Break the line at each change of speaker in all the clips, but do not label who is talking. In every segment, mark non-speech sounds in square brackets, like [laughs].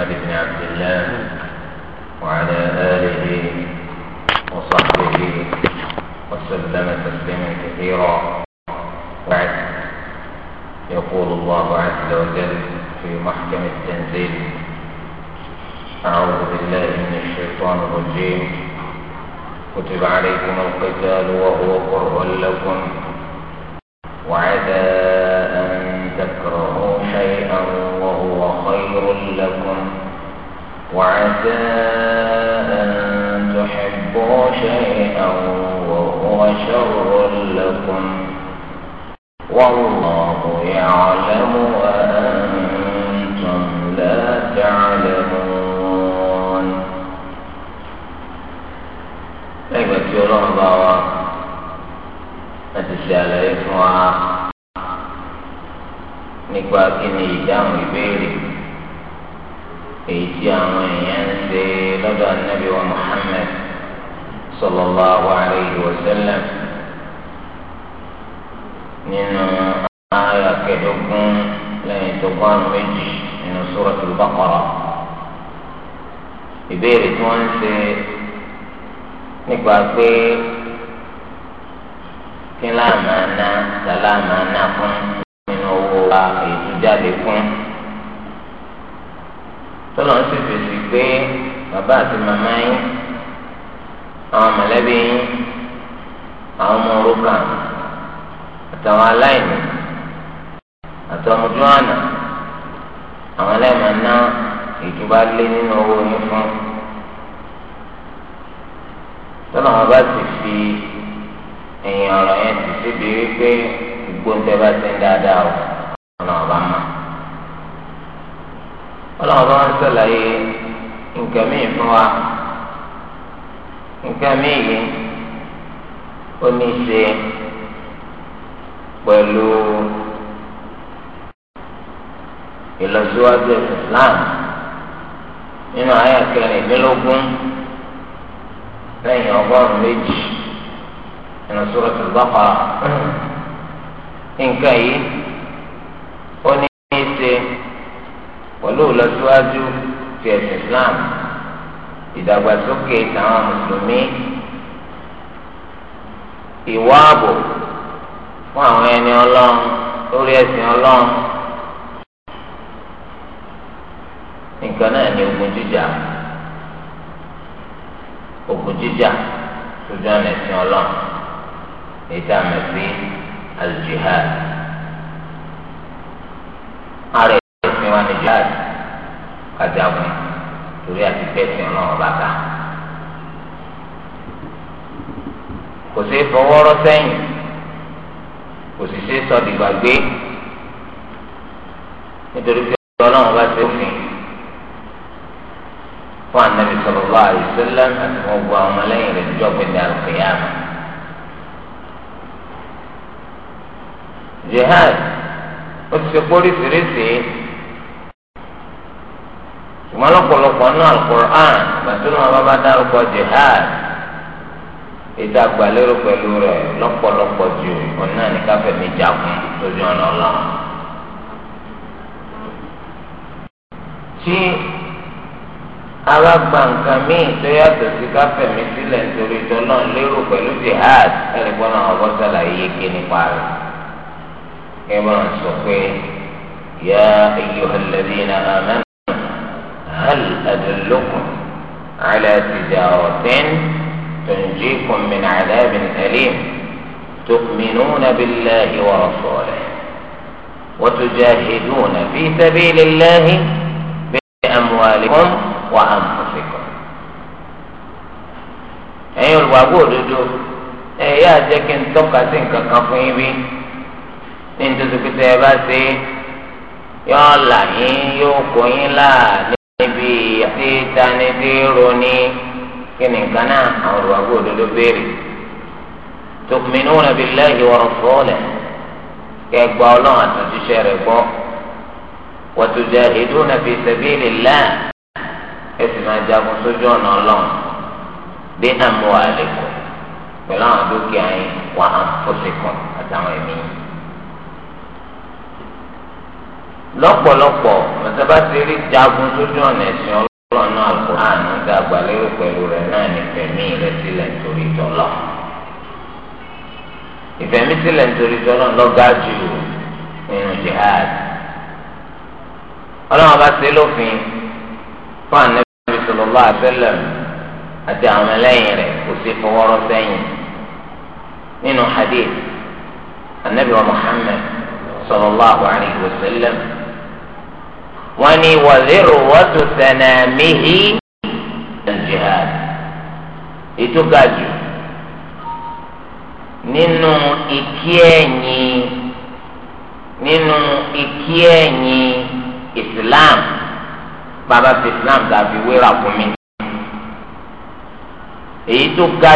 محمد بن عبد الله وعلى آله وصحبه وسلم تسليما كثيرا بعد يقول الله عز وجل في محكم التنزيل أعوذ بالله من الشيطان الرجيم كتب عليكم القتال وهو كره لكم وعذاب وعسى أن تحبوا شيئا وهو شر لكم والله يعلم وأنتم لا
تعلمون أيوة
يرون الله أتسأل إخوة نكوى كني إجام ìbéèrè èyí tí àwọn èèyàn ń ṣe lọ́dọ̀ ànábì wa Muhammad sallallahu alayhi wa sallam nínú ààyè kẹẹ̀ẹ́dógún lẹ́yìn tó kọ́ àrùn méjì nínú suratul Baqara ìbéèrè tí wọ́n ń ṣe nípa pé kí láàmà ná sàlámà ná fún nínú owó wa fún tọ́lọ̀ ń sì fèsì pé bàbá àti màmá yín àwọn mọ̀lẹ́bí yín àwọn ọmọ òrukàn àtàwọn aláìní àtàwọn ojú àná àwọn aláìmọ̀ ná ìjọba lé nínú owó yín fún tọ́lọ̀ wọn bá sì fi ẹ̀yìn ọ̀rọ̀ yẹn ti síbi wípé gbogbo ń tẹ́ bá ti ń dáadáa o ọ̀nà ọ̀bá
máa ọlọ́run bá ń
sàlàyé nǹkan mìíràn fún wa nǹkan mìíràn ó ní í ṣe pẹ̀lú ìlọsíwájú Islam nínú àyà kẹrìndínlógún lẹ́yìn ọgọ́rùn-ún
méjì nínú Suratul Baqara
nǹkan yìí ó ní í ṣe pẹ̀lú ìlọsíwájú ti ẹ̀sìn Islam ìdàgbàsókè táwọn mùsùlùmí ìwà ààbò fún àwọn ẹni ọlọ́run lórí ẹ̀sìn ọlọ́run nǹkan náà ní ogun jíjà ogun jíjà lójú ọ̀nà ẹ̀sìn ọlọ́run èyí tá a wa ní jáde kájàgùn torí àti pẹ́sìn ọlọ́run bá ta. kò sí fọwọ́rọ́ sẹ́yìn kò sì sí sọdìgbàgbé nítorí pé ọlọ́run bá ti fún fún anabi sallallahu alaihi wasallam àti wọn gbọ àwọn ọmọlẹ́yìn rẹ̀ níjọ́ pé ní àlùkìyàmù. jihad ó ti ṣe póríṣiríṣi ṣùgbọ́n lọ́pọ̀lọpọ̀ nínú alukur'an gbàtúrò wọn bá bá dárúkọ jihad ètò àgbàlérò pẹ̀lú rẹ̀ lọ́pọ̀lọpọ̀ ju ọ̀nà nìkàfẹ́ mi jagun lójú ọ̀nà
ọlọ́run. tí
alágbà nǹkan míì tó yàtọ̀ sí káfẹ́ mi sílẹ̀ nítorí ìtọ́nà lérò pẹ̀lú jihad ẹ̀rìgbọ́n àwọn ọ̀bọ̀ sàlàyé yege nípa rẹ̀. kẹ́ bá ń sọ pé yá ayyuhal ladhina amanu. أدلكم على تجارة تنجيكم من عذاب أليم تؤمنون بالله ورسوله وتجاهدون في سبيل الله بأموالكم وأنفسكم ẹ̀yin olùwàgbọ́ òdodo ẹ yáa jẹ́ kí n tọ́ka sí nǹkan kan fún yín bí ní nítorí pété ẹ bá ṣe yọ ọ̀la yín yóò kó yín láàánú níbi àti tanidírò ní kíni nǹkan náà àwọn olùwàgbọ́ òdodo béèrè tu'minuna billahi wa rasulihi kẹgbà ọlọ́run àtúntúnṣe rẹ̀ gbọ́ wa tujahiduna fi sabilillah ẹsì máa jagun sójú ọ̀nà ọlọ́run bí àmúhalẹ̀kọ̀ pẹ̀lú àwọn dúkìá yẹn wà á fọ́sẹ̀kọ̀ àtàwọn ẹ̀mí yẹn lọ́pọ̀lọpọ̀ ọ̀sẹ̀ bá ti rí jagun sójú ọ̀nà ẹ̀sìn ọlọ́run náà kò àánú dá gbàlérò pẹ̀lú rẹ̀ náà ní fẹ̀mí rẹ̀ sílẹ̀ nítorí tọ́lọ̀ ìfẹ̀mí sílẹ̀ nítorí tọ́lọ̀ lọ́gá ju nínú jihad ọlọ́run bá ṣe lófin fún ànábì sallallahu alaihi àti àwọn ẹlẹ́yìn rẹ̀ kò sí fọwọ́rọ́ sẹ́yìn nínú hadith ànábì wa Muhammad. صلى الله عليه وسلم،
wọ́n ní wàzírù wọ́tò
sẹ̀nàmíhì al-jihad ètò gàjù nínú ìkí ẹ̀yìn nínú ìkí ẹ̀yìn islam bàbá fi islam dàbí wéra fún mi èyí tó ga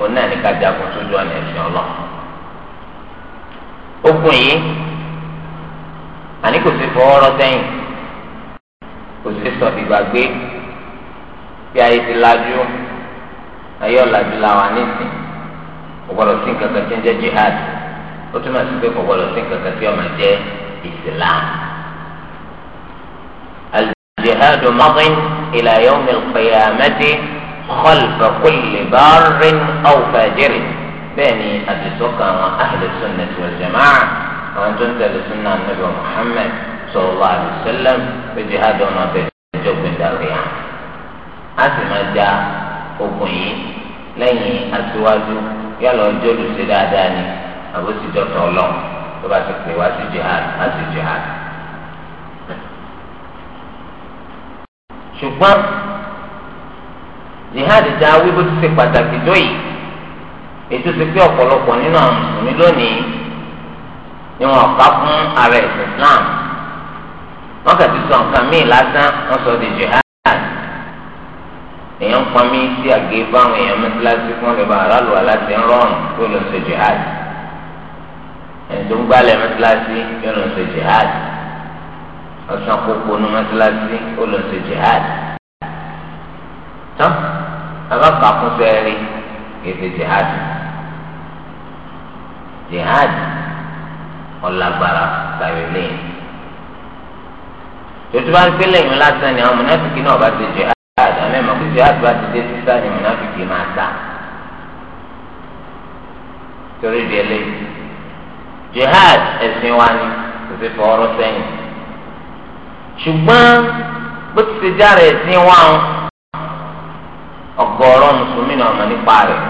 òun náà ní ká jagun sójú ọ̀nà ẹ̀sìn ọlọ́run ogun yìí àní kò sí fọwọ́rọ́ sẹ́yìn kò sí sọ ìgbàgbé bí ayé ti lajú ayé ọ̀làjú làwọn nísìn kò gbọdọ̀ sí nǹkan kan tí ń jẹ́ jihad ó túmọ̀ sí pé kò gbọdọ̀ sí nǹkan kan tí ọmọ jẹ́ islam. الجهاد مض إلى يوم القيامة خلف كل بار أو فاجر بني أبي سكر أهل السنة والجماعة وأن تنتهي لسنة النبي محمد صلى الله عليه وسلم بجهاد ونبي جوب من داريا أسمى جاء أبوي لن أسواج يلا جل سداداني أبو سجد الله تبارك وتعالى جهاد أسجهاد ṣùgbọ́n jihad dá wí bó ti ṣe pàtàkì tó yìí ètò ti pé ọ̀pọ̀lọpọ̀ nínú àwọn mùsùlùmí lónìí ni wọn kà fún ara ẹ̀sìn Islam wọn kà ti sọ nǹkan míì lásán wọn sọ di jihad èèyàn ń pọn mí sí àgé báwọn èèyàn mẹsàlásí fún ọlọ́ba aráàlú aláṣẹ ń rọrùn kó lọ ṣe jihad ẹni tó ń gbálẹ̀ mẹsàlásí yóò lọ ṣe jihad ọ̀sán kókó nu mẹsàlásí ó lọ ṣe jihad tán abáka fún sẹ́ẹ̀rì ètò jihad jihad ọ̀làgbára tàbí lẹ́yìn tòtú bá ń pè ni àwọn mọ̀nàfíkì náà bá ti jihad àmì ẹ̀mọ́ pé jihad bá ti dé sísá ni mọ̀nàfíkì máa ta torí di jihad ẹ̀sìn wa ni kò sí fọwọ́rọ́ sẹ́yìn ṣùgbọ́n bó ti ṣe járe ẹ̀sìn wa ń ọ̀gọ̀ọ̀rọ̀ mùsùlùmí náà mọ̀ nípa rẹ̀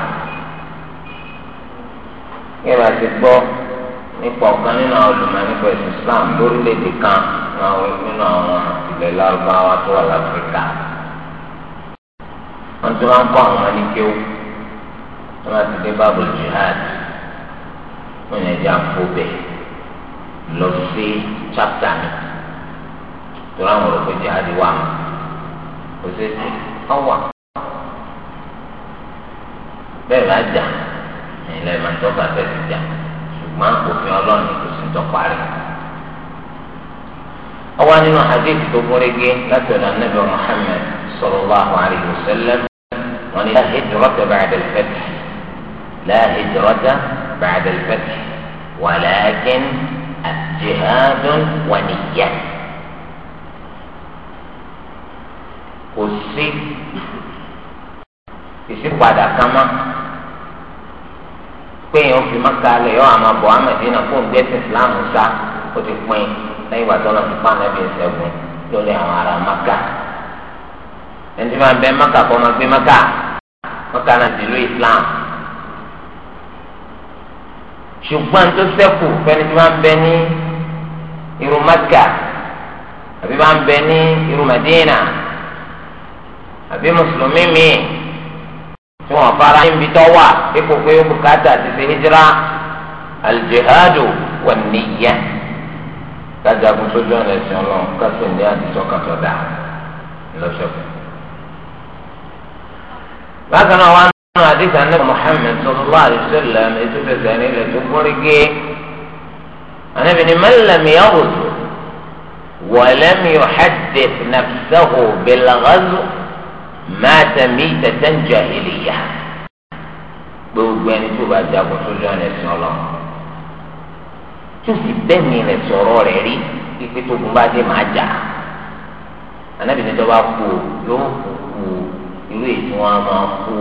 kíra ti gbọ́ nípa ọ̀kan nínú àwọn olùmọ̀ nípa ẹ̀sìn Islam lórílẹ̀‐èdè kan nínú àwọn ilẹ̀ lárúbáwá tó wà láfíríkà wọ́n tún máa ń kọ́ àwọn ní kéwú wọ́n máa ti dé bábù jihad wọ́n yẹn jẹ́ àfọ́bẹ̀ lọ sí chapter mi tó láwọn olùkọ́ jihad wà ó sì ọ̀wà. bẹ́ẹ̀ bá jà ẹ̀yin lẹ́yìn máa ń tọ́ka bẹ́ẹ̀ ti jà ṣùgbọ́n òfin ọlọ́run kò sí ń tọ́ parí. ọwọ́ nínú hadith tó gúnrégé láti ọ̀dọ̀ anábẹ́ muhammed sallallahu alayhi àríwò sẹ́lẹ̀ wọn ni la hijrata ba'da al-fath la hijrata ba'da al-fath walakin jihadun wa niyyah kò sí ìsípadà kan mọ́. pé èèyàn fi maka lẹ̀ yọ àmà bọ̀ amẹ̀dínà fún gbẹ́sìn islam sá ó ti pín lẹ́yìn ìgbà tó lọ fi pa ànábì ìṣẹ́gun lórí àwọn ará maka ẹni tí bẹ maka kọ́ máa gbé maka maka náà ti lú islam ṣùgbọ́n tó sẹ́kù fẹ́ni tí wọ́n bẹ ní irú maka àbí wọ́n bẹ ní irú madina àbí mùsùlùmí míì. tí wọn fara níbi tó wà ipò pé bùkátà ti ṣe hijira aljihadu wà níyà kájà kó sójú ọ̀nà ẹ̀sìn ọlọ́run kásì ní àdìsọ́ kàtọ́ dà lọ́sọ̀kù. bákan náà wọn nínú àdìsá ní Muhammad sallallahu alaihi wasallam ètò fẹsẹ̀ nílẹ̀ tó kórè gé ànábì ní man lam yaghzu wa lam yuhaddith nafsahu bil mata mitatan jahiliya gbogbo ẹni tó bá jagun tó lọ rẹ sọ lọ tó sì bẹ́ẹ̀ni rẹ sọ̀rọ̀ rẹ rí pípé tó gun bá dé máa jà anabi ní dọ́ba kú yóò kú kú irú èyí tí wọ́n á máa kú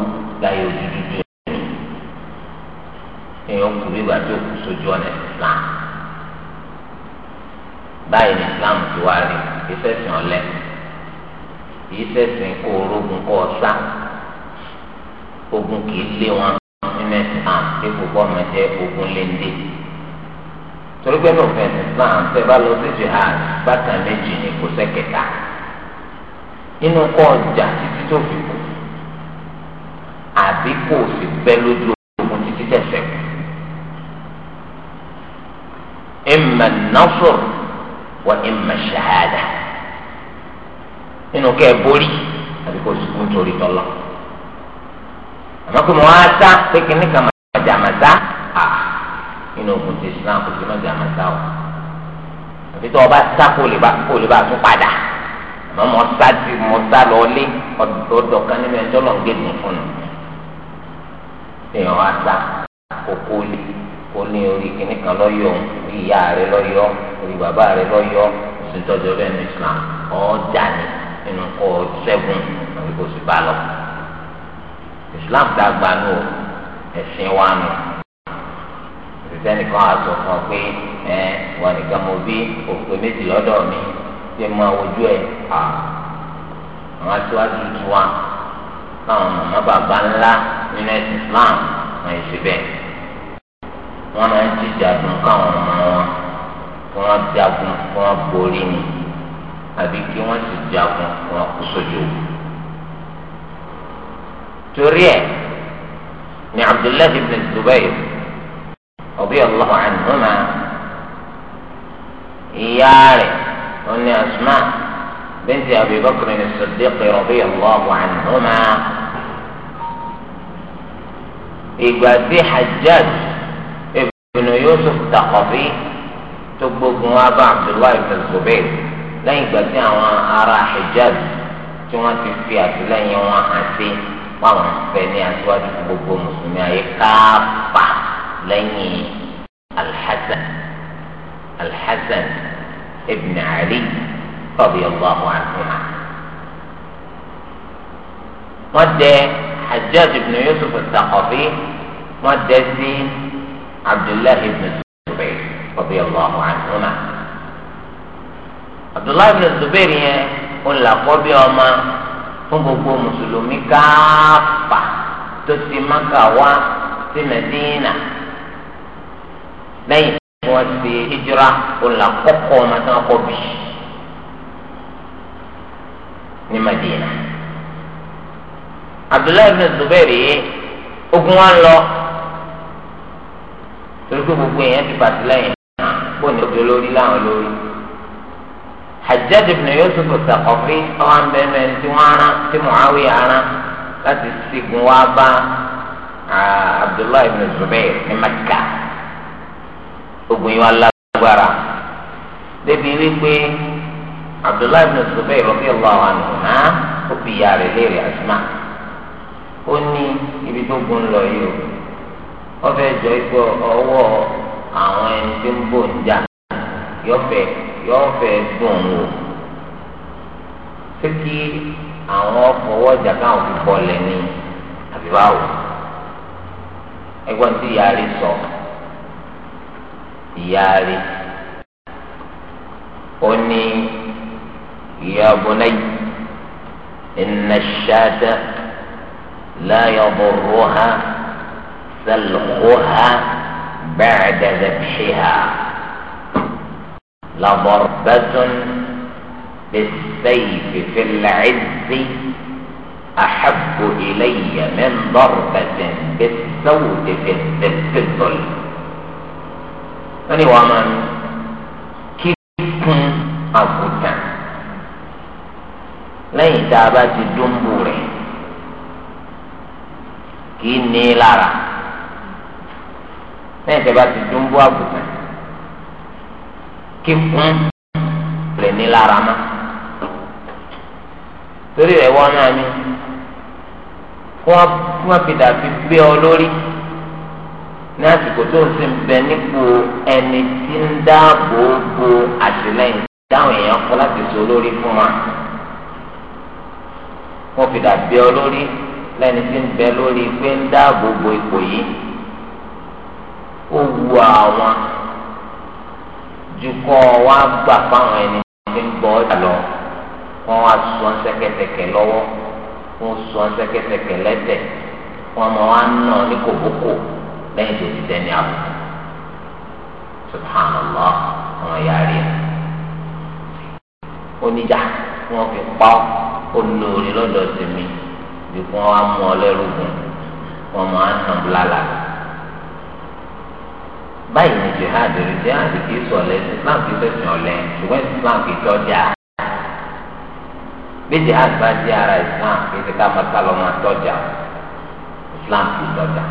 láyé ojú dúdú èèyàn kù nígbà tó kù sójú ọ̀nà islam báyìí ní islam ti wá rí ìfẹsẹ̀ ọ̀lẹ́ kì í ṣẹ̀sìn kó orogun kó ọ̀sá ogun kì í lé wọn nínú islam tí gbogbo ọmọ jẹ ogun léńdé torí pé nínú fẹ̀sìn islam tẹ bá lọ sí jihad bákan méjì ní kò sẹ́kẹ̀ta inú kọ́ ọjà títí tó fi kú àbí kò sì bẹ́ lójú ogun títí tẹ̀sẹ̀ kù. إما النصر وإما الشهادة nínú kẹ́ ẹ borí àti kò sùkú nítorí tọ́lọ́ àmọ́ kí mo wá sá pé kíní kan máa jà máa sá à nínú ogun ti Islam kò sí máa jà máa sá o àfi tó o bá sá kó o lè bá kó o lè bá tún padà àmọ́ mo sá ti mo sá lọ lé ọ̀dọ̀ kan nínú ẹjọ́ lọ́n gé ní fún un èèyàn wá sá kókó lé kó ní orí kíní kan lọ́yọ̀ orí ìyá rẹ lọ́yọ̀ orí bàbá rẹ lọ́yọ̀ oṣù tọ́jú ọlọ́ọ̀ ní Islam ọ̀ọ́ jà ní nínú kọ́ sẹ́gun àbí kò sì bá lọ. Islam dàgbà nù ẹ̀sìn wa nù ìsẹ́nìkan àtọ̀ kan pé ẹ wọn nìkan mo bí òpè méjì lọ́dọ̀ mi ṣe máa wojú ẹ̀ à àwọn aṣáájú tiwa táwọn màmá bàbá ńlá nínú ẹ̀sìn Islam wọn ẹ̀ ṣe bẹ́ẹ̀ wọn máa ń jíjà dùn káwọn ọmọ wọn kí wọn jagun kí wọn borí ni. àbí kí wọ́n sì jagun wọn kú sójú o. torí ẹ̀ ni abdullahi ibn zubair radiyallahu anhuma ìyá rẹ̀ oní asma bint abi bakr as-siddiq radiyallahu anhuma ìgbà tí hajjaj ibn yusuf taqafi tó gbógun wá bá abdullahi bin zubair. lẹ́yìn ìgbà tí àwọn ará hijab tí wọ́n ti fi àtìlẹ́yìn wọn hàn sí fáwọn fẹ́ ní aṣíwájú gbogbo mùsùlùmí ayé káàpà lẹ́yìn alḥasan alḥasan ibn ali tọ́bi ọgbà radiyallahu anhu. wọ́n dẹ hajjaj ibn yusuf al-thaqafi wọ́n dẹ sí abdullahi ibn tọ́bi ọgbà radiyallahu anhu. abdullahi bin zubair yẹn olùlàkọ́bí ọmọ fún gbogbo mùsùlùmí káàpà tó ti maka wá sí medina lẹ́yìn tí wọ́n ti hijira olùlàkọ́kọ́ ọmọ tí wọ́n kọ́ bí ní medina abdullahi bin zubair yìí ogun wa lọ torí pé gbogbo èèyàn ti pàtìlẹ́yìn náà bóun ni ó di láwọn olórí. Hajjaj ibn Yusuf Al-Thaqafi ọwọ́ ń bẹ́ẹ̀ mẹ́rin tí wọ́n ara tí Muawiya ara láti sigun wá bá Abdullahi ibn Zubair ní Mẹ́kà ogun yìí wá lágbára débi wípé Abdullahi ibn Zubair radiyallahu anhu ha ó fi ìyá rẹ̀ léèrè Asma ó ní ibi tó gun lọ yìí o wọ́n fẹ́ jọ ipò ọwọ́ àwọn ẹni tó ń bò ń jà yọ̀fẹ́ yọ ń fẹ́ dùn wò ṣé kí àwọn ọ̀fọwọ́ ọjà káwọn fi bọ̀lẹ̀ ni àbí báwo ẹgbọ́n tí ìyá rí sọ ìyá ó ní ìyá bunayya inna ash-shata la yadurruha salquha ba'da dhabhiha. لضربة بالسيف في العز أحب إلي من ضربة بالسود في الظل أني ومن كيف أبوتان lẹ́yìn tá a bá ti dúnbù rẹ̀ kì í kíkún rẹ̀ ní lára mọ́ torí rẹ̀ wọ́n náà ni wọ́n fi dàbí gbé ọ lórí ní àsìkò tó ń sìn bẹ nípò ẹni tí ń dáàbò bo àtìlẹ́yìn dáhùn èèyàn kọ láti so lórí fún wa wọ́n fi dàbí ọ lórí lẹ́ni tí ń bẹ lórí pé ń dáàbò bo ipò yìí ó wu àwọn ju kọ́ wa gbà fáwọn ẹni tí ń gbọ́ ọjà lọ wọ́n wá sọ ṣẹ́kẹ́ṣẹkẹ̀ lọ́wọ́ wọ́n sọ ṣẹ́kẹ́ṣẹkẹ̀ lẹ́tẹ̀ wọ́n mọ̀ wá nà ní kòbókò lẹ́yìn tó ti dẹni àbò subhanallah wọ́n yà rí ẹ oníjà fi pa olórí lọ́dọ̀ tèmi bí wọ́n wá mú ọ lẹ́rù gùn wọ́n mọ̀ wá báyìí ni jihad rí jihad kì í sọ ọ̀lẹ islam kì í sẹ̀sìn ọ̀lẹ ṣùgbọ́n islam kì í tọ́jà bí jihad bá jẹ́ ara islam kì í ṣe ká máa sálọ máa tọ́jà islam kì í tọ́jà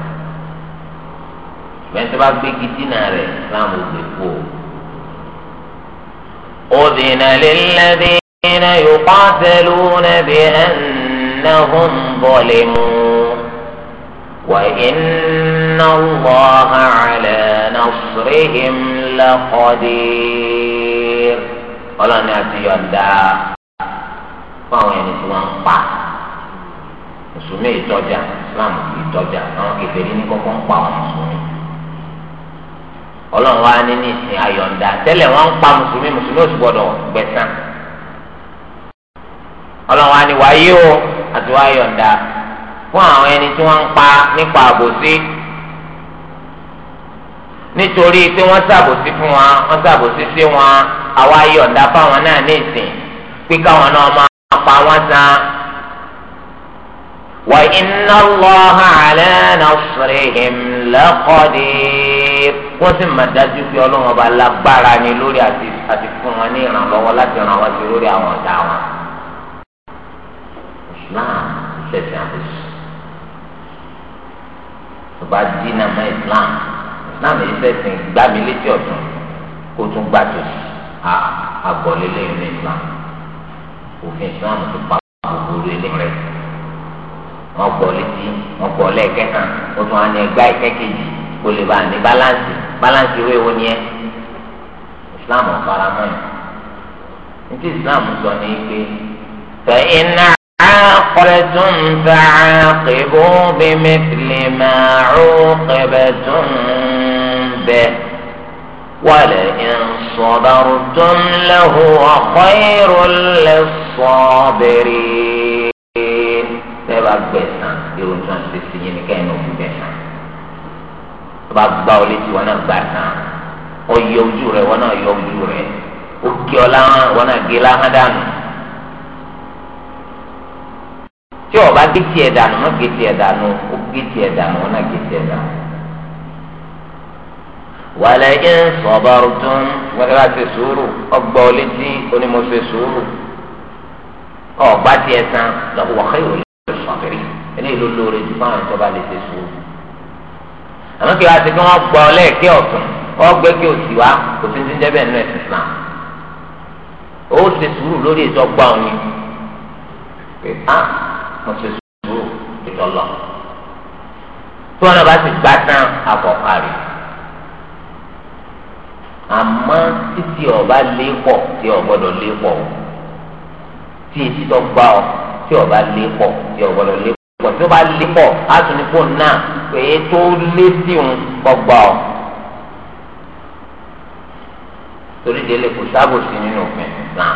ṣùgbọ́n tó bá gbé gidina rẹ̀ islam ò gbé kú o. أذن للذين يقاتلون بأنهم ظلموا وإن الله على نصرهم لقدير ọlọ́ni àti yọ̀ǹda fún àwọn ẹni tí wọ́n ń pa mùsùlùmí ìtọ́jà islam ìtọ́jà àwọn kèfèrí ní kọ́kọ́ ń pa àwọn mùsùlùmí ọlọ́run wa ní ní ìsìn ayọ̀ǹda tẹ́lẹ̀ wọ́n ń pa mùsùlùmí mùsùlùmí ò sì gbọ́dọ̀ gbẹ̀san ọlọ́run wa ní wáyé o àti wáyọ̀ǹda fún àwọn ẹni tí wọ́n ń pa nípa àbòsí nítorí pé wọ́n ṣàbòsí fún wa wọ́n ṣàbòsí sí wọn àwa yọ̀ǹda fáwọn náà ní ìsìn pé káwọn náà máa pa wọ́n san. wa inna Allaha ala nasrihim laqadir wọ́n sì máa dájú pé ọlọ́run ọba lágbára ni lórí àti fún wọn ní ìrànlọ́wọ́ láti ràn wọ́n sí lórí àwọn ọ̀tá wọn. Islam ṣẹ̀ṣẹ̀ àbùsùn. ọba dínà mọ́ Islam islam yìí fẹsìn gbá mi létí ọ̀tún kó tún gbà tó a àgọ lélẹyìn ní islam òfin islam ti pa gbogbo ilé rẹ wọn gbọ́ létí wọn gbọ́ lẹ́ẹ̀kẹ́ kan ó tún á ní ẹgbá ẹ̀kẹ́ kó lè bá ní báláǹsì báláǹsì ìwé wo ni ẹ islam ọ̀fara mọ́ ẹ̀ ní ti islam sọ ní pé fẹ́ iná. عاقبتم فعاقبوا بمثل ما عوقبتم bẹ́ẹ̀ wàlẹ̀ ìsọ̀dọ̀rùtún lẹ́hùn ọ̀kọ́yìrò lẹ́sọ̀ọ́bẹ̀rẹ̀ bẹ́ẹ̀ bá gbẹ̀sán irun tí wọ́n ti fi yín ní kẹ́hìn bá wọn náà gbà ọ yọ ojú rẹ wọn náà yọ ojú rẹ ó kí ọ láhán wọn náà gé láhán dànù tí ọba gé tiẹ̀ dànù wọn gé tiẹ̀ dànù ó gé tiẹ̀ dànù wọn náà wàlẹ̀ yẹn sọ̀bọ̀rù tún wọ́n bá ṣe sùúrù ọgbà olétí onímọ̀ṣe sùúrù ọ̀gbá tiẹ̀ tán lọ́wọ́ kẹ́yọ̀ lè sọ̀bẹ̀rì eléyìí ló lóore ju fáwọn ìjọba lè ṣe sùúrù. àmọ́ kí wàá ṣe kí wọ́n gbọ́ lẹ́ẹ̀kẹ́ ọ̀tún wọ́n gbé kí òsì wá kò sí ti jẹ́bẹ̀ nínú ẹ̀sìn Islam ó ṣe sùúrù lórí ètò ọgbà òní pé á ah, mo ṣe sùúrù àmọ́ títí ọba lé pọ̀ tí o gbọ́dọ̀ lé pọ̀ o tí etí tó gbá ọ tí ọba lé pọ̀ tí o gbọ́dọ̀ lé pọ̀ tí ọba lé pọ̀ á tún ní fóònù náà pé tó lé sí òun kọ́ gbá ọ. torí délé kò sábòsí nínú òfin náà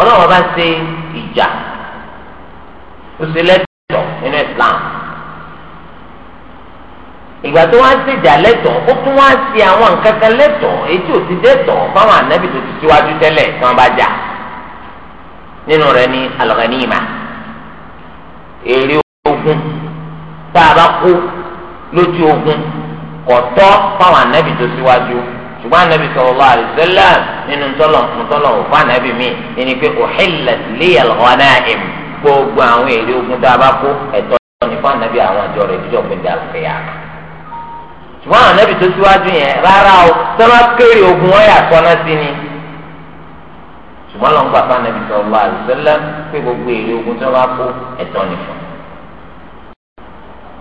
ọlọ́run bá ṣe ìjà ó ṣe nínú Islam ìgbà tó wá ń ṣèjà lẹ́tọ̀ ó tún wá ń ṣe àwọn nǹkan kan lẹ́tọ̀ èyí ò ti dẹ́tọ̀ fáwọn ànábì tó ti síwájú tẹ́lẹ̀ tí wọ́n bá jà nínú rẹ̀ ní alọ́gàníìmà èrè ogun tá a bá kú lójú ogun kọ̀tọ́ fáwọn ànábì tó síwájú ṣùgbọ́n ànábì sallallahu alaihi wasallam nínú tọ́lọ̀ fún tọ́lọ̀ òfò ànábì mi ẹni pé uhillat liya al-ghanaim wọn àwọn ẹbí tó síwájú yẹn rárá o tí wọn kéré ogun wọn yà sí ni ṣùgbọ́n lọ́n gbà fún ẹbí sọ̀rọ̀ wa àlùsẹ́lẹ̀ pé gbogbo èrè ogun tí bá kó ẹ̀tọ́ ni fún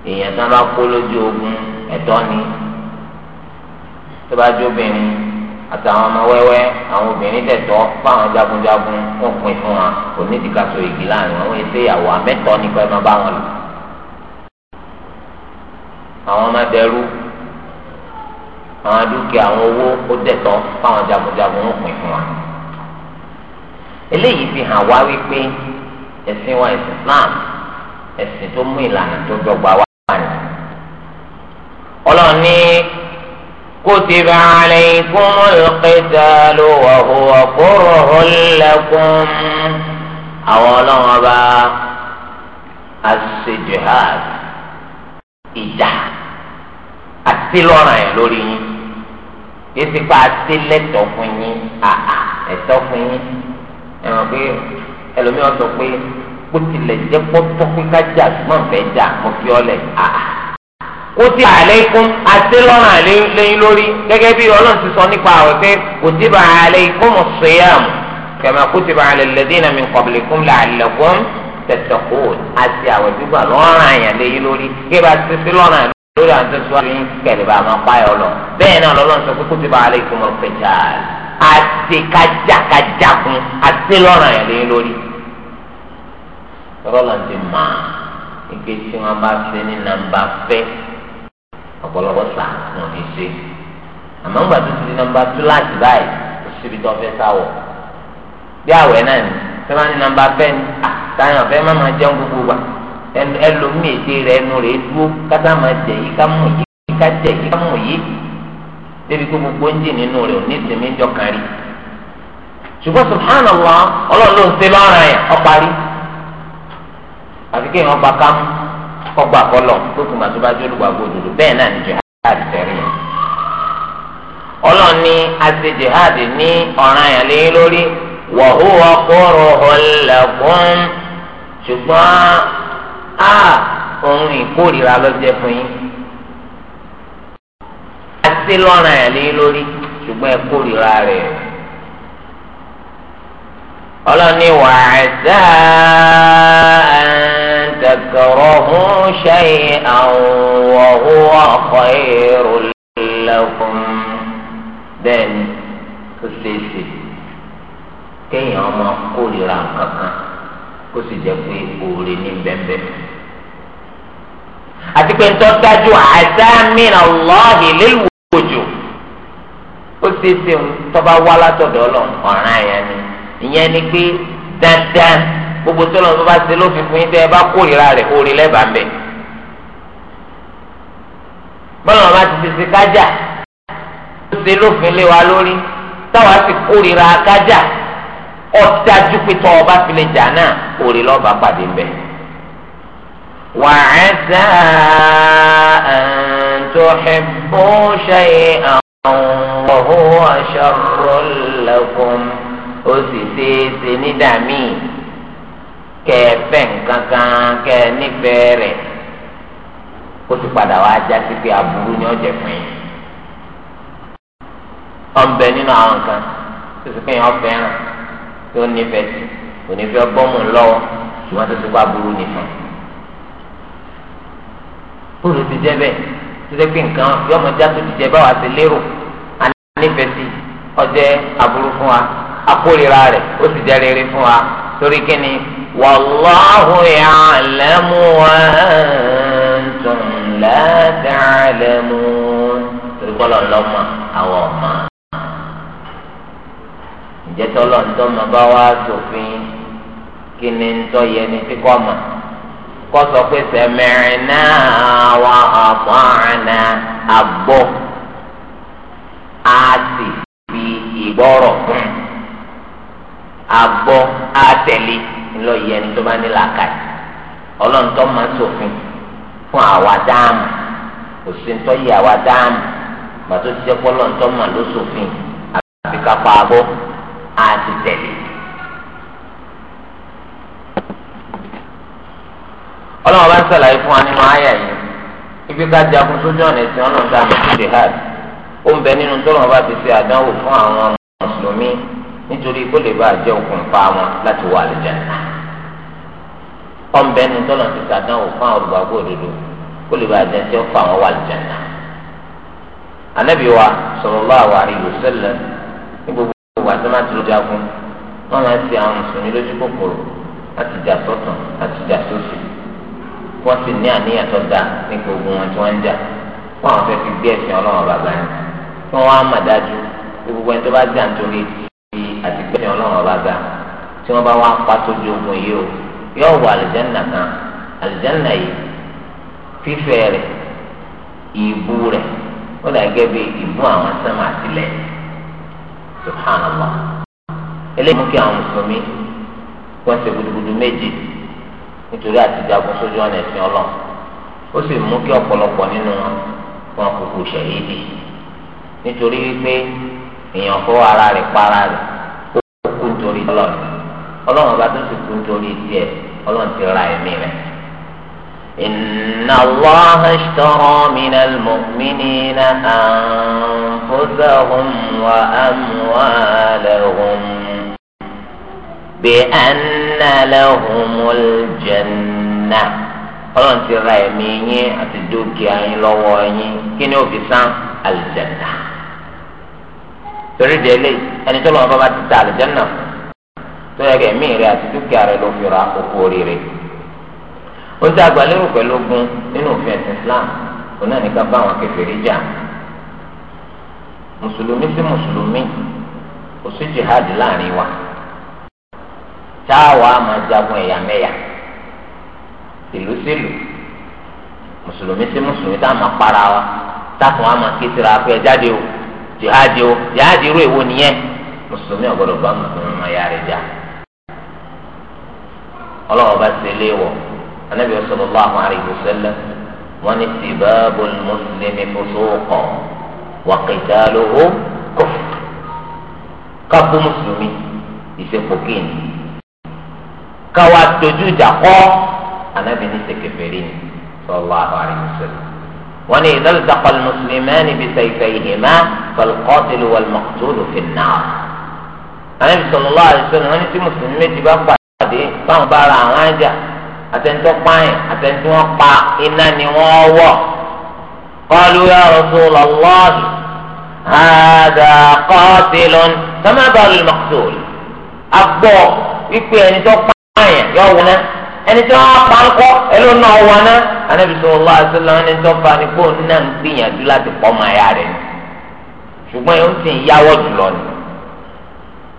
èèyàn tí wọn bá kó lójú ogun ẹ̀tọ́ ni tó bá jó obìnrin àtàwọn ọmọ wẹ́wẹ́ àwọn obìnrin tẹ̀tọ́ fáwọn jagunjagun wọn pin fún wa kò ní ìdíkàtò ìgì láàrin àwọn ẹsẹ̀ ìyàwó àmẹ́tọ́ nípa ẹ̀ máa bá wọn lò àwọn ọmọ àwọn dúkìá àwọn owó ó dẹ̀tọ́ fáwọn jagunjagun ń pín fún wa. eléyìí fi hàn wá wípé ẹ̀sìn wa ẹ̀sìn Islam ẹ̀sìn tó mú ìlànà tó dọ́gba wá ní. ọlọ́run ní kutiba alaykumul qitalu wa huwa kurhun
lakum
àwọn ọlọ́run ọba
àṣìṣe jihad ìjà àti lọ́ràn ẹ̀ lórí yín èsì pa àti lẹ́tọ̀ fún yín àà ẹ̀tọ́ fún yín ẹ̀rọ pé ẹlòmíràn sọ pé kó tilẹ̀ jẹ́ pọ́tọ́ pé ká jà ṣùgbọ́n fẹ́ jà mo fi ọ́ lẹ̀ àà. kó tí àlékún àti lọ́rùn àléyìn lórí gẹ́gẹ́ bí ọlọ́run ti sọ nípa àwẹ̀ pé kò tí bá àlékún mọ̀ sọ́yàm kama kutiba ala alladhina min qablikum la'allakum tattaqun àti àwẹ̀ gbígbà lọ́rùn àyàn lórí àwọn tó tiwájú yín kẹlẹ bá máa pa ẹ lọ bẹ́ẹ̀ náà lọlọrun sọ pé kó ti bá alẹ kó mọ pẹjà àti kájàkájàkun àti lọrọ ẹ lẹ́yìn lórí. tọrọ làǹtí máa ike tí wọn bá ṣe ní nàmbà fẹ ọ̀pọ̀lọpọ̀ sà wọn ní ṣe àmọ́ ńgbà tó ti di nàmbà tú láti báyìí kò síbi tó fẹ́ sáwọ bí àwẹ náà ni fẹ máa ní nàmbà fẹ ni àtàyàn fẹ má máa jẹun gbogbo wa. ẹlòmíì èdè rẹ ẹnu rẹ dúró kátà máa jẹ yìí ká mú jẹ yìí ká mú yìí débi kó gbogbo ń jì nínú rẹ òní ìsinmi jọ kárí ṣùgbọ́n subhanallah ọlọ́run ló ń ṣe lọ́rùn ẹ̀ ọparí àfi kéèyàn gba kámú kọgbà kọlọ tó kùn tó bá òdòdó bẹ́ẹ̀ náà ní jihad tẹ̀rí ọlọ́run á òun ìkórìíra lọ́jẹ́ fún yín àti lọ́ràn ẹ̀ lé lórí ṣùgbọ́n ẹ kórìíra rẹ̀ ọlọ́ni wà á sá àǹtàkọ̀rọ̀ hún ṣẹ́yìn àwọn ọ̀hún ọ̀kọ̀ èrò lẹ́kùn bẹ́ẹ̀ ni ó ṣeé kéèyàn ọmọ kórìíra kankan kó sì jẹ́ pé oore ní bẹ́ẹ̀bẹ́. àti pé nítorí dájú àdámìnà lọ́ọ̀hìn léwòjò ó ṣe é ṣe ń tọ́ba wá látọ̀dọ̀ ọlọ́run ọ̀ràn yẹn ni ìyẹn ni pé dandan gbogbo tó lọ́nà tó bá ṣe lófin fún yín tẹ́ ẹ bá kórìíra rẹ̀ oore lẹ́bàá bẹ̀. bọ́lá wọn bá ti ṣe ṣe kájà ó ṣe lófin lé wa lórí táwa sì kórìíra kájà ọdájú pé tọ́ ọba fi lè jà náà òrè lọ́ba pàdé ń bẹ̀. wà á sá àǹtó xibó ṣe àwọn ọ̀hún aṣọ́rọ̀ lẹ́kùn ó sì ṣe é ṣe ní dàmí kẹfẹ́ nǹkankan kẹ nífẹ̀ẹ́ rẹ̀ ó ti padà wá já sí pé aburú ni ọ̀jẹ̀ fún yín. ọ̀nbẹ nínú àwọn kan tó sì pé yẹn ọ̀fẹ́ tó nífẹ̀ẹ́ sí kò ní fẹ́ bọ́mù lọ́wọ́ ṣùgbọ́n tó ti kó aburú nìkan. bóòlù ti jẹ́ bẹ́ẹ̀ tó jẹ́ pé nǹkan yọmọ já tó ti jẹ́ báwa ti lérò a nífẹ̀ẹ́ sí ọjẹ́ aburú fún wa akórira rẹ̀ ó sì jẹ́ rere fún wa torí kí ni wàláhù ya'lamu wa antum la ta'lamun torí kọ́ lọ́mọ àwọn ọ̀ma. ìjẹ́tọ́ lọ́ńdọ́ mọ bá wá sófin kí ni ń tọ́ yẹ ní kíkọ́ mọ̀ kọ́ sọ pé sẹ̀mẹ̀rin náà wà àfọ̀ànà àgbọ̀ á fi fún àgbọ̀ á ńlọ yẹ tó bá ní làákàyè fún àwa dáàmù yẹ àwa dáàmù ti ló á ti tẹ̀lé. ọlọ́run bá ń sàlàyé fún wa nínú àyà yìí ibi ká jagun sójú ọ̀nà ẹ̀sìn ọlọ́run tá a mọ̀ sí ó ń bẹ nínú tọ́lọ́run bá ti ṣe àdánwò fún àwọn mùsùlùmí nítorí kó lè bá jẹ́ wọn láti wà àlùjánnà ó ń bẹ nínú tọ́lọ́run ti fún àwọn olùgbàgbọ́ òdodo kó lè bá jẹ́ wa sallallahu ní gbogbo àti má ti lọ jagun wọn máa ti àwọn mùsùlùmí lójú kòkòrò láti jà sọ́tún láti jà sósì wọn sì ní àníyàn tó dáa nípa ogun wọn tí wọn ń jà wọn àwọn fẹẹ fi gbé ẹ̀sìn Ọlọ́run bàbá ni wọn wá mà dájú gbogbo ẹni tó bá jà nítorí ti àti gbé ẹ̀sìn Ọlọ́run bàbá tí wọn bá wá pa sójú ogun yìí o yóò wọ àlìjánà kan àlìjánà yìí fífẹ̀ rẹ̀ ìbú rẹ̀ ó dàgẹ́ bí ìbú àwọn sẹ́mà sílẹ̀ subhanallah eléyìí mú kí àwọn mùsùlùmí wọ́n ṣe gudugudu méjì nítorí àtijagun sójú ọ̀nà ẹ̀sìn ọlọ́run ó sì mú kí ọ̀pọ̀lọpọ̀ nínú wọn wọn kúkú ṣẹ̀yídì nítorí wípé èèyàn fọ́ ara rẹ̀ para rẹ̀ ó kú nítorí ọlọ́run ọlọ́run ọba tó sì kú nítorí tiẹ̀ ọlọ́run ti ra ẹ̀mí rẹ̀. إن الله اشترى من المؤمنين أنفسهم وأموالهم بأن لهم الجنة Ọlọ́run ti ra ẹ̀mí yín àti dúkìá yín lọ́wọ́ yín kí ni ó fi san àlùjànnà torí délé ẹni tó lọ́wọ́ bá ti ta àlùjànnà tó yẹ kẹ́ ẹ̀mí rẹ̀ àti dúkìá rẹ̀ ló fi ra òkú oríire. ó dá agbalẹ́rò pẹ̀lú nínú òfin ẹ̀sìn Islam òun náà ní bá àwọn kèfèrí jà mùsùlùmí sí mùsùlùmí jihad láàrin wa táwa máa jagun ẹ̀yàmẹ̀yà ìlú sílùú mùsùlùmí sí mùsùlùmí tá máa para wa táàkùn máa ké pé o jihad o jihad irú èwo nìyẹn mùsùlùmí ọ̀gbọ́dọ̀ bá mùsùlùmí máa yára jà ọlọ́wọ́ anabi sallallahu alayhi wa sallam wọn ni sibabu muslimi fusuqan wa qitaluhu kufr kápú mùsùlùmí ìsepòkìnì káwa dojú ìjà kọ́ anabi ní sèkèfèrè ni sallallahu alayhi wa sallam wọn ni idha iltaqa al-muslimani bi sayfayhima fal-qatilu wal-maqtulu fi an-nar anabi sallallahu alayhi wa sallam wọn ni tí mùsùlùmí méjì bá pàdé báwọn bá ra àwọn ajá àtẹnudọ́ pààyàn àtẹnudọ́ wọn pa iná ni wọ́n wọ̀ qalu ya Rasulullah hadha qatilun kama balul maqtul agbọ́ wípé ẹni tó pààyàn yọ wọn ẹni tí wọn pa ń kọ ẹlò náà wọn náà Ànábì sallallahu ẹni tó pa ni kó náà ń gbìyànjú láti pọ́ ọmọ ẹ̀yà rẹ̀ ṣùgbọ́n yóò ti ń yáwọ́ jùlọ ni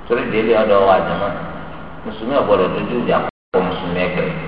torí délé ọ̀dọ̀ wa jàmá mùsùlùmí ọ̀gbọ́dọ̀ dojú ìjà kọ́ mùsùlùmí ẹgbẹ́ yìí.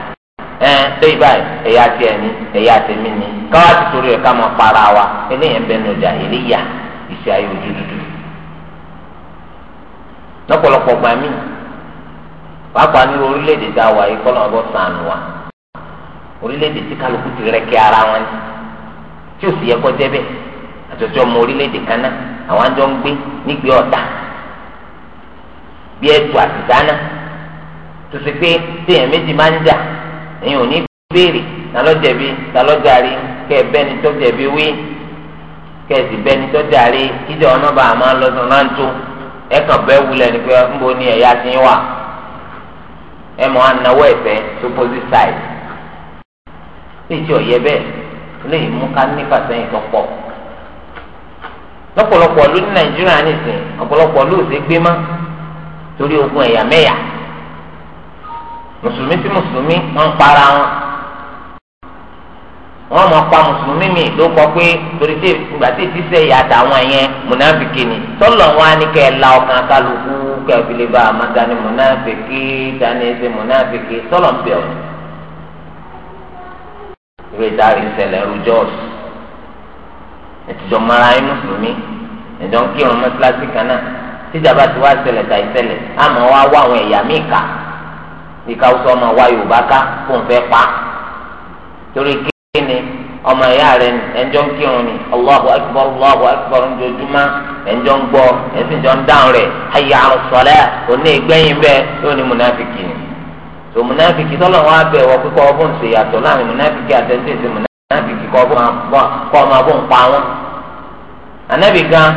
ẹ lẹ́yìn báyìí ẹ̀yà tiẹ̀ ni ẹ̀yà tèmi ni káwá ti torí ẹ̀ ká máa para wa eléyẹn bẹ́ẹ̀ nù jà eléyà ìṣe ayé ojú lọ́pọ̀lọpọ̀ gbà mí pàápàá orílẹ̀-èdè tá a wà yìí kọ́nà ọgbọ́n sànù wa orílẹ̀-èdè ara wọn ni tí ò sì yẹ kọjá bẹ́ẹ̀ àtọ̀jọ́ ọmọ orílẹ̀-èdè àwọn àjọ ń gbé ọ̀tá bí àtìsáná ẹ̀yin ò ní béèrè talọ́jẹ̀bi talọ́jàrí kẹ́ ẹ wí kẹ́ bẹ́ni tó kíjọ ọ̀nà bá a máa náà tó wulẹ̀ ní pé ni ẹ̀yà ti ń wà ẹ mọ̀ anáwó ẹ̀fẹ́ tó pósí sáì léjì ọ̀yẹ́ bẹ́ẹ̀ léyìí mú ká ní fàsẹ́yìn tó pọ̀ lọ́pọ̀lọpọ̀ ló ní Nàìjíríà mùsùlùmí sí mùsùlùmí wọn ń para wọn wọn mọ pa mùsùlùmí mi ló kọ pé torí tí ìgbà tí ìtísẹ ìyá àtàwọn yẹn mùnàfíkì ni tọlọ wọn á ní kẹ ẹ la ọkàn kálukú kẹ ẹ fi lè bá àmàta ni mùnàfíkì tani ẹsẹ mùnàfíkì tọlọ ń bẹ ọ ìwé ìdarí ìṣẹ̀lẹ̀ rújọọsì ẹtìjọ mara ẹ mùsùlùmí ẹjọ ń kírun mọ kíláàsì kan náà tíjàmbá ti wá ṣẹlẹ̀ tàì ṣẹlẹ̀ àmọ́ wá wá àwọn ẹ̀yà míì kà. ìka ọsọ ọmọ wa yorùbá ká kó n pa torí kéènì ọmọ ìyá rẹ ni ẹnjọ ń kírun ni Allahu akbar Allahu akbar ńdojúmá ẹnjọ ń gbọ́ ẹsìnjọ ń dáhùn rẹ ayé àròsọlẹ òní ìgbẹ̀yìn bẹ́ẹ̀ yóò ní munafiki ni munafiki tọ́lọ̀ wọn abẹ wọ ọbọ̀ yàtọ̀ láàrin munafiki munafiki kọ́ ọmọ wọn. anabi gan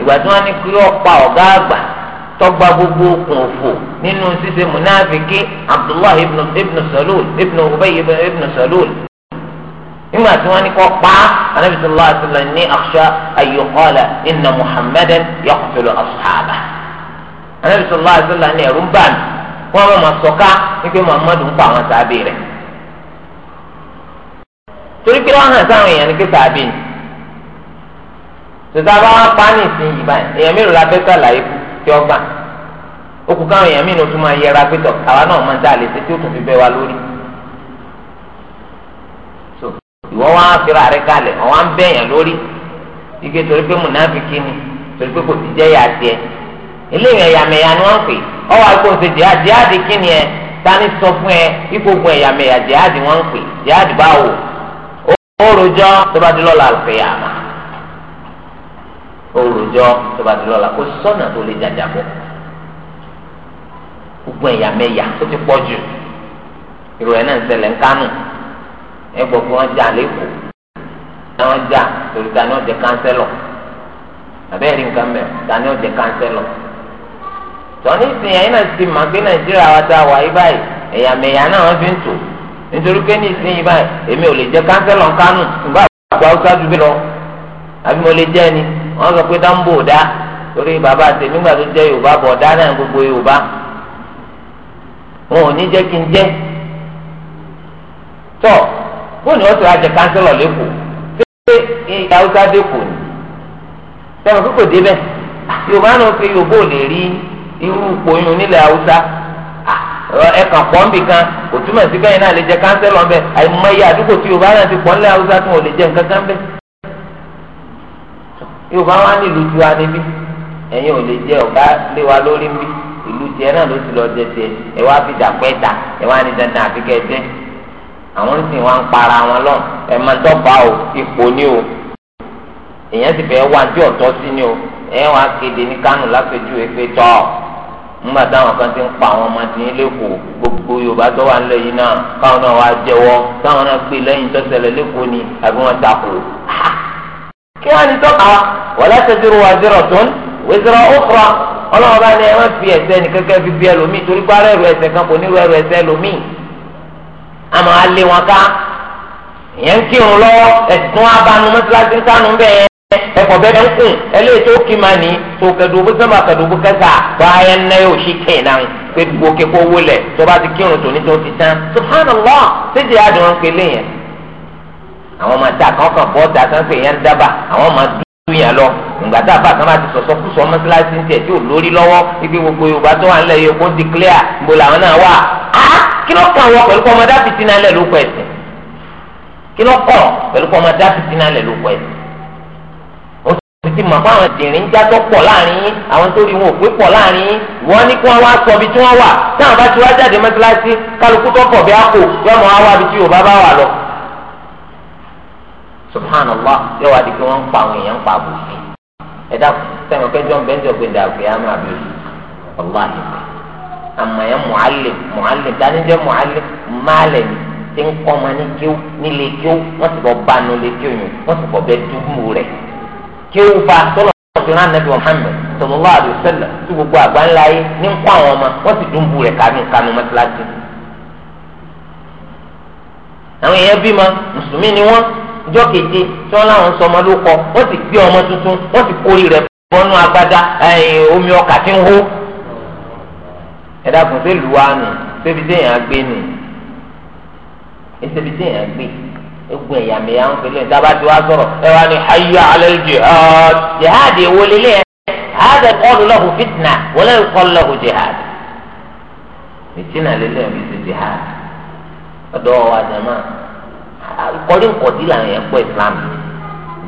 ìgbà tí tọgba gbogbo okùn òfò nínú ṣíṣe munafiki abdullahi ibn ibn salul ibn ubay ibn salul nígbà tí wọn ní kọ pa anabi sallallahu alaihi wa sallam ní akhsha ayyuqala inna muhammadan yaqtulu ashaaba anabi sallallahu alaihi wa sallam ní ẹ̀rù ń bà mí wọn bá ma sọka wípé muhammadu ń pa àwọn sábẹ rẹ̀ torí pé wọn hàn sáwọn èèyàn ní pé sábẹ ni tòtá bá wọn pa ní ìsinyìí báyìí èèyàn mélòó la fẹ́ sàlàyé kù. tí ó gbà ó kú káwọn èèyàn mìíràn tún máa yẹra àwa náà máa dá àlè tí ó tún fi bẹ wa lórí so ìwọ wá fira rẹ kalẹ̀ ọwọ ń bẹyàn lórí ike torí pé mùnàfíkì ni torí pé kò ti jẹ yà tiẹ eléyìí ẹ̀yàmẹ̀yà ni wọ́n pè ọwọ àgbo ṣe ẹ tani sọ fún ẹ pè báwo ó tó bá òrùjọ tó la di lọ́la kó sọ́nà tó lè jàjà bọ̀ gbogbo ẹ̀yà mẹ́yà tó ti pọ̀ jù ìròyìn náà ń ṣẹlẹ̀ ń kánù ẹ gbọ́ pé jà lẹ́kọ̀ọ́ àwọn jà torí ta ni wọ́n jẹ kánsẹ́lọ̀ àbẹ́ rí nǹkan mẹ́ ta ni wọ́n jẹ kánsẹ́lọ̀ tọ́ni ìsìn yẹn náà ti mà pé nàìjíríà wa ta wà yí báyìí ẹ̀yà mẹ́yà náà wọ́n fi ń tò nítorí pé ní ìsìn yìí báyìí èmi ò lè jẹ kánsẹ́lọ̀ ń kánù ìgbà àgbà ó sáájú bí lọ àbí mo lè jẹ́ ni wọ́n sọ pé dáńbò dá torí bàbá tèmi gbà tó jẹ́ yorùbá bọ̀ dá náà gbogbo yorùbá wọn ò ní jẹ́ kí n jẹ́ tọ́ bóyá wọ́n ti wá jẹ kánsílọ̀ lẹ́kọ̀ọ́ pé ìyá haúsá dẹ́kọ̀ọ́ ni sọ̀rọ̀ kókò débẹ̀ yorùbá náà fi yorùbá ò lè rí irú pòyún nílẹ̀ haúsá ah, ẹ̀kan pọ́ǹbì kan kò túmọ̀ sí bẹ́ẹ̀ náà lè jẹ kánsílọ̀ bẹ́ẹ̀ àìmọye àdúgbò tí yorùbá náà ti pọ́ńlẹ̀ haúsá tí wọn ò lè jẹ nǹkan kan bẹ́ẹ̀ bá wa ní ìlú tiwa níbí ẹ̀yin ò lè jẹ ọ̀gá lé wa lórí níbí ìlú tiẹ̀ náà ló ti lọ jẹ tiẹ̀ ẹ wá fi dàpẹ́ ta ẹ wá ní dandan àfi kẹ́ àwọn sì wá ń para wọn lọ ẹ máa dọ́gba o ipò ni o èèyàn sì fẹ́ wá bí ọ̀tọ́ sí ni o ẹ wá kéde ní kánò lápẹjúwe pé tọ́ nígbà táwọn kan ti ń pa àwọn ọmọ tí ń lẹ́kọ̀ọ́ gbogbo yorùbá tó wà náà káwọn náà wá náà gbé tó ni àbí kí wọ́n ní tọ́ka wala taziru waziratun wizra ukhra ọlọ́wọ́ bá ní ẹ má fi ẹ̀ṣẹ̀ ní kẹ́kẹ́ fi bí ẹlòmíì torí pé arẹ́rù ẹ̀ṣẹ̀ kan kò ní rẹ́rù ẹ̀ṣẹ̀ ẹlòmíì àmọ́ alẹ́ wọn ká ìyẹn ń kírun lọ́wọ́ ẹ̀sùn abanu mọ́tíláṣí ń sánú bẹ́ẹ̀ ẹ̀kọ́ bẹ́ẹ̀ ń kùn ẹlẹ́yìn kì máa ní tó kẹdùbù sábà kẹdùbù kẹta báyà ń náyà òṣì kẹ̀ẹ́nà pé gbogbo kẹ́kọ̀ọ́ wọlé tó bá ti kírun tòní tó ti tán subhanallah ṣéjì adùn ń àwọn máa ta kàn kàn bọ́ ta kàn pé yẹn dábàá àwọn máa dúró yẹn lọ ìgbà tá a bá kan láti sọ̀sọ́ kù sọ mọ́sálásí ń tẹ̀ tí ò lórí lọ́wọ́ ibi gbogbo yorùbá tó wà nílẹ̀ yòókù ti clear gbò làwọn náà wà
á kí ló kàn wọ́n pẹ̀lú kọ́mọ
dá fìtínà lẹ̀ ló kọ ẹ̀sìn kí ló kàn pẹ̀lú kọ́mọ dá fìtínà lẹ̀ ló kọ ẹ̀sìn. ó ti ti mọ̀ fáwọn dìrín já tó pọ̀ láàrin yín àwọn tó rí wọn ò pé pọ̀ láàrin yín wọ́n ní kí wọ́n wá sọ ibi tí wọ́n wà táwọn bá ti wá jáde mọ́sálásí kálukú tó pọ̀ bí á kò yọmọ wá wá ibi yorùbá bá wà lọ subhanallah yóò wá di pé wọ́n ń pa àwọn èèyàn ń pa àbòsí ẹ̀dá sẹ́wọ̀n kẹjọ bẹ́ńjọ gbẹ̀dẹ̀ àgbẹ̀ àmọ́ àbẹ̀rẹ̀ ọláhì àmọ́ yẹn mu'allim mu'allim dání jẹ́ mu'allim máàlẹ̀ ni tí ń kọ́ ọmọ ní kíó nílé kíó wọ́n sì bọ́ banu lé kíó yẹn wọ́n sì bọ́ bẹ́ẹ̀ dúró rẹ̀ kíó fa tọ́lọ̀ ọ̀sìn náà nàbí Muhammad sallallahu alaihi wasallam tí gbogbo àgbáńlá yé ní ń kọ́ àwọn ọmọ wọ́n sì dúnbù rẹ̀ kánú kánú mọ́tíláṣí. àwọn ìjọ keje tí wọ́n láwọn sọ ọmọ ọmọ tuntun wọ́n ti kórè rẹ bọ́nú agbada omi ọkà tí ń hó. ẹ dákun ṣé lùwà nù ṣébi téèyàn gbé nù ṣébi téèyàn gbé egun ẹ̀yà mi àwọn fẹlẹ̀ ní tábà tí sọ̀rọ̀ ẹ wá ní hayya jihad kọlu fitna kọlu jihad kọ́lé nkọ̀dí làwọn yẹn kọ́ islam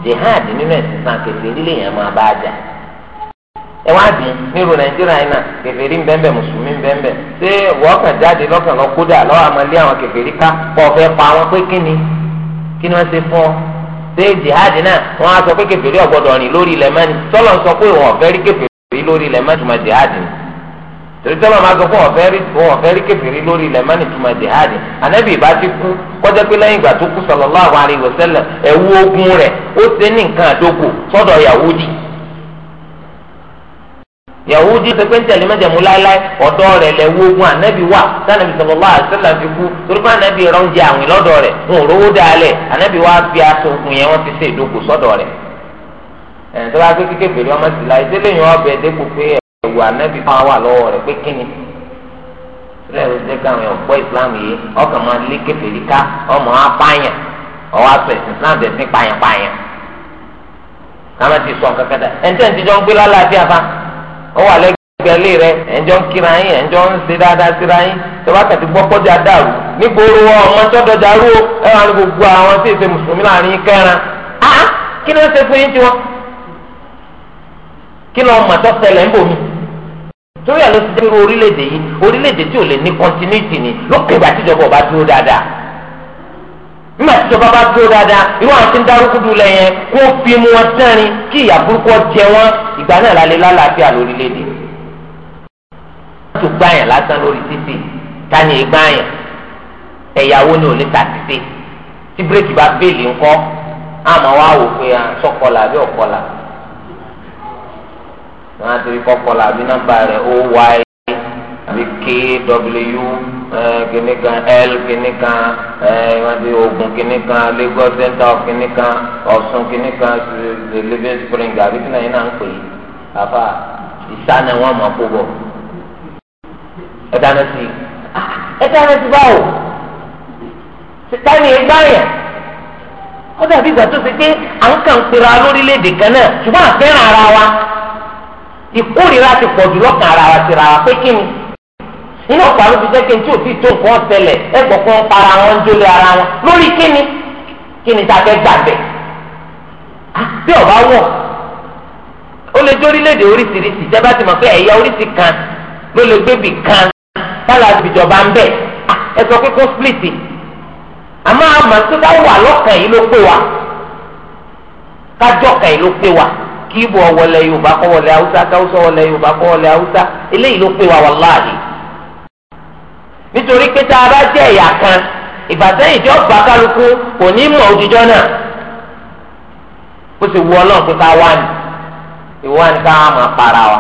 jihad nínú ẹ̀sìn san máa bá a jà ẹ wá di mùsùlùmí ṣé jáde lọ́kàn lọ kódà lọ́wọ́ àmọ́lé àwọn kẹfẹ́rí ká kọ́ pa wọn pé jihad náà wọ́n á sọ pé kẹfẹ́rí ọ̀gbọ́dọ̀ rìn lórí ilẹ̀ mẹ́ni sọ́lọ́ sọ pé tòlítọ́lọ́ máa sọ fún ọ̀fẹ́ rí kẹfìrí lórí ilẹ̀ mọ́ni túmọ̀ jihadi ànábì ìbá ti kú kọjá pé lẹ́yìn ìgbà tó kú sallallahu alaihi wasallam ẹ̀wú ogun rẹ̀ ó ṣe ní nǹkan àdógò sọ́dọ̀ yahudi yahudi pé ń tẹ̀lé mẹ́jẹ̀mú láéláé ọ̀dọ́ rẹ̀ lẹ̀wú ogun ànábì wà sànàbì sallallahu alaihi wasallam fi kú torí pé ànábì rán jẹ àwìn lọ́dọ̀ rẹ̀ ń rówó dáalẹ̀ ànábì wá fi aṣọ ogun yẹn wọ́n ti ṣe ìdógò sọ́dọ̀ rẹ̀ ẹ̀wù ànábì kan wà lọ́wọ́ rẹ̀ pé kíni sílẹ̀ ló èèyàn islam yìí ọkàn máa lé ká ọmọ wa pààyàn ọwọ́ aṣọ islam dẹ̀ pààyàn-pààyàn káwọn ti sọ kankan dà ẹ̀ńtẹ́ ń gbé ó wà rẹ ń kíra yín ń ṣe dáadáa síra yín kàti gbọ́ kọjá dàrú nígboro ọmọ dàrú ẹ wà ní gbogbo àwọn tí mùsùlùmí láàrin kí ló ń ṣe fún yín tiwọn kí ló ń torí àlọ́ ti dẹ́rù orílẹ̀-èdè yìí orílẹ̀-èdè tí ò lè ní continuity ni lókè ìgbà tíjọba ọba dúró dáadáa nígbà tíjọba bá dúró dáadáa irú àwọn tí ń darúgbó dulẹ̀ yẹn kó fi mu wọn sẹ́rin kí ìyà burúkú jẹ wọn ìgbà náà lálẹ́ lálàáfíà lórílẹ̀-èdè. wọ́n tún gbáyàn lásán lórí títì tani ìgbáyàn ẹ̀yàwó ni ò ní ta títì tí bírèkì bá bẹ́ẹ̀lì ńkọ́ àmọ́ wá wò pé sọ́kọlà ah, àbí ọ̀kọlà wọn á torí kọ́kọ́ la àbí nọ́mbà rẹ̀ ó wáyé àbí kw kìnìkan l kìnìkan wọn ti ogun kìnìkan Lagos center of kìnìkan Ọ̀ṣun kìnìkan Living Spring àbí kìnìkan yìí náà ń pè é àfa ìsáná wọn máa kó bọ̀ ẹ dáná sí ah, ẹ dáná sí báwo sitani ẹgbà yẹn ó dàbí ìgbà tó ṣe pé à ń kàn pera lórílẹ̀ kan náà ṣùgbọ́n àfẹ́ràn ara wa ìkórìíra ti pọ̀ jù lọ́kàn ara wa ti ra wa pé kí ni nínú ọ̀pọ̀ àwọn ti jẹ́ kí n tí ò ti tó nǹkan ṣẹlẹ̀ ẹ̀gbọ̀n kan para wọn ń jólé ara wọn lórí kí ni kí ni tá a fẹ́ gbàgbẹ́ ah, bí ọba wọ̀ ó lè dórílẹ̀-èdè oríṣiríṣi ìjọba ti mọ̀ pé ẹ̀yà oríṣi kan ló lè gbébì kan tálà ìjọba ń bẹ̀ ah, ẹ sọ pé kó split àmọ́ àmọ́ tó bá wà lọ́kàn yìí ló pé wa kájọ́kàn yìí ló pé wa kí ibo ọwọlẹ yorùbá kọ wọlé haúsá káwúsá ọwọlẹ yorùbá kọ wọlé haúsá eléyìí ló pè wá wàláhì nítorí pé tá a bá jẹ ẹ̀yà kan ìbàdàn ìjọ gbà kálukú kò ní mọ òjijọ náà ó sì wú ọlọ́run pé ká wá ní ìwọ ní ká máa para wa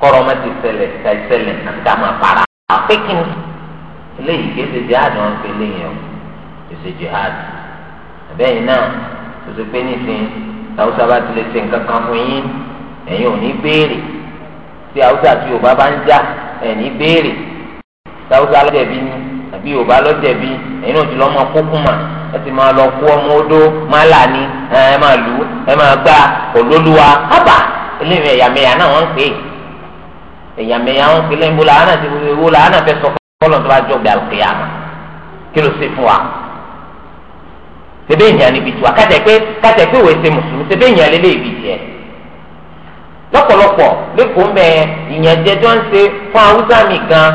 kọ́rọ̀ ọmọ ti ṣẹlẹ̀ ta ìṣẹlẹ̀ àti ká máa para wa pé kí ni eléyìí kì í jihad wọn pé eléyìí ọ̀ kì jihad àbẹ́yìn náà ó ti pé nísìnyí làwùsá bá ti lè ṣe nǹkan kan fún yín ẹ̀yin ò ní béèrè tí haúsá àti yorùbá bá ń já ẹ̀ní béèrè tí haúsá lọ́jẹ̀bi ni àbí yorùbá lọ́jẹ̀bi ẹ̀yin náà ti lọ́ mọ kókún mà ẹ ti máa lọ kú ọmọ odó máa là ní ẹ máa lù ú ẹ máa gbà olólùwà ábà eléyìí ẹ̀yàmẹ̀yà náà wọ́n ń pè é ẹ̀yàmẹ̀yà wọ́n ń pè é lẹ́yìn bó làánà ti wo làánà fẹ́ sọ fọ́lọ́ tẹ̀bẹ́ ìyàn níbi tiwa kátẹ́ pé kátẹ́ pé wòye ṣe mùsùlùmí tẹ̀bẹ́ ìyàn lélẹ̀ ibi tiẹ̀ lọ́pọ̀lọpọ̀ lẹ́kọ̀ọ́ mẹ́ ìyànjẹ tó ń ṣe fún haúsá mi gan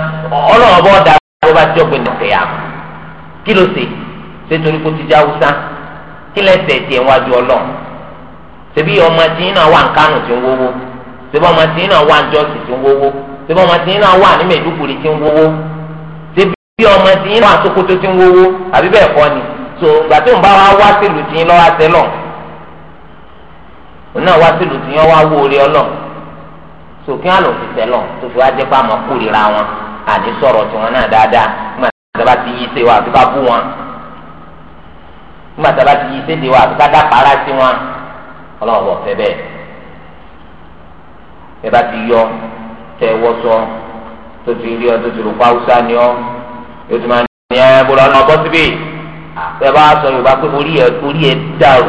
ọlọ́run ọba ọ̀dà ló bá jọ pé nìkẹ́yà kí ló ṣe ṣe torí kó ti já haúsá kí lẹ́sẹ̀ tiẹ̀ wájú ọlọ́run ṣebí ọmọ tí náà wà ń tí ń wówó ṣebí ọmọ tí náà wà ń Jọ́ọ̀sì tí ń wówó ṣebí ọmọ tí náà wà ní tí ń wówó ṣebí ọmọ tí náà wà ń tí ń wówó àbí bẹ́ẹ̀ kọ́ ni so gbàtí òun bá wá wá sílùú tí yín lọ́wọ́ àtẹ lọ òun náà wá sílùú tí yín wá wó orí so kí wọn tẹ lọ tó fi wá wọn àní sọ̀rọ̀ tiwọn náà dáadáa nígbà tí wọn bá ti yí sí wa àti bú wọn nígbà tí wọn bá ti yí sí wa àti wọn ọlọ́run bọ̀ fẹ́ bẹ́ẹ̀ ẹ bá ti yọ tẹ wọ́sọ tó ti rí ọ tó ti rò pa ni yóò ẹ bá sọ yorùbá pé orí ẹ orí ẹ dàrú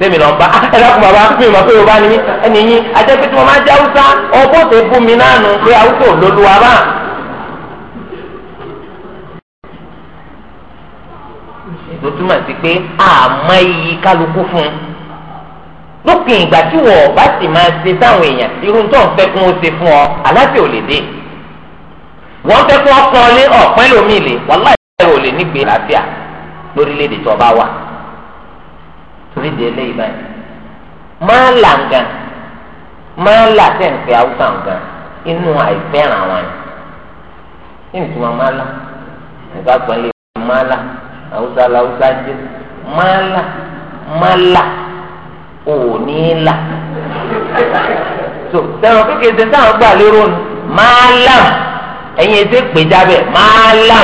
sẹ́mi lọ bá ah, ẹ dákun bàbá mi mọ̀ pé yorùbá ni mí ẹni yín ajẹ́pẹ́ tí mo máa jẹ́ haúsá ọgbọ́n tó bú mi náà nù pé haúsá ò lóluwa bá. tó túmọ̀ sí pé àmọ́ iyì kálukú fún un lópin ìgbà tí wọ́n bá sì máa ṣe sáwọn èèyàn irú tó ń fẹ́ kún ó ṣe fún ọ aláṣẹ ò lè dé wọ́n fẹ́ kún ọkàn lé ọ̀pẹ́ lómi lè wàhálà ẹ̀rọ lè nígbè láfíà lórílẹ̀‐èdè tó bá wà torí di eléyìí báyìí máa là nǹkan máa là sẹ́ǹpẹ́ haúsá nǹkan inú àìfẹ́ràn wọn ni kí nìkan máa là nǹkan kan lè máa là haúsá la haúsá jẹ máa là máa là òní là so sẹ́wọ̀n kékeré sẹ́wọ̀n gbà lérò máa là ẹ̀yin ẹ̀sẹ̀ pè jábẹ̀ máa là.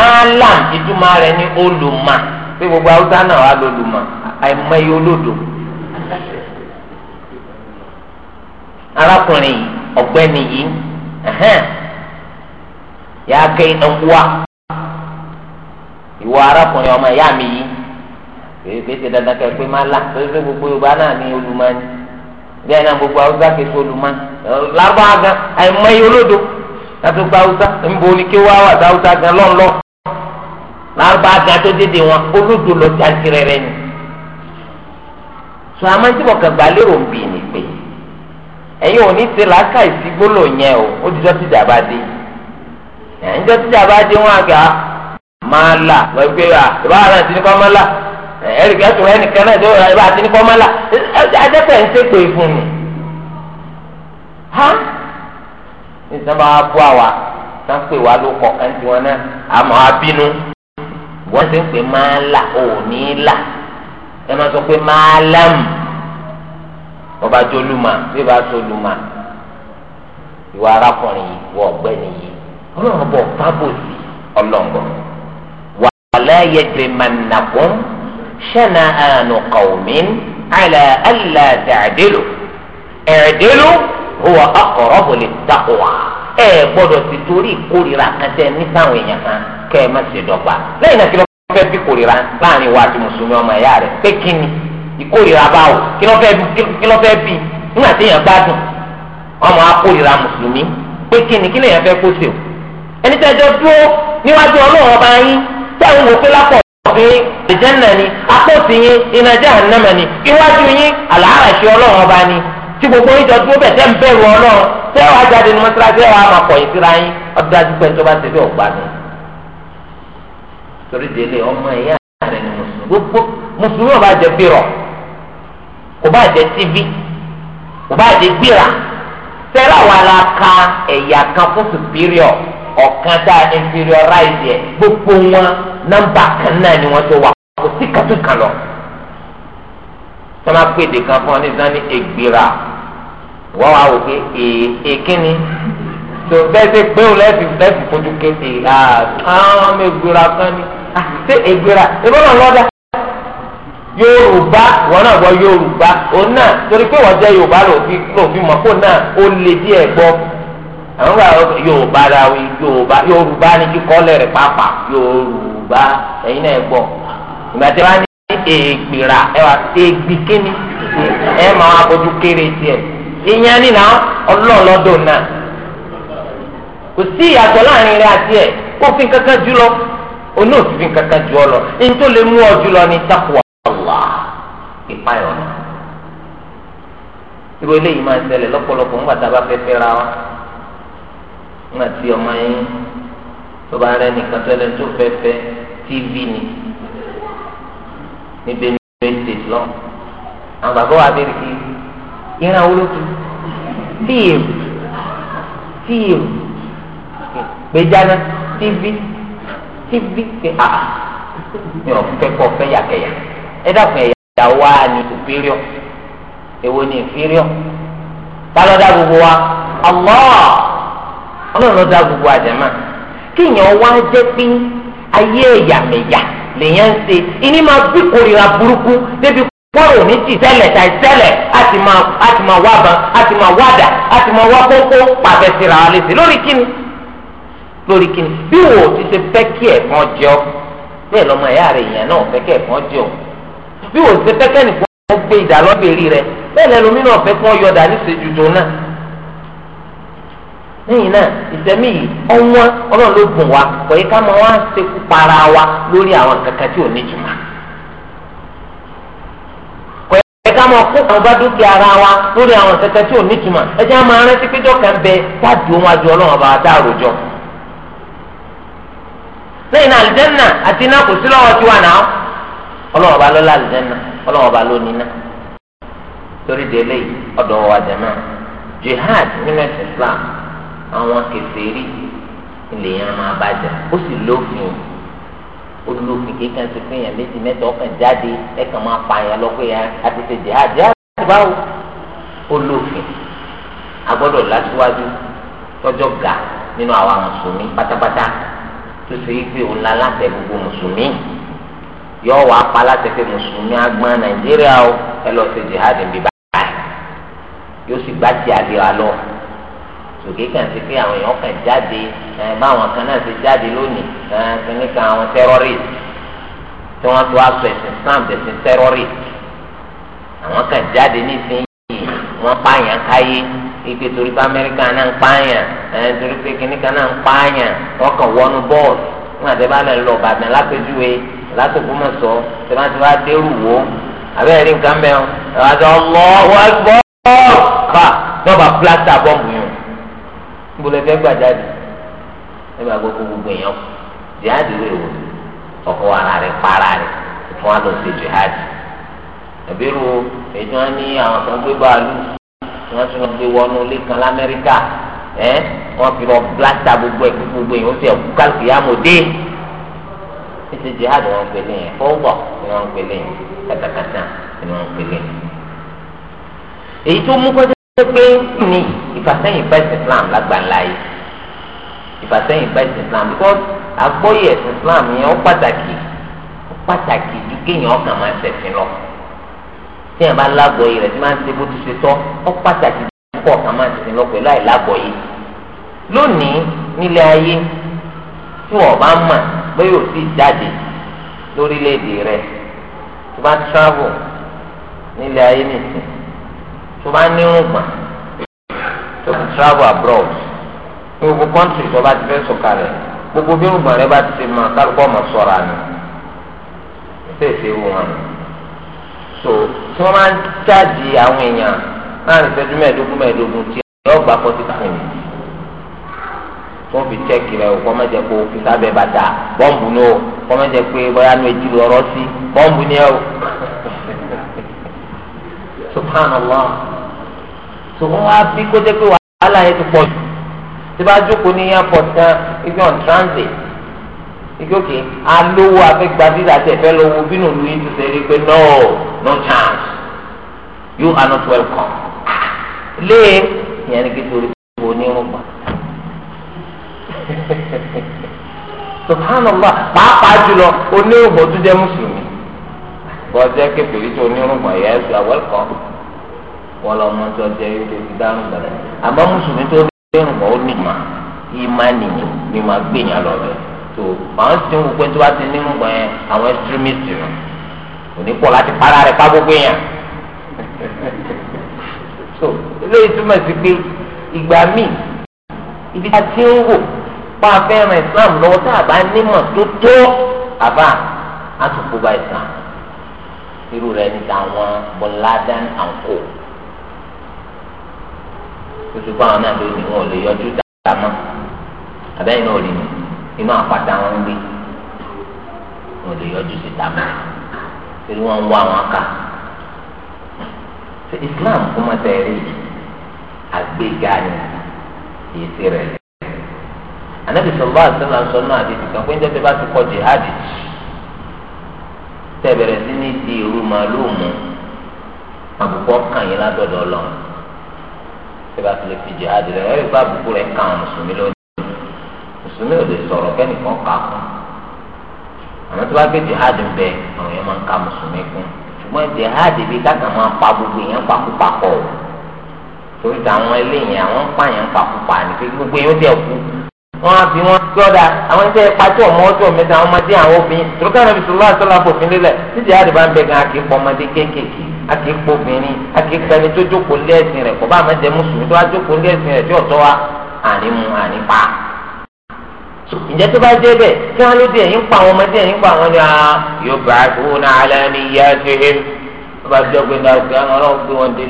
alam ìtumọ̀ rẹ̀ ní ma pé gbogbo haúsá náà wà lọ́lùmọ̀ àìmọye olódò arákùnrin ọ̀gbẹ́ni yìí yàá kẹ́ ẹ̀wá ìwọ arákùnrin ọmọ ìyá mi yìí kìí ṣe dandan kẹ pé máa là torí gbogbo yorùbá náà ní gbogbo haúsá kìí ṣe ń bo ní wà gan lárúbá gan tó wọn olódò lọ jantirẹrẹ ni sọ àmọ́ tí mo lérò ń bì ní pé ẹ̀yin ò ní o ó dijọ́ tíjà bá dé ẹ̀ńjọ́ tíjà bá dé wọn máa là gbé wa ìbá ti ní kọ́ là ẹ̀rì kẹ́tù rẹ̀ nìkan náà tó ìbá ti ní kọ́ là adẹ́tẹ̀ ń ha ìsọ́nba wa bú àwa wa ló kọ̀ wọ́n ti ń pè máa là ò ní là ẹ máa sọ pé máa lám ọba jolúmọ bí ìbá solúmọ ìwà arákùnrin yìí wọ ọ̀gbẹ́ni yìí Ọlọ́run
bọ fábòsì
ọlọngọ wàhálà yẹtìrì mànàkún ṣẹlẹ àánú kàwọmín àlà àlà dàdélò ẹ̀ẹ́délò huwa aqrabu lit-taqwa. ẹ gbọdọ ti torí ikorira kan ní sáwọn èèyàn kan kẹ ẹ má ṣe dọ́gba lẹ́yìn náà kí ló bí láàrin wa mùsùlùmí ọmọ ẹ̀yà rẹ̀ pé kí ni ìkórìíra báwo kí ló fẹ́ bí nígbà tí èèyàn gbádùn ọmọ mùsùlùmí pé kí ni kí lèèyàn kó o ẹni tẹ́ jọ dúró níwájú ọlọ́run ọba yín ń wò pé lápọ̀ ọ̀gbìn ìjẹ́nà ni apótì yín tí gbogbo yín jọ dúró bẹ̀tẹ̀ ń bẹ̀rù ọlọ́run tẹ́ wàá jáde ní mọ́tíráṣí ẹ̀ wàá máa kọ̀ yín síra yín ọdún dájú pé ìjọba ti fi ọ̀gbà mi. torí délé ọmọ ẹ̀yà rẹ̀ ni mùsùlùmí gbogbo mùsùlùmí ò bá jẹ bírọ̀ kò bá jẹ tíbí kò bá jẹ gbéra tẹ́lá wa la ka ẹ̀yà kan fún superior ọ̀kan tá inferiorize yẹ gbogbo wọn nọ́mbà kan náà ni wọ́n ti wà kò sí kàtúkà lọ sọ́mà péde kan fún ọ ní sani ègbèrà wọ́n wá wò pé èkínni tó bẹ́ẹ̀ ṣe pé òun lẹ́sìn lẹ́sìn fojú kéde àwọn ọmọ ègbèrà kan ni ṣé ègbèrà ìbọn náà lọ́dà yorùbá wọn náà gbọ́ yorùbá òun náà torí pé wọ́n jẹ́ yorùbá lòfin lòfin mọ̀ kó náà ó lè díẹ̀ gbọ́ àwọn gba yorùbá la wí yorùbá yorùbá ni kíkọ́ lẹ́rìí pàápàá yorùbá ẹ̀yin náà gbọ́ ìgbà tí wọ́n á ní ègbèrà ẹ wà sí egbi kíni ẹ máa wá bójú kéré tiẹ̀ ìyẹn nínà ọlọ́ọ̀lọ́dọ̀ náà kò sí ìyàtọ̀ láàrin rẹ àti ẹ̀ kó fi kankan jù lọ onú òsì fi kankan jù ọ lọ ní tó lè mú ọ jù lọ ní takwa Allah ìpayọ̀ náà irú eléyìí máa ń ṣẹlẹ̀ lọ́pọ̀lọpọ̀ ńgbà tá a bá fẹ́ fẹ́ra wa ńgbà tí ọmọ yín tó bá rẹ nìkan tẹ́lẹ̀ tó fẹ́ fẹ́ tv ni ní Benue state lọ àwọn bàbá wa bẹ̀rẹ̀ kí ìran olókì fíìmù fíìmù gbẹjáná tífí tífí pé a
mi ò fẹ́ kọ́ fẹ́ yàkẹ́yà
ẹ dàpọ̀ ẹ̀yà wa ni superior èwo ni inferior
tálọ́dá gbogbo wa
Allah ọlọ́run ló dá gbogbo àjẹmọ́ kéèyàn wá jẹ́ pín ayé ẹ̀yàmẹ̀yà lèyàn ń ṣe ìní máa bí kórìíra burúkú débi pọ́rọ̀ ní ti tẹ́lẹ̀ tàì tẹ́lẹ̀ á ti máa á ti máa wá ban á ti máa wá dà á ti máa wá kókó pàfẹ́ síra wa létí lórí kíni lórí kíni bí wò ó ti ṣe fẹ́ kí ẹ̀fọn jẹ bẹ́ẹ̀ lọ́mọ ẹ̀yà rẹ̀ èèyàn náà fẹ́ kí ẹ̀fọn jẹ bí wò ó ti ṣe fẹ́ kẹ́nìkan gbé ìdálọ́bẹ̀rí rẹ̀ bẹ́ẹ̀ lẹ́nu mí náà fẹ́ kí wọ́n yọ dání ṣe jùjọ náà lẹ́yìn náà ìsẹ̀mí yìí ọ̀wọ́n ọlọ́run ló gùn wa kò yẹ ká máa wá ṣekú para wa lórí àwọn kankan tí ò ní jùmọ̀ máa kó àwọn bá dúkìá ara wa lórí àwọn kankan tí ò ní jùmọ̀ ẹ jẹ́ àmọ́ arántí péjọ́ kan bẹ táàdì ohun àjọ ọlọ́run ọba dá àròjọ
lẹ́yìn náà àlìjẹ́nà
àti iná kò sí lọ́wọ́ tiwa náà ọlọ́run ọba lọ́la àlìjẹ́nà ọlọ́run níná torí àwọn kẹfẹ́rí lèèyàn máa bàjẹ́ ó sì lófin olùlófin kékeré ti fún yẹn méjì mẹ́ta ọkàn jáde ẹ̀kan máa pa yẹn lọ́pẹ́ yẹn àti ṣe jihad jihad báwo olófin agbọ́dọ̀ láṣíwájú tọ́jọ́ ga nínú àwa mùsùlùmí pátápátá tó ṣe é pé òun la láṣẹ gbogbo mùsùlùmí yọ wàá pa láṣẹ pé mùsùlùmí agbọn nàìjíríà o ẹ lọ ṣe jihad níbi báyìí yóò sì gbá tí a lè wa lọ òkè kàn sí pé àwọn èèyàn kàn jáde ẹ báwọn kan náà ti jáde lónìí ẹ kìíní kan àwọn tẹrọrìs tí wọn tó aṣọ ẹsìn Islam ẹsìn tẹrọrìs àwọn kàn jáde nísìnyí wọn pààyàn káyé ibi torí pé Amẹ́ríkà náà ń pààyàn ẹ torí pé kìíní kan náà ń pààyàn wọn kàn wọnú bọ́ọ̀lù wọn àti bá lẹ lọ bàtàn lápẹjúwe látòkúmọ̀sọ tí wọn ti wá dérú wò abẹ́rẹ́ nǹkan mẹ́wọ́n ẹ̀ wá sọ ọlọ́wọ́ ẹgbọ́n bá dọ́ba plásítà bọ́ọ̀bù gbọ́dọ̀ fẹ́ gbà jáde ẹ máa gbọ́ kó gbogbo èèyàn jihadi rẹ̀ wò ọkọ̀ ara rẹ̀ para rẹ̀ fún wa lọ sí jihadi ẹ̀bírú ètò wọn ní àwọn kan gbé bàálù wọn tún gbé wọnú ilé kan lamẹ́ríkà ẹ wọn fi lọ blasta gbogbo ẹ gbogbo èèyàn ó sì ẹkú kálukì yá mọ̀dé títí jihadi wọn gbélé yẹn fọwọ́ ni wọn gbélé yẹn kàtàkàtà ni wọn gbélé yẹn èyí tó mú kọjá pé ní ìfàsẹ́yìn bá ẹ̀sìn Islam lágbàlá yìí ìfàsẹ́yìn bá ẹ̀sìn Islam because àgbọ́yé ẹ̀sìn Islam yẹn ó pàtàkì ó pàtàkì ju kéèyàn ọkàn máa ṣẹ̀sìn lọ tí yẹn bá lágbọ́yé rẹ̀ tí máa ń ṣe bó ti ṣe tọ́ ó pàtàkì ju kó ọkàn máa ṣẹ̀sìn lọ pẹ̀lú àìlágbọ́yé lónìí nílé ayé tí wọ́n bá mọ̀ pé yóò sì jáde lórílẹ̀‐èdè rẹ̀ tó bá travel nílé ayé nìsín tó bá ní irùngbọ̀n tó ti travel abroad ní gbogbo country tó bá ti fẹ́ sọ̀kalẹ̀ gbogbo bí irùngbọ̀n rẹ bá ti ṣe máa kálukọ́ ọmọ sọ̀ra ni tẹ̀sẹ̀ wù wọn. so tí wọ́n máa ń jáde àwọn èèyàn láàrin ìṣẹ́jú mẹ́ẹ̀ẹ́dógún mẹ́ẹ̀ẹ́dógún tí yóò gba forty thousand wọ́n fi chẹ́ẹ̀kì rẹ̀ kọ́ mẹ́jẹ kó fi sábẹ́ bàtà bọ́ǹbù ni o kọ́ mẹ́jẹ pé bóyá nu ejú lọ́rọ́ sí bọ́ǹbù ni ẹ o [laughs] subhanallah sòwò wá bí kó jẹ́ pé wàhálà yẹn ti pọ̀ jù tí bá jókòó ní airport kan ibi on transit ike oke alówó afẹ́gbà visa tẹ̀ fẹ́ lọ́wọ́ bínú lu yín ti sẹ́ rí pé no no chance you are not welcome lé yẹn ní kí torí kò ní irun pa
subhanallah
pàápàá jùlọ onírùngbọ̀n tó jẹ́ mùsùlùmí bọ́ọ̀ jẹ́ kékeré tó onírùngbọ̀n yẹn ṣe welcome wọ́n lọ mọ tó jẹ́ yóò tó fi dárùn dàrú àmọ́ mùsùlùmí tó dẹ́rùn kọ́ ó ní ìmọ̀ ìmọ̀ nìyí ni màá gbìyàn lọ rẹ̀ tó àwọn sì ń wò pé tó bá ti nínú gbọ̀n yẹn àwọn extremist nù òní pọ̀ láti para rẹ̀ pa gbogbo yẹn
[laughs]
so eléyìí túmọ̀ sí pé ìgbà míì ibi tá a ti ń wò pa afẹ́ràn Islam lọ́wọ́ tá a bá nímọ̀ tó tó àbá àtúkò bá Islam irú rẹ̀ ní tàwọn bọ́ládán àǹkó oṣù báwọn náà ló ní wọn ò lè yọjú dáadáa mọ́ àbẹ́yìn náà rí mi inú àpáta wọn ń gbé wọn ò lè yọjú sí ta mọ́ torí wọn ń wá wọn kà ṣe Islam kó má tẹ̀ rí àgbéga ni kìí sí rẹ̀ anabi sọlá àtúnlá sọ náà àti ìtìkan pé njẹ́ bá ti kọ́ jihad tẹ̀ bẹ̀rẹ̀ sí ní di irú màálùú mu àbùkù ọkàn yìí ládọ́dọ̀ ọlọ́run tí bá ti lè fi jihad rẹ̀ wọ́n yóò bá àbùkù rẹ̀ kàn án mùsùlùmí lónìí mùsùlùmí ò lè sọ̀rọ̀ kẹ́nìkan kà kún àmọ́ tí wọ́n gbé jihad ń bẹ àwọn èèyàn máa ń ka mùsùlùmí kún ṣùgbọ́n jihad bí kákan máa pa gbogbo èèyàn pakúpakọ̀ o torí táwọn eléyìí àwọn ń pààyàn pakúpa ní pé gbogbo èèyàn tẹ̀ kú wọ́n á fi wọ́n gbọ́dà àwọn ẹgbẹ́ pàtó ọmọ ọjọ́ mẹ́ta àwọn ọmọdé àwọn obìnrin tòlókàn náà fi sọ̀rọ̀ àtọ́lá fòfin lélẹ̀ tí jihad bá ń bẹ gan-an ọmọdé kéékèèké a kì í obìnrin a kì í tó jókòó lé ẹ̀sìn rẹ̀ kó bá àmọ́ mùsùlùmí tó wá jókòó lé ẹ̀sìn rẹ̀ tí ọ̀tọ́ wa àní mu àní pa. ǹjẹ́ tó bá jẹ́ bẹ́ẹ̀ kí wọ́n ló pa yóò bá a kúrò náà alẹ́ tó bá náà kí wọ́n lọ́ọ́ gbé wọn dé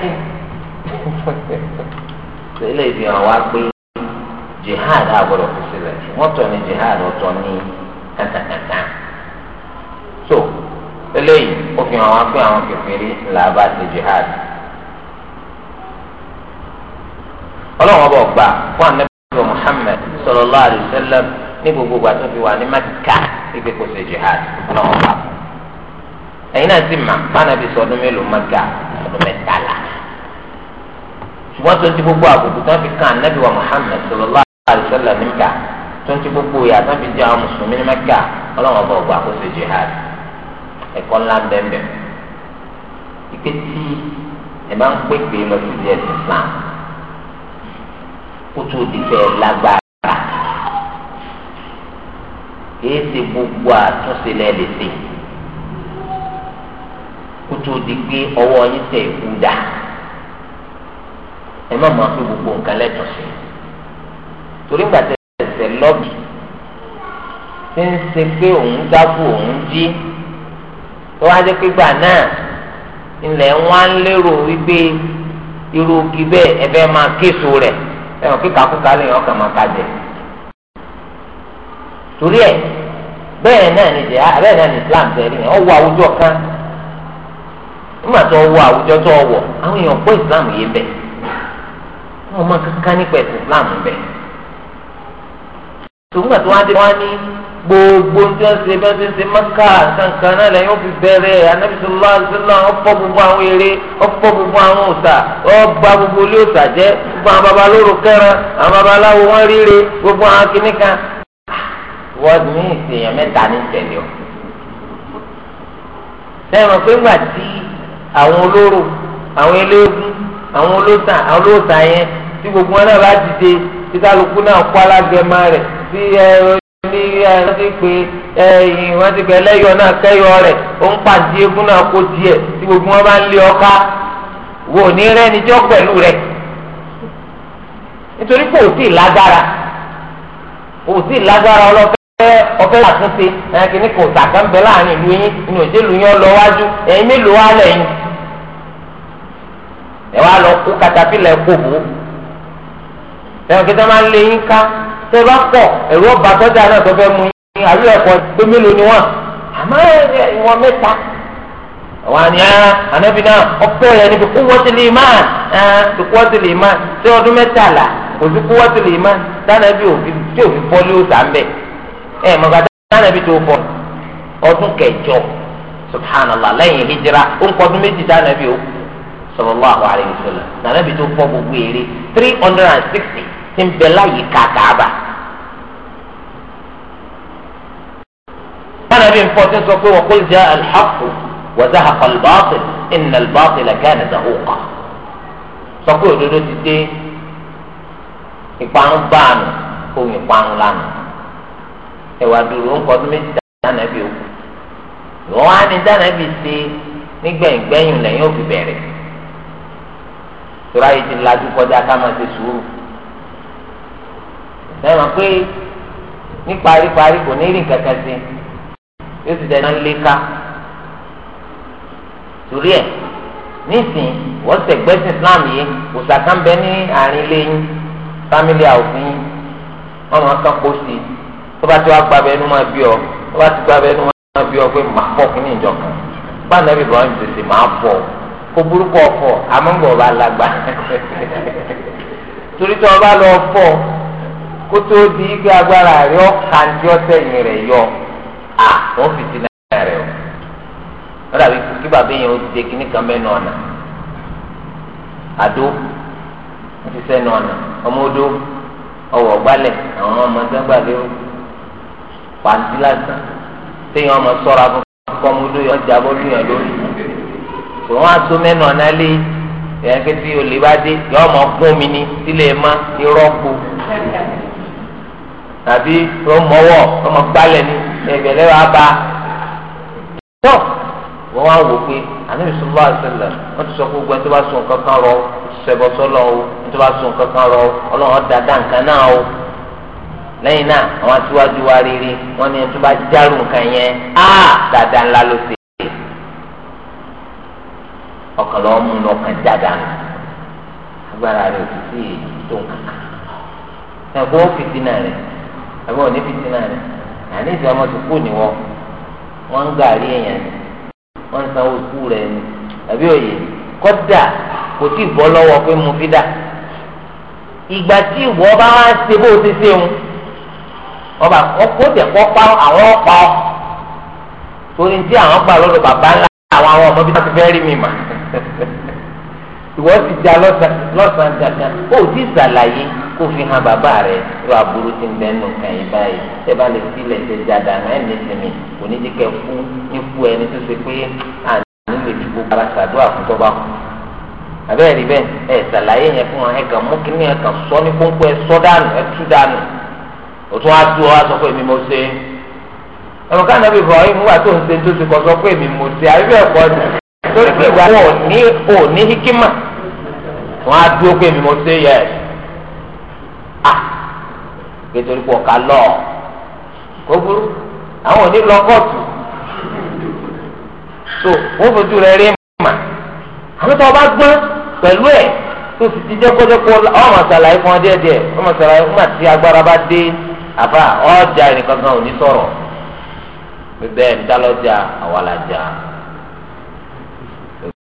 kí [laughs] wa pé jihad sílẹ̀ wọ́n tọ̀ eléyìí ó fi hàn wá pé àwọn kèfèrí ńlá bá ṣe jihad ọlọ́run ọba ọgbà fún anábìyẹ Muhammad sallallahu alaihi wasallam ní gbogbo ìgbà tó fi wà ní Mẹ́kà ìgbé kò ṣe jihad ọlọ́run ọba ẹ̀yin náà sì mà fánàbí sọdún mélòó Mẹ́kà ọdún mẹ́tàlá ṣùgbọ́n tó ti gbogbo àbùkù tó fi kàn anábìyẹ Muhammad sallallahu alaihi wasallam ní Mẹ́kà tó ti gbogbo ìyá tó fi jẹ́ àwọn mùsùlùmí ní Mẹ́kà ọlọ́run ọba ọgbà kò ṣe jihad ẹ̀kọ́ ńlá ń bẹ́ẹ̀ bẹ́ẹ̀ ike tí ẹ máa ń pèpè lọ sí ilé ẹ̀sìn Islam kó tó di pé ẹ lágbára kìí ṣe gbogbo àtúnṣe lẹ́ẹ̀lẹ́ sí kó tó di pé ọwọ́ yín tẹ̀ kú dà ẹ má máa fi gbogbo nǹkan lẹ́tọ̀ọ́ sí torí gbàtẹ́ ẹsẹ̀ lọ́bì ṣe ń ṣe pé òun dákú òun jí. tó wá dé pígbà náà ilẹ̀ wá ń lérò wípé irú ogi bẹ́ẹ̀ ẹ máa késo rẹ̀ ẹ̀wọ̀n kíkàkúkà lè torí ẹ̀ bẹ́ẹ̀ náà ni jẹ́ bẹ́ẹ̀ náà ni Islam tẹ̀lé wọ àwùjọ kan nígbà tó wọ àwùjọ tó wọ àwọn èèyàn Islam yé wọ́n máa nípa Islam tó wá dé gbogbo tí wọn ṣe bá ti ṣe maka kankan náà lẹ́yìn ó fi bẹ̀rẹ̀ anabi sọlá sọlá ọ̀pọ̀ gbogbo àwọn eré ọ̀pọ̀ gbogbo àwọn òòṣà ọba gbogbo ilé òòṣà jẹ gbogbo àwọn babalóró kẹran àwọn babaláwo wọn ríre gbogbo àwọn kìnnìkan. wọ́ọ̀dù mi ìsèyàn mẹ́ta ní tẹ̀lé o. sẹ́wọ̀n pé ńgbà tí àwọn olóró àwọn eléégún àwọn olóòṣà àwọn olóòṣà yẹn tí gbogbo wọn náà bá dìde tí kálukú náà kó alágbẹ̀mọ rẹ̀ sí ní ẹ ti pe ẹ̀yìn wọ́n ti pe ẹlẹ́yọ̀ náà kẹ́yọ̀ rẹ̀ ó ń pàdé egun náà kó tí gbogbo wọn bá ń lé ọká wò ní rẹ́ pẹ̀lú rẹ̀ nítorí pé òsì lágbára òsì lágbára ọlọ́fẹ́ àtúnṣe kìíní kò tàkà láàrin ìlú yín ní yín wájú mélòó wá wá tẹ bá pọ̀ ẹ̀rọ ọba tọ́jà náà tó fẹ́ mú yín àbí ẹ̀kọ́ pé mélòó ni wọ́n àmọ́ ìwọ̀n mẹ́ta àwọn àníyàn ah, ànábì náà ọpẹ́ rẹ̀ níbi kúwọ́tì lè má ti kúwọ́tì lè má ṣé ọdún mẹ́tàlá kò sí kúwọ́tì lè má tánàbí òfin tí òfin fọ́ ló sà ń bẹ̀ ẹ̀ mọ̀gá tánàbí tó fọ́ ọdún kẹjọ subhanallah lẹ́yìn hijira ó ń kọ́ ọdún méjì tánàbí ó sallallahu alaihi wasallam tánàbí tó fọ́ gbogbo èrè three hundred and sixty tí ń bẹ láyìíká kàába. wọn nàbí nǹkan tí ń sọ pé wa qul jaa al-haqq wa zahaqa al-batil inna al-batila kana zahuqa. sọ pé òdodo ti dé ìparun báànù ohun ìparun lánàá ẹwà dúró ń kọ́ ọdún méjì dánàbí òkú wọn á ní dánàbí ṣe nígbẹ̀yìngbẹ̀yìn lẹ́yìn òbí bẹ̀rẹ̀ tura yìí ti lajú kọjá ká máa ṣe sùúrù lẹ́wọ̀n pé ní paríparí kò ní rí nǹkan kan sí yóò ti dẹ́nu léka torí ẹ̀ nísìn wọ́n tẹ̀gbẹ́sì Islam yìí òòsà kan bẹ ní àárín ilé yín fámílì àwòfin yín wọ́n máa kán kó sí i tó bá ti wá gbàbẹ ẹnu máa bí ọ tó bá ti gbàbẹ ẹnu máa bí ọ pé màá pọ̀ kí ní ìjọ bá nàbí bọ́ ní tètè màá pọ̀ kó burúkú ọ̀fọ̀ àmọ́ ń bọ̀ bá lágbá [laughs] torí tí wọ́n bá lọ fọ́ ọ. kó tó di ike agbára rẹ ọ̀ka ní ọ̀sẹ̀ yẹn yọ a wọ́n fi ti náà rẹ̀ o wọ́n dàbí kí bàbá yẹn ó ti de kíní kan mẹ́nu ọ̀nà àdó ń ti ọmọ odó ọwọ́ gbálẹ̀ àwọn ọmọ o pàǹtí téèyàn ọmọ yọ lóyún lórí lé olè bá yọ ọmọ gún mi ní sílẹ̀ má irọ́ kú. tàbí rọmọwọ ọmọ gbalẹ ní ẹgbẹlẹ wa bá tó wọn wá wò pé ànábì sọlá àṣẹlẹ wọn ti sọ pé gbogbo tó bá kankan rọ ṣẹbọ o dada nǹkan náà o lẹ́yìn náà àwọn wa rere wọn ni tó bá járù nǹkan yẹn á ńlá ló ọkàn lọ mú lọkàn agbára rẹ ò sí èyí tó fìdí àbí wọn ní fìtínà rẹ àní ìsìn ọmọ sùkúù ni wọn wọn ń gàrí èèyàn ni wọn ń sanwó sùkúù rẹ ni àbí òye kódà kò tí ì bọ́ lọ́wọ́ pé mo fi dà ìgbà tí ìwọ bá wá ṣe bó o ti ṣe ń ọba ọkọ tẹ kọ pa àwọn ọ̀pọ̀ torí tí àwọn gbà lọ́dọ̀ bàbá ńlá àwọn àwọn ọmọ bíi fẹẹ rí mi mà [laughs] ìwọ sì já lọ́sàn lọ́sàn dandan ti ṣàlàyé kó fi hàn bàbá rẹ yóò aburú ti ń bẹ nù kàn yín báyìí tẹ bá lè sílẹ̀ ṣe dáadáa náà ẹni sinmi kò ní dikẹ fún ikú ẹni tó ṣe pé àní lè fi gbogbo ara ṣàdúrà fún tọ́ba kù àbẹ́rẹ́ rí bẹ́ẹ̀ ẹ ṣàlàyé yẹn fún wọn ẹ kàn mú kíní ẹ kàn sọ ní pọ́npọ́ ẹ sọ dànù ẹ tú dànù o tún á tú ọ aṣọ pé mi mo ṣe ẹnu ká nàbí Ibrahim wà tó ń ṣe tó ṣe kọ sọ pé mi mo ṣe àbí bẹ́ẹ̀ ni torí pé ìwà wọn ò ní hikima wọn á dúró pé mi mo ṣe yẹ ẹ nítorí pé ọ̀ka lọ kó burú àwọn òní lọ kóòtù so wọ́n fojú rẹ̀ rí mà àwọn tó o bá gbọ́n pẹ̀lú ẹ̀ tó sì ti jẹ́ kọ́jọ́kọ́ ọmọ sàlàyé fún ọ díẹ̀ díẹ̀ ọmọ sàlàyé fún àti agbára bá dé àbá ọjà ẹnìkan kan ò ní sọ̀rọ̀ bẹ́ẹ̀ ń dá lọ́jà àwa la jà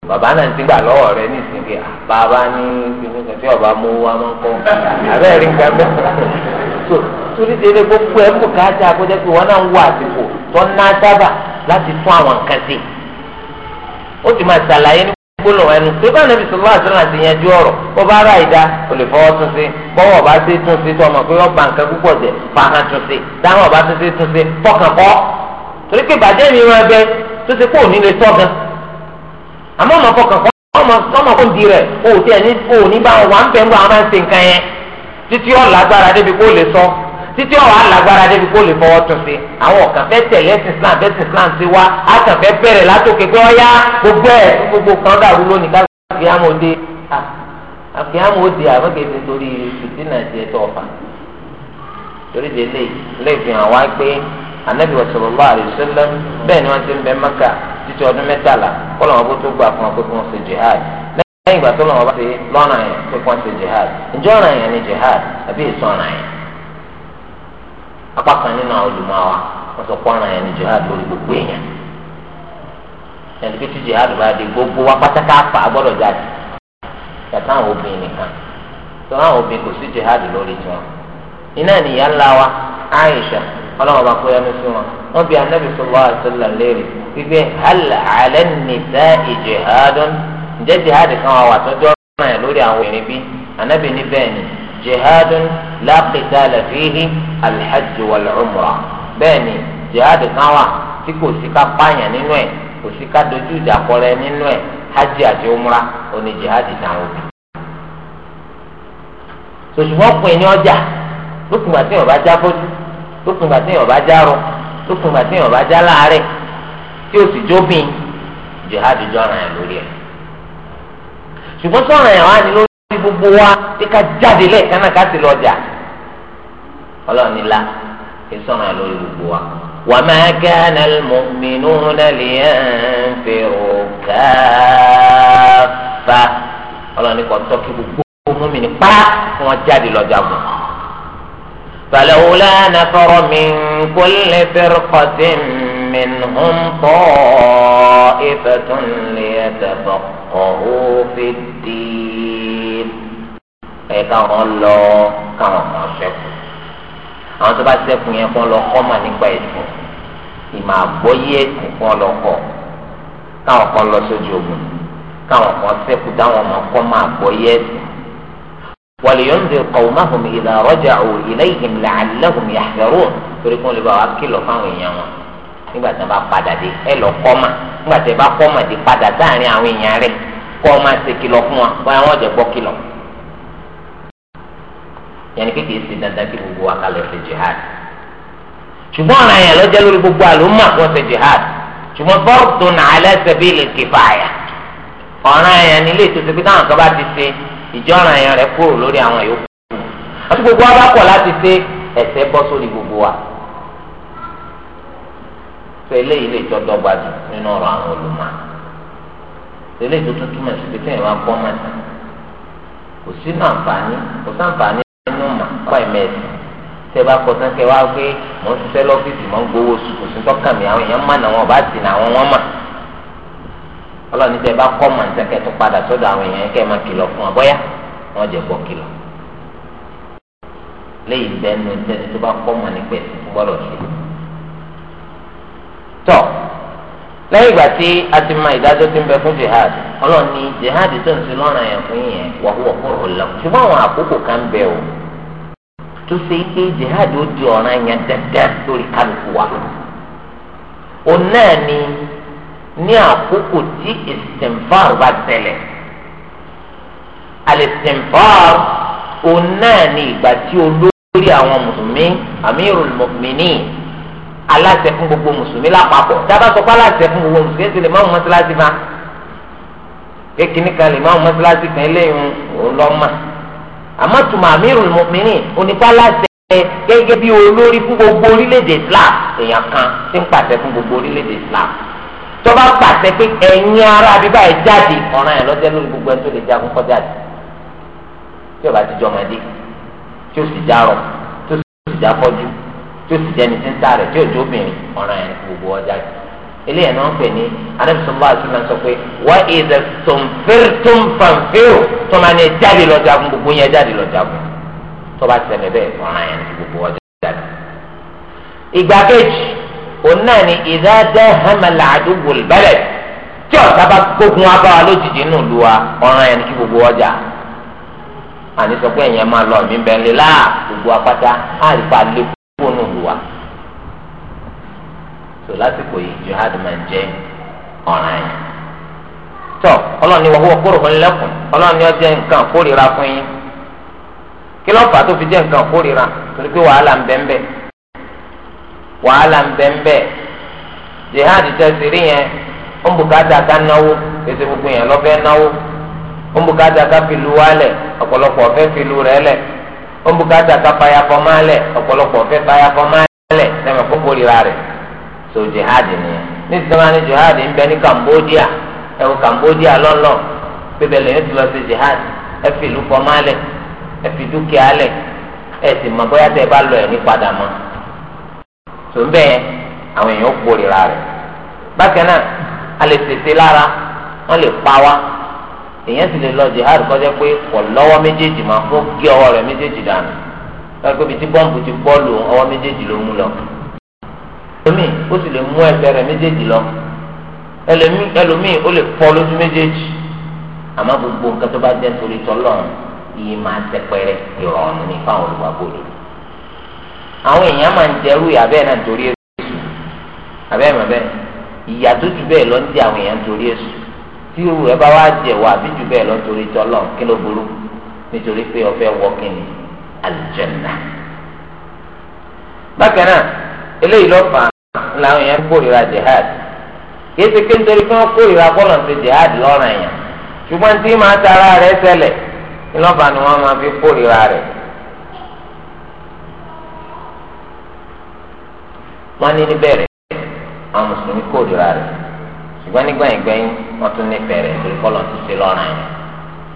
bàbá náà ti gbà lọ́wọ́ rẹ ní ìsìnkì ah, bàbá ní ìsìnkì tí ọba mú wa máa kọ́ abẹ́rẹ́ nǹkan bẹ́ẹ̀. so torí tẹ́lẹ̀ gbogbo ẹ̀ kò káàtì àkójọ pé wọn náà ń wọ àsìkò tó ń ná sábà láti fún àwọn nǹkan sí i ó ti máa ṣàlàyé ní gbólóhùn ẹnu pé báyìí nàbì sọlá àti nàbì yẹn di bá ra ìdá kò lè fọwọ́ tún sí bọ́wọ́ bá ṣe tún sí pé wọ́n ba nǹkan púpọ̀ jẹ́ tún sí dáhùn ọba tún sí tún sí fọkàn kọ́ torí pé bàjẹ́ mi máa bẹ tó kó òní lè tọ́ gan àmọ́ ọmọ ọmọ ọmọ kò ń di rẹ̀ títí ọ̀ lágbára débi kó lè sọ títí ọ̀ alágbára débi kó lè fọwọ́ tún sí àwọn ọ̀kan fẹ́ tẹ̀lé ẹ̀sìn Islam bẹ́sìn Islam ti wá àkàn fẹ́ bẹ̀rẹ̀ látòkè pé ọ̀yá gbogbo ẹ̀ gbogbo kan dàrú lónìí káàkiri àkìyàmó dé àkìyàmó dé àbẹ̀kẹ́sì torí fìtínà jẹ tọ́fà torí de lè lè fi hàn wá pé anabi wa sallallahu alayhi wa sallam bẹ́ẹ̀ ni wọ́n ti ń bẹ Mẹ́kà títí ọdún mẹ́tàlá kọ́lọ̀ wọn bó tó gbà fún wọn pé kí wọ́n ṣe jihad lẹ́yìn ìgbà tó lọ́wọ́ bá ṣe lọ́nà yẹn pé kàn ṣe jihad ǹjẹ́ ọ̀nà yẹn ni jihad àbí èso ọ̀nà yẹn apá kan nínú àwọn olùmọ̀wá wọ́n sọ pé ọ̀nà yẹn ni jihad lórí gbogbo èèyàn ẹni pé tí jihad bá di gbogbo wa pátákà pa agbọ́dọ̀ jáde yàtọ̀ àwọn obìnrin nìkan tó àwọn obìnrin kò sí jihad lórí tiwọn iná nìyá ńlá wa Aisha ọlọ́wọ́ bá kó yẹnu sí wọn wọ́n bi anabi sallallahu alaihi wasallam léèrè hal ala nisa jihadun ǹjẹ́ jihad kan wà tọ́jú ọ̀rọ̀ náà lórí àwọn obìnrin bí anabi ní bẹ́ẹ̀ ni jihadun la qitala fihi alhajj wal umrah bẹ́ẹ̀ ni jihad kan wà tí kò sí ká pààyàn nínú ẹ̀ kò sí ká dojú ìjà kọrẹ nínú ẹ̀ hajj àti umrah òní jihad táwọn obìnrin. sòṣùwọ́n pin ní ọjà lókùngbà tí yóò bá já bójú lókùngbà tí yóò bá já rọ lókùngbà tí yóò bá já láàárẹ̀ tí yóò sì jóbìn jihad jọ̀ràn ẹ̀ lórí ẹ̀ ṣùgbọ́n sọ̀rọ̀ ẹ̀ wá ní lórí gbogbo wa bí ká jáde lẹ́ẹ̀kan náà ká sì lọ jà ọlọ́run ní la kí sọ̀rọ̀ ẹ̀ lórí gbogbo wa. وما كان المؤمنون لينفروا كافة ọlọ́run ní kò tọ́ kí gbogbo mọ́mìnì pa kí wọ́n jáde lọ́jà gùn. فلولا نفر من كل فرقة منهم طائفة ليتفقهوا في الدين ẹ̀ka wọn lọ káwọn kan ṣẹ́kù àwọn tó bá ṣẹ́kù yẹn kó lọ kọ́ mà nípa ẹ̀sìn ìmọ̀ àgbọ́yé ẹ̀sìn kó lọ kọ́ káwọn kan lọ sójú ogun káwọn kan ṣẹ́kù táwọn ọmọ kọ́ mà àgbọ́yé ẹ̀sìn. ولينذر قومهم إذا رجعوا إليهم لعلهم يحذرون torí kí wọn lè bá wa kìlọ̀ fáwọn èèyàn wọn nígbà tí wọn bá padà dé ẹ lọ kọ́ mà nígbà tí ẹ bá kọ́ mà dé padà sáàrin àwọn èèyàn rẹ kọ́ máa ṣe kìlọ̀ fún wa báyà wọn jẹ gbọ́ kìlọ̀ yẹnni kékeré ṣe dandan kí gbogbo wa ká lọ ṣe jihad ṣùgbọ́n ọ̀ràn yẹn lọ́jọ́ lórí gbogbo àlùmọ́ àkọ́ ṣe jihad ṣùgbọ́n fardun ala sabilil kifaya ọ̀ràn yẹn ni ilé ìtòsí pé táwọn kan bá ti ṣe ìjọ́ràn yẹn rẹ kúrò lórí àwọn yòókù àti gbogbo wa bá kọ̀ láti ṣe ẹ̀ṣẹ̀ bọ́ pé eléyìí lè jọ dọ́gba jù nínú ọ̀rọ̀ àwọn olùmọ̀ eléyìí tó tuntun mọ̀ sí pé téèyàn bá gbọ́ mọ̀ kò sínú àǹfààní kò sáǹfààní nínú mọ̀ kọ́ ẹ̀mẹ́sì tẹ bá kọ sáńkẹ wá ma mò ń ṣiṣẹ́ gbowó oṣù kò sí mi àwọn èèyàn wọn bá sì àwọn wọn tẹ bá kẹtù padà àwọn èèyàn máa fún ọ bọ́yá jẹ léyìí tọ lẹ́yìn ìgbà tí a ti mọ ìdájọ́ tí ń bẹ fún jihad ọlọ́run ní jihad tó ń ti lọ́ràn yẹn fún yẹn wà wọ́n kúrò lọ ṣùgbọ́n àwọn àkókò kan ń bẹ o tó ṣe é pé jihad ó di ọ̀ràn yẹn dandan lórí kálukú wa òun náà ni ní àkókò tí istinfar bá tẹ̀lẹ̀ al-istinfar náà ni ìgbà tí olórí àwọn mùsùlùmí amirul mu'minin aláṣẹ fún gbogbo mùsùlùmí lápapọ̀ dábàá sọ pé aláṣẹ fún gbogbo mùsùlùmí ètò lè má wọn mọ́tíláṣí ma kékeré kan lè má wọn mọ́tíláṣí kan eléyìí òun lọ́ mà àmọ́ tùmọ̀ àmírù mọ̀mìnrin onípa aláṣẹ gẹ́gẹ́ bí olórí fún gbogbo orílẹ̀-èdè Islam èèyàn kan ti ń pàṣẹ fún gbogbo orílẹ̀-èdè Islam tọ́ba pàṣẹ pé ẹ̀yin ara àbíbá ẹ̀ jáde ọ̀ràn ẹ̀ lọ́jọ́ lórí gbogbo ẹ̀ tó lè jagun kọjá jù tí ọba ti jọmọdé tí ó sì já rọ tó sì já fọ́jú tó sì jẹ́ ní sísá rẹ̀ tí òjò obìnrin ọ̀ràn yẹn gbogbo ọjà jù eléyìí náà ń pè ní anábìsọ̀lá àtúnà sọ pé wá ìdè tòǹfẹ̀tòǹ fanfẹ́ò tó máa ní jáde lọ́jà fún gbogbo yẹn jáde lọ́jà fún tó bá tẹ̀lé bẹ́ẹ̀ ọ̀ràn yẹn gbogbo ọjà jù. ìgbà kejì òun náà ni ìdájọ́ hamala àdúgbò bẹ́lẹ̀ tí ọ̀sá bá gbógun wá àní sọ pé ẹ̀yẹn máa lọ mí bẹ́ẹ̀ lé láà gbogbo apáta á rí pa lé kúrò nù tó lásìkò yìí jihad máa ń jẹ ọ̀ràn yẹn. tọ́ ọlọ́run wọ́n wọ́n kúrò fún lẹ́kùn ọlọ́run ni wọ́n jẹ́ nǹkan kórìíra fún yín kí ló tó fi jẹ́ nǹkan kórìíra torí pé wàhálà ń bẹ́ńbẹ́ wàhálà ń jihad tẹ̀sí rí yẹn ń bùkátà ká náwó gbogbo yẹn náwó ń bùkátà ká fi so jihad ni níbi tí wọ́n ní jihad ń bẹ ní Cambodia ẹ wo Cambodia lọ́lọ́ pépè lẹ́yìn jihad ẹ fi ìlú fọmá ẹ fi dúkìá lẹ̀ ẹ sì mọ ẹ bá lọ so ń àwọn èèyàn ó bákan náà a lè tètè lára wọ́n lè pa wá èèyàn sì lè lọ jihad kọjá pé kò lọ́wọ́ méjèèjì máa fún gé méjèèjì dànù lọ omi ó sì lè mú ẹsẹ̀ rẹ̀ méjèèjì lọ ẹlòmíì ẹlòmíì ó lè fọ́ lójú méjèèjì àmọ́ gbogbo nǹkan tó bá jẹ́ torí tọlọ́run yìí máa tẹpẹrẹ ìrọ̀rùn ní fáwọn olùwàgbọdọ àwọn èèyàn máa ń jẹrú ìyá bẹ́ẹ̀ náà torí èṣù àbẹ́ẹ̀ mọ̀ bẹ́ẹ̀ ìyá tó jù bẹ́ẹ̀ lọ ń di àwọn èèyàn torí èṣù tí irú rẹ̀ bá wá jẹ wà bí jù bẹ́ẹ̀ lọ torí tọlọ́run kí ló burú nítorí pé ó fẹ́ wọ kí ni àlùjànnà bákan náà eléyìí ló fà làwọn yẹn kórìíra jihad kìí ṣe pé nítorí pé wọ́n kórìíra bọ́ọ̀lù ṣe jihad lọ́ràn yẹn ṣùgbọ́n tí màá tara rẹ̀ ṣẹlẹ̀ ìlọ́ba ni wọ́n máa fi kórìíra rẹ̀. wọ́n ní níbẹ̀rẹ̀ àwọn mùsùlùmí kórìíra rẹ̀ ṣùgbọ́n nígbà ìgbẹ́yìn wọ́n tún nífẹ̀ẹ́ rẹ̀ torí bọ́ọ̀lù ti ṣe lọ́ràn yẹn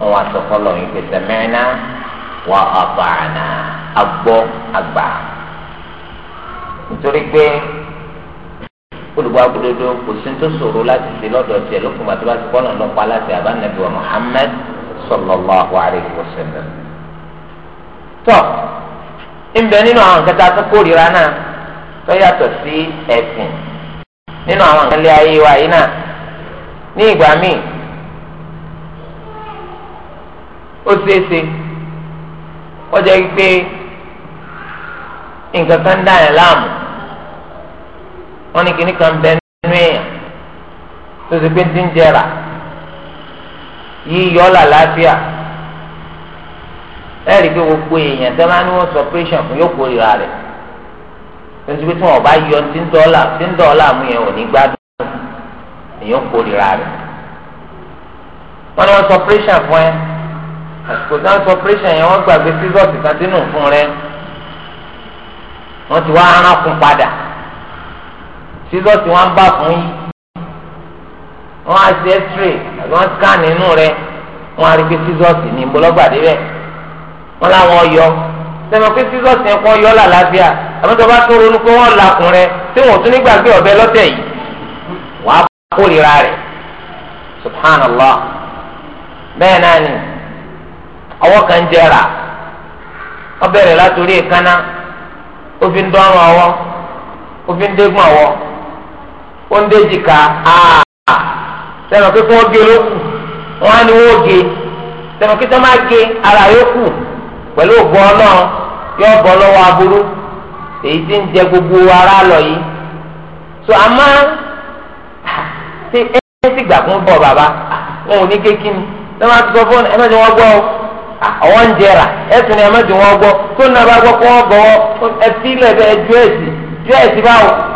wọ́n wá sọ fọ́lọ́ yìí pé sẹ́mẹ́rìnà nítorí pé olùgbò agbódodo kò sí tó ṣòro láti ṣe lọ́dọ̀ tiẹ̀ lókun bàtí wàá ti kọ́nà lọ́pàá láti àbánabi wa Muhammad sallallahu alayhi wa sallam. tọ́ ìbẹ̀ nínú àwọn nǹkan tá a tún kórìíra náà tó yàtọ̀ sí ẹ̀sìn nínú àwọn nǹkan lé ayé wa yìí náà ní ìgbà míì ó ṣeéṣe ó jẹ́ pé nǹkan kan dá yẹn láàmú wọ́n ní kíní kan bẹ nínú èèyàn tó ti pé ti ń jẹrà yíyọ làlàáfíà ẹ̀rí pé gbogbo èèyàn tẹ́ máa ní wọ́n sọ pírẹ́sàn fún yóò kórìíra rẹ̀ tó ti pé tí wọ́n bá yọ tí ń dọ́là tí ń dọ́là mú yẹn ò ní gbádùn èèyàn kórìíra rẹ̀ wọ́n ní wọ́n sọ pírẹ́sàn fún ẹ àsìkò tí wọ́n sọ pírẹ́sàn yẹn wọ́n gbàgbé sísọ́ọ̀sì kan sínú fún rẹ wọ́n ti wá arákùn padà. sísọ́ọ̀sì wọn bá fún yín wọn á ṣe x àti wọn scan inú rẹ wọn á rí pé sísọ́ọ̀sì ní ìbọlọ́gbàdé rẹ wọn làwọn yọ sẹ́mi pé sísọ́ọ̀sì yẹn kọ́ yọ lálàáfíà àbẹ́tọ́ bá tó ronú pé wọ́n rẹ tí tún nígbàgbé yìí wàá rẹ subhanallah náà ni kan látòrí ó ń déjì ka aa ah. pé kí ló kù wọ́n á ní wọ́n gé sẹ́nu gé ara yóò kù pẹ̀lú ògbọ́n náà yóò bọ́ lọ́wọ́ aburú èyí ń jẹ gbogbo ara lọ yìí so àmọ́ ṣe ẹ ti gbà fún bọ̀ bàbá wọn ò ní kékin sọ fún ẹ wọn gbọ́ ah, ọ ń jẹrà ẹ sì ni ẹ wọn gbọ́ tó gbọ́ kó wọ́n ẹ bẹ́ẹ̀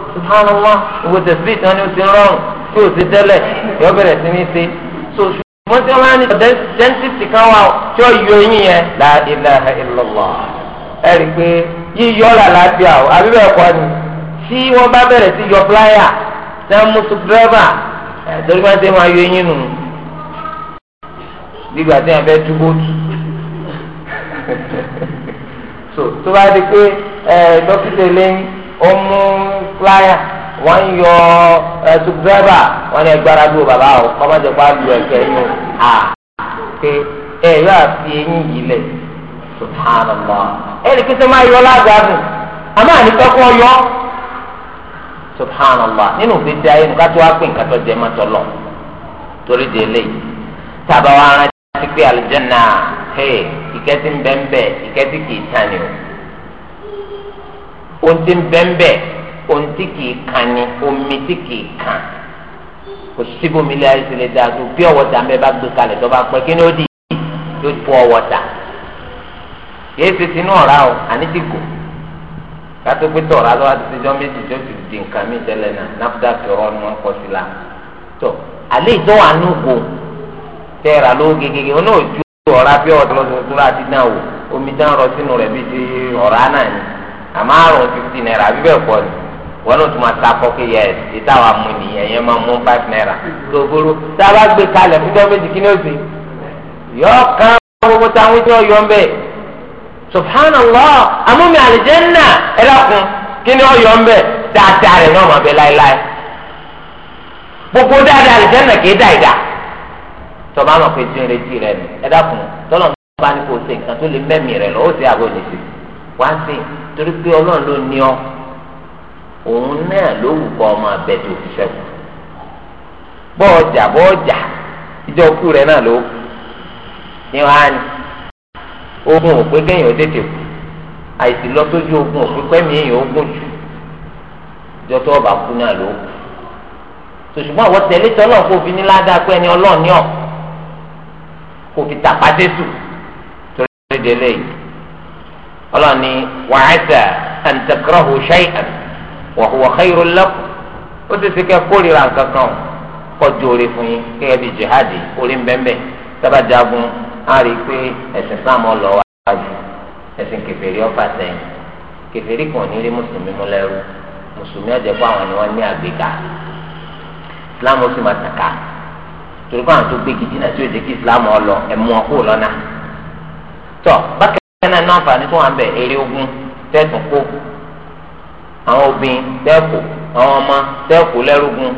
subhanallah owó tẹ̀síbí tán ni ó ti rọrùn tí ó ti tẹ́lẹ̀ yọ bẹ̀rẹ̀ sí ní ṣe so ṣùgbọ́n tí wọ́n máa ní dentist kan wà tí ó yọ eyín yẹn la ilaha illallah ẹ rí i pé yíyọ làlàáfíà o àbí bẹ́ẹ̀ kọ́ ni tí wọ́n bá bẹ̀rẹ̀ sí yọ fúláyà tẹ́ mú sùpùrẹ́bà ẹ̀ torí wọ́n ti máa yọ eyín nù gbígbà tí wọn fẹ́ tú bóòtù [laughs] so tó bá di pé ẹ dókítà lẹ́yìn ó mú pláyà wọ́n ń yọ ẹ̀sùn dírẹ́bà wọ́n ní ẹgbàrá dúró bàbá o kọ́mọ́jọ pa lu ẹ̀kẹ́ yín a pé ẹ yọ àti eyín yìí lẹ̀ subhanallah ẹnì kí sẹ́ máa yọ lágbàdùn àmọ́ àníkẹ́ kọ́ yọ subhanallah nínú gbèsè ayé nǹkan tó wá pé nǹkan tó jẹ mọ́tò lọ torí de lè tàbá wa rán ti pé aljanna hey ìkẹ́sí ń bẹ́ńbẹ́ ìkẹ́sí kì í tani o ohun ti ń bẹ́ńbẹ́ ohun tí kìí kan ni omi tí kìí kan kò síbòmí lé ayé sílẹ̀ dáa tó bí ọ̀wọ́ ta mẹ́ bá gbé kalẹ̀ tó bá pẹ́ kí ni ó di yóò bu ọ̀wọ́ ta yéé ṣe sínú ọ̀rá o àní ti gò kátó pé tọ̀ra lọ́wọ́ àti ṣẹjọ́ méjì tó ti di nǹkan mi tẹ́lẹ̀ náà náfúdà kẹrọ ni wọ́n kọ́ sí la tó àlẹ́ ìtọ́wà nù gò tẹ́ra lówó gégége ó náà ju ọ̀rá bí ọ̀dọ́ lọ́sọ̀tún láti náà wò omi dáhùn rọ sínú rẹ̀ bíi ti ọ̀rá náà ni àmọ́ àrùn fifty naira bíbẹ̀ pọ̀ ni wọn náà tún máa ta kọ́kí yẹ ìtawà mu nìyẹn yẹn máa mú five naira gbogbooro tá a bá gbé kalẹ̀ fúnjọ́ méjì kí ni ó sì yọ kán gbogbo táwọn ìjọ yọ ń bẹ̀ subhanallah amúmi àlìjẹ́nà ẹ̀dàkùn kí ni ó yọ ń dáadáa rẹ̀ náà máa bẹ láéláé gbogbo dáadáa àlìjẹ́nà kì í dá ìdá tọ́ba àmọ̀ pé tí ń retí rẹ̀ ni ẹ̀dàkùn tọ́lọ̀ bá ní kò ṣe nǹkan tó lè mẹ́mìí rẹ̀ lọ ó ṣe àgọ́ ìdìsí wá sí torí pé ọlọ́run ló ní ọ òun náà ló wù kọ́ ọmọ abẹ tó fi ṣẹ́kù bọ́ọ̀jà bọ́ọ̀jà ìjọ kú rẹ̀ náà ló ní wàá ní ogun òpé kéèyàn ó tètè kú àìsí lọ sójú ogun òpé pẹ́mi èèyàn ó gùn jù ìjọ tó ọba kú náà ló kù sòṣùgbọ́n àwọn tẹ̀lé tọ́lọ̀ kó fi ní ládàá pé ẹni ọlọ́ọ̀ni ọ̀ kó fi tàpá désù torí ìdílé yìí ọlọ́ọ̀ni wàá ẹ̀sẹ̀ àǹtẹ̀kọ́rọ̀ hù ṣẹ́yìn àti wa huwa khayrun lakum ó ti ṣe kẹ́ kórìíra nǹkan kan kọjú orí fún yín gẹ́gẹ́ bí jihadi orí ń bẹ́ẹ̀ bẹ́ẹ̀ sábàjágun á rí i pé ẹ̀sìn sáàmù ọ̀lọ́ wa wájú ẹ̀sìn kẹfẹ́rí ọ̀fà sẹ́yìn kẹfẹ́rí kan ní rí mùsùlùmí mú lẹ́rú mùsùlùmí ọ̀jẹ̀ fún àwọn ni wọ́n ní àgbéga islam ó sì máa tàkà torí kó àwọn tó gbé gidi náà tí ó jẹ́ kí islam ọlọ ẹ̀mú ọkú lọ́nà tó bákẹ́ àwọn obìnrin tẹ́kù àwọn ọmọ tẹ́kù lẹ́rùgùn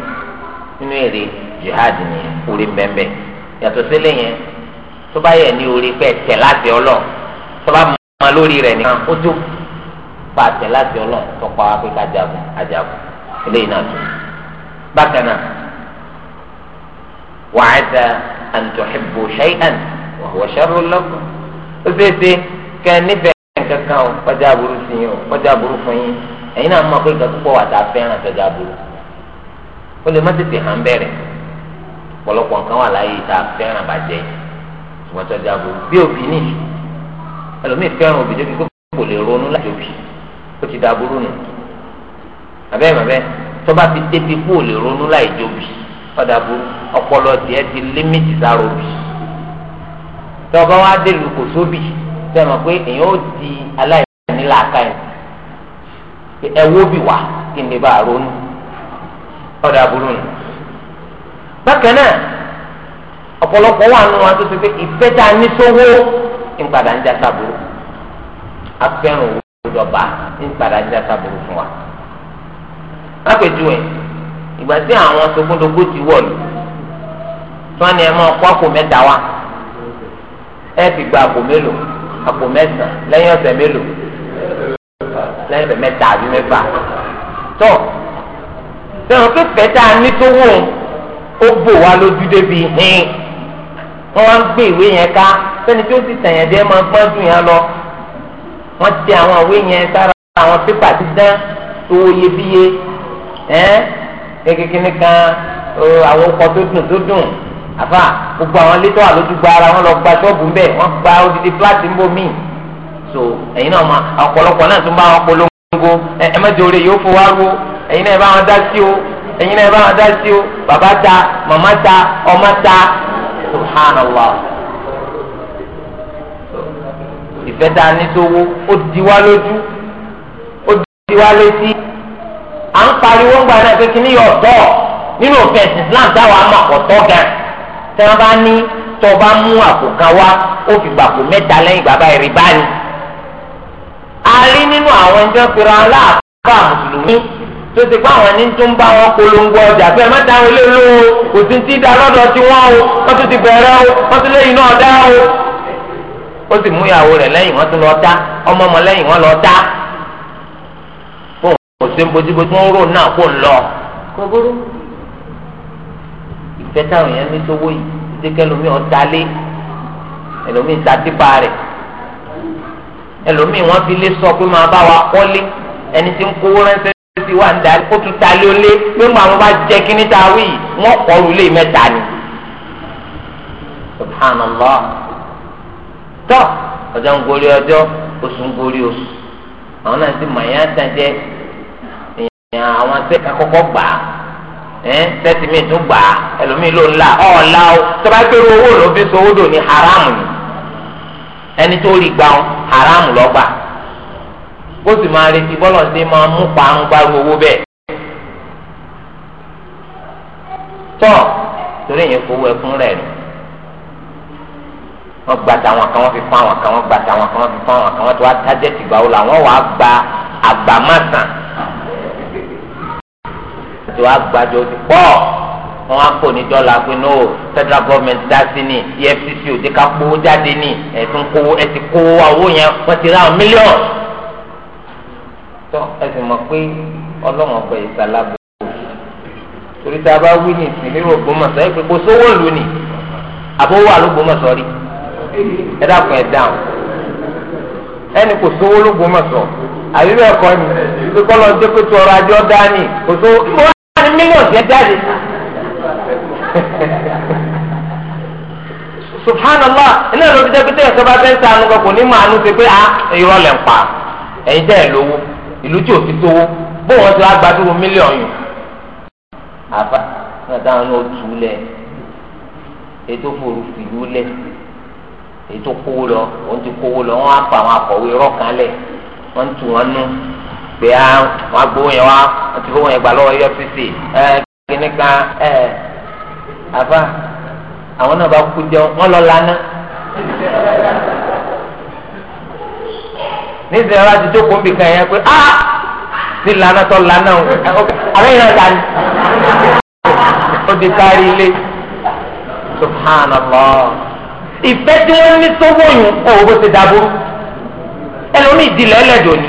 nínú èrè jihad ní orí mbẹ́mbẹ́ yàtọ̀ sílẹ̀ yẹn tó bá yẹ ní orí pẹ́ tẹ̀ láti ọlọ́ tó bá mọ lórí rẹ̀ nìkan ó tó pa tẹ̀ láti ọlọ́ tó pa wá pé kájagun ajagun eléyìí náà tó bákan náà wa'asa an tuhibbu shay'an wa huwa sharrun lakum ó ṣeé ṣe kẹ́ níbẹ̀ kankan o kọjá burú sí yín o kọjá burú fún yín ẹ̀yin náà mọ̀ pé nǹkan wà tá a fẹ́ràn àtẹ̀já burú ó lè má tètè hàn bẹ̀rẹ̀ pọ̀lọpọ̀ nǹkan wà láyé tá a fẹ́ràn bàjẹ́ ṣùgbọ́n tẹ̀já burú bí òbí ní ìṣù ẹlòmíì fẹ́ràn òbí débi pé kò lè ronú láti òbí ó ti da burú nù àbẹ́ màbẹ́ tó bá fi débi kó lè ronú láì jóbi ọ̀dà burú ọpọlọ tiẹ̀ ti límítì sára òbí tọ́ba wá délùú kò sóbì tẹ́ mọ̀ pé pé ẹ wó bì wá kí n lè bá a ronú ọ̀dà àbúrò nù. bákan náà ọ̀pọ̀lọpọ̀ wà nù wọn tó ṣe pé ìfẹ́ tá a ní sówó ń padà ń já sábúrò afẹ́ràn owó dọ̀bà ń padà ń já sábúrò fún wa. lápẹ̀jù ẹ̀ ìgbà tí àwọn sogúndogó ti wọ̀lú tí wọ́n ní ẹ máa kó àpò mẹ́ta wá ẹ ti gba àpò mélòó àpò mẹ́sàn-án lẹ́yìn ọ̀sẹ̀ mélòó lẹ́sẹ̀ mẹ́ta àbí mẹ́fà tó sẹ́wọ̀n pípẹ́ tá a ní tó wò ó bò wá lójú débi hìn wọ́n wá ń gbé ìwé yẹn ká sẹ́ni tí ó sì tẹ̀yẹ̀ dé máa gbọ́n dùn yẹn lọ wọ́n ti àwọn ìwé yẹn sára àwọn pépà ti dán owó iyebíye kékeré kan àwọn ọkọ̀ tó dùn tó dùn àfà gbogbo àwọn létọ́ àlójúgba ara wọn lọ gba ṣọ́ọ̀bù ńbẹ wọ́n gba odidi fúláàtì ńbọ míì. so ẹ̀yin náà ma ọ̀pọ̀lọpọ̀ náà tún bá wọn polongo ẹ mẹ́jọ rẹ yóò fowó arú ẹ̀yin náà ẹ bá wọn dá sí o baba náà ẹ bá wọn dá sí o bàbá ta màmá ta ọmọ ta subhanallah ìfẹ́ tá a ní sówó ó di wá lójú ó di wá létí à ń pariwo ń gba náà pé kíní yọ ọ̀tọ̀ nínú òfin ẹ̀sìn Islam táwa á máa kọ̀tọ́ gan tí wọ́n bá ní tó bá mú àpò kan a rí nínú àwọn ẹjọ́ fira aláàbá mùsùlùmí tó ti pa àwọn ẹni tó ń bá wọn polongo ọjà pé ẹ má dáhùn ilé kò sí ti dá lọ́dọ̀ wọ́n o tún ti bẹ̀rẹ̀ o wọ́n tún náà dá o. ó sì mú ìyàwó rẹ̀ lẹ́yìn wọ́n tún lọ dá ọmọ lẹ́yìn wọ́n lọ kò sí wọn rò lé ẹlòmíì wọ́n fi lé sọ pé máa bá wa kọ́lé ẹni tí ń kówó ránṣẹ́ sí wa ń da ó tún ta lé olé nígbà wọn bá jẹ kíní ta wí wọn kọ́ rúlé mẹ́ta ni. subhanallah tọ́ ọjọ́ ń gorí ọjọ́ oṣù ń gorí oṣù àwọn náà ti mọ̀ ẹ̀yà tán jẹ́ èèyàn àwọn sẹ́ka kọ́kọ́ gbà á sẹ́tìmí gbà á ẹlòmíì ló ń la ọ̀ọ́lá o tọ́ba gbèrú owó ló fi sọ owó dò ní haramu ni. ẹni tó rí gbà haram lọ́gbà ó sì máa retí bọ́lọ̀ ṣe máa mú parun gbárù owó bẹ́ẹ̀. tọ́ torí èyàn fowó ẹkún rẹ̀ nù wọ́n gba tàwọn kan wọ́n fi fún àwọn kan wọ́n gba tàwọn kan wọ́n fi fún àwọn kan wọ́n ti wá tájẹ́ wàá gba àgbà má sàn wọn á kó ní dọ́là pé no federal government dá sí ni EFCC ò dé ká kówó jáde ni ẹ̀sùn kówó ẹ̀ ti kówó wa owó yẹn wọ́n ti ra àwọn mílíọ̀n. tó ẹ sì mọ̀ pé ọlọ́run ọ̀pẹ ìsàlábò torí tá a bá wí ní ìsìn nírò gbọmọ̀sọ̀ ẹ pé kò sówó ìlú ni àbówó àlógbòmọ̀sọ̀ rí ẹ dákun ẹ dáhùn ẹni kò sówó lógbòmọ̀sọ̀ àbí bẹ́ẹ̀ kọ́ ni pé kọ́ lọ dé pé tó ọrọ̀ ajé ọ̀dá ni kò sówó mílíọ̀n ti ẹ jáde.
[laughs]
subhanallah iná ló fi jẹ́ pé tẹ́yẹ̀ fẹ́ sànù kan kò ní máa nu pé ah irọ́ lẹ̀ ń pa ẹ̀yin tẹ́ ẹ̀ lówó ìlú tí ò tówó bó wọn ti wá gbàdúrà mílíọ̀nù àbá náà dáhùn náà tù ú ètò fòrò fìlú lẹ̀ ètò kówó lọ wọ́n ti kówó lọ wọ́n á pa àwọn tù nú ah, àfa àwọn náà bá kú jẹ wọn lọ lana nísìnyí wọn ti jókòó nbì kan yẹn pé a ti lana tọ lana o àwọn yìí náà ta ni ó di kárí ilé subhanallah ìfẹ́ tí wọ́n ní sọ́wọ́ yìí kọ́ owó ti dàbúrú ẹlòmíì ìdílé ẹlẹ́dọ̀ọ́ ni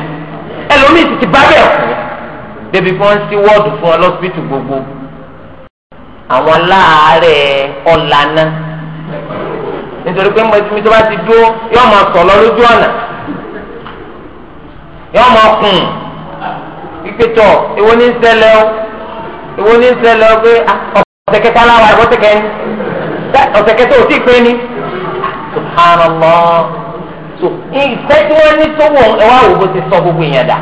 ẹlòmíì ti ti bá bẹ̀ kú débi fún wọn sí wọ́ọ̀dù fún ọ lọ́sibítù gbogbogbò. àwọn láàárẹ̀ ọ̀làna nítorí pé mi tó bá ti dúró yóò máa sọ lọ lójú ọ̀nà yóò máa kùn ìpètọ̀ èwo ní o èwo ní ṣẹlẹ̀ o pé ah, ọ̀sẹ̀ kẹta láwa ẹ̀kọ́ tẹ̀kẹ́ ni ọ̀sẹ̀ kẹta ò tí ì pé ni subhanallah so ìfẹ́ tí sọ gbogbo ìyẹn dà.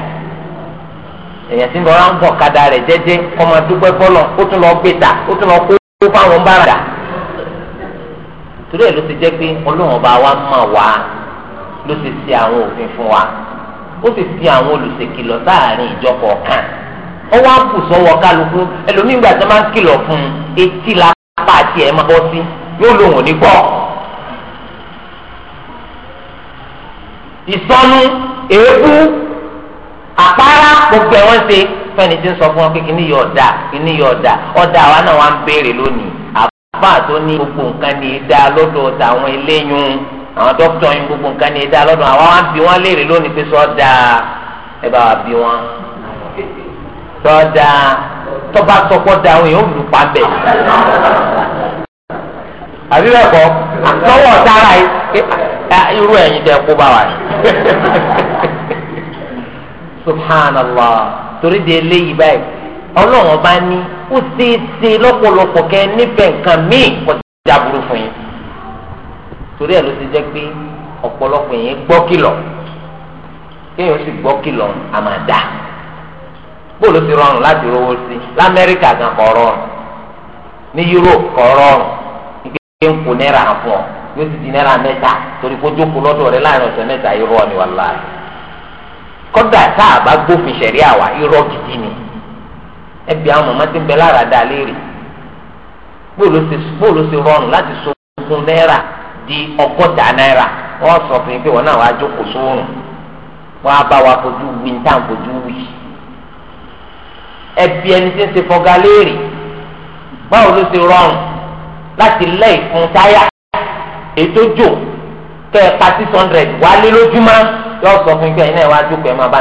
èyàn tí ń lọ ráńbọ̀ kadà rẹ̀ jẹ́jẹ́ ọmọ dúpẹ́ fọlọ́ ó tún lọ gbé ta ó tún lọ kó kó fáwọn ń bára dà torí ẹ̀ ló ti jẹ́ pé ọlọ́run ọba wa mọ̀ wá ló ti ṣe àwọn òfin fún wa ó sì fi àwọn olùṣèkìlọ̀ sáàárín ìjọ kọ̀ọ̀kan ó wá kù sọ́wọ́ kálukú ẹlòmíín gbà tó máa ń kìlọ̀ fún un etí la pa àti ẹ̀ máa bọ́ sí yóò lòun ò ní gbọ́. ìsọnù èébú àpárá gbogbo ẹ̀ wọ́n ṣe fẹ́ni tí ń sọ fún wọn pé kíní yọ ọ̀dà kíní yọ ọ̀dà ọ̀dà àwa náà wà ń béèrè lónìí àbá tó ní gbogbo nǹkan ní ìdá lọ́dọ̀ tàwọn eléyùn àwọn dókítà yín gbogbo nǹkan ní ìdá lọ́dọ̀ àwa wá ń bi wọ́n léèrè lónìí pé sọ́ọ̀dà ẹ bá wa bi wọ́n sọ́ọ̀dà tọ́ba sọ́kọ́ da àwọn èèyàn olùpa bẹ̀. àbí bẹ́ẹ̀ kọ́ lọ́wọ́ ọ̀tá ara yìí irú ẹ̀yin tẹ́ kó bá wa subhanallah torí de eléyìí báyìí ọlọ́run ọba ní ó ṣeé ṣe lọ́pọ̀lọpọ̀ kẹ́ nífẹ̀ẹ́ nǹkan míì kò já burú fún yín torí ẹ̀ ló ti jẹ́ pé ọ̀pọ̀lọpọ̀ yẹn gbọ́ kìlọ̀ kéèyàn sì gbọ́ kìlọ̀ àmàdá bóòlù ti rọrùn láti rówó sí lamẹ́ríkà gan kò rọrùn ní Europe kò rọrùn ìgbé ń kó náírà fún ọ yóò ti di náírà mẹ́ta torí kó jókòó lọ́dọ̀ rẹ láàrin ọ̀sẹ̀ mẹ́ta yìí rọ kọ́dà tá a bá gbófin ṣẹ̀rí àwa irọ́ gidi ni ẹbí àwọn mọ̀mọ́ ti ń bẹ lára dá léèrè bóòlù ṣe rọrùn láti so ogún náírà di ọgọ́ta náírà wọ́n sọ fún mi pé wọ́n náà wàá jókòó sóòrùn wọ́n á bá wa fojú wí ní tá à ń fojú wí ẹbí ẹni tí ń ṣe fọgá léèrè báwo ló ṣe rọrùn láti lẹ́ ìfun táyà ètò jò kẹ́ ẹ pa six hundred wálé yóò sọ fún ikú ẹ̀ náà wájú pé ẹ bá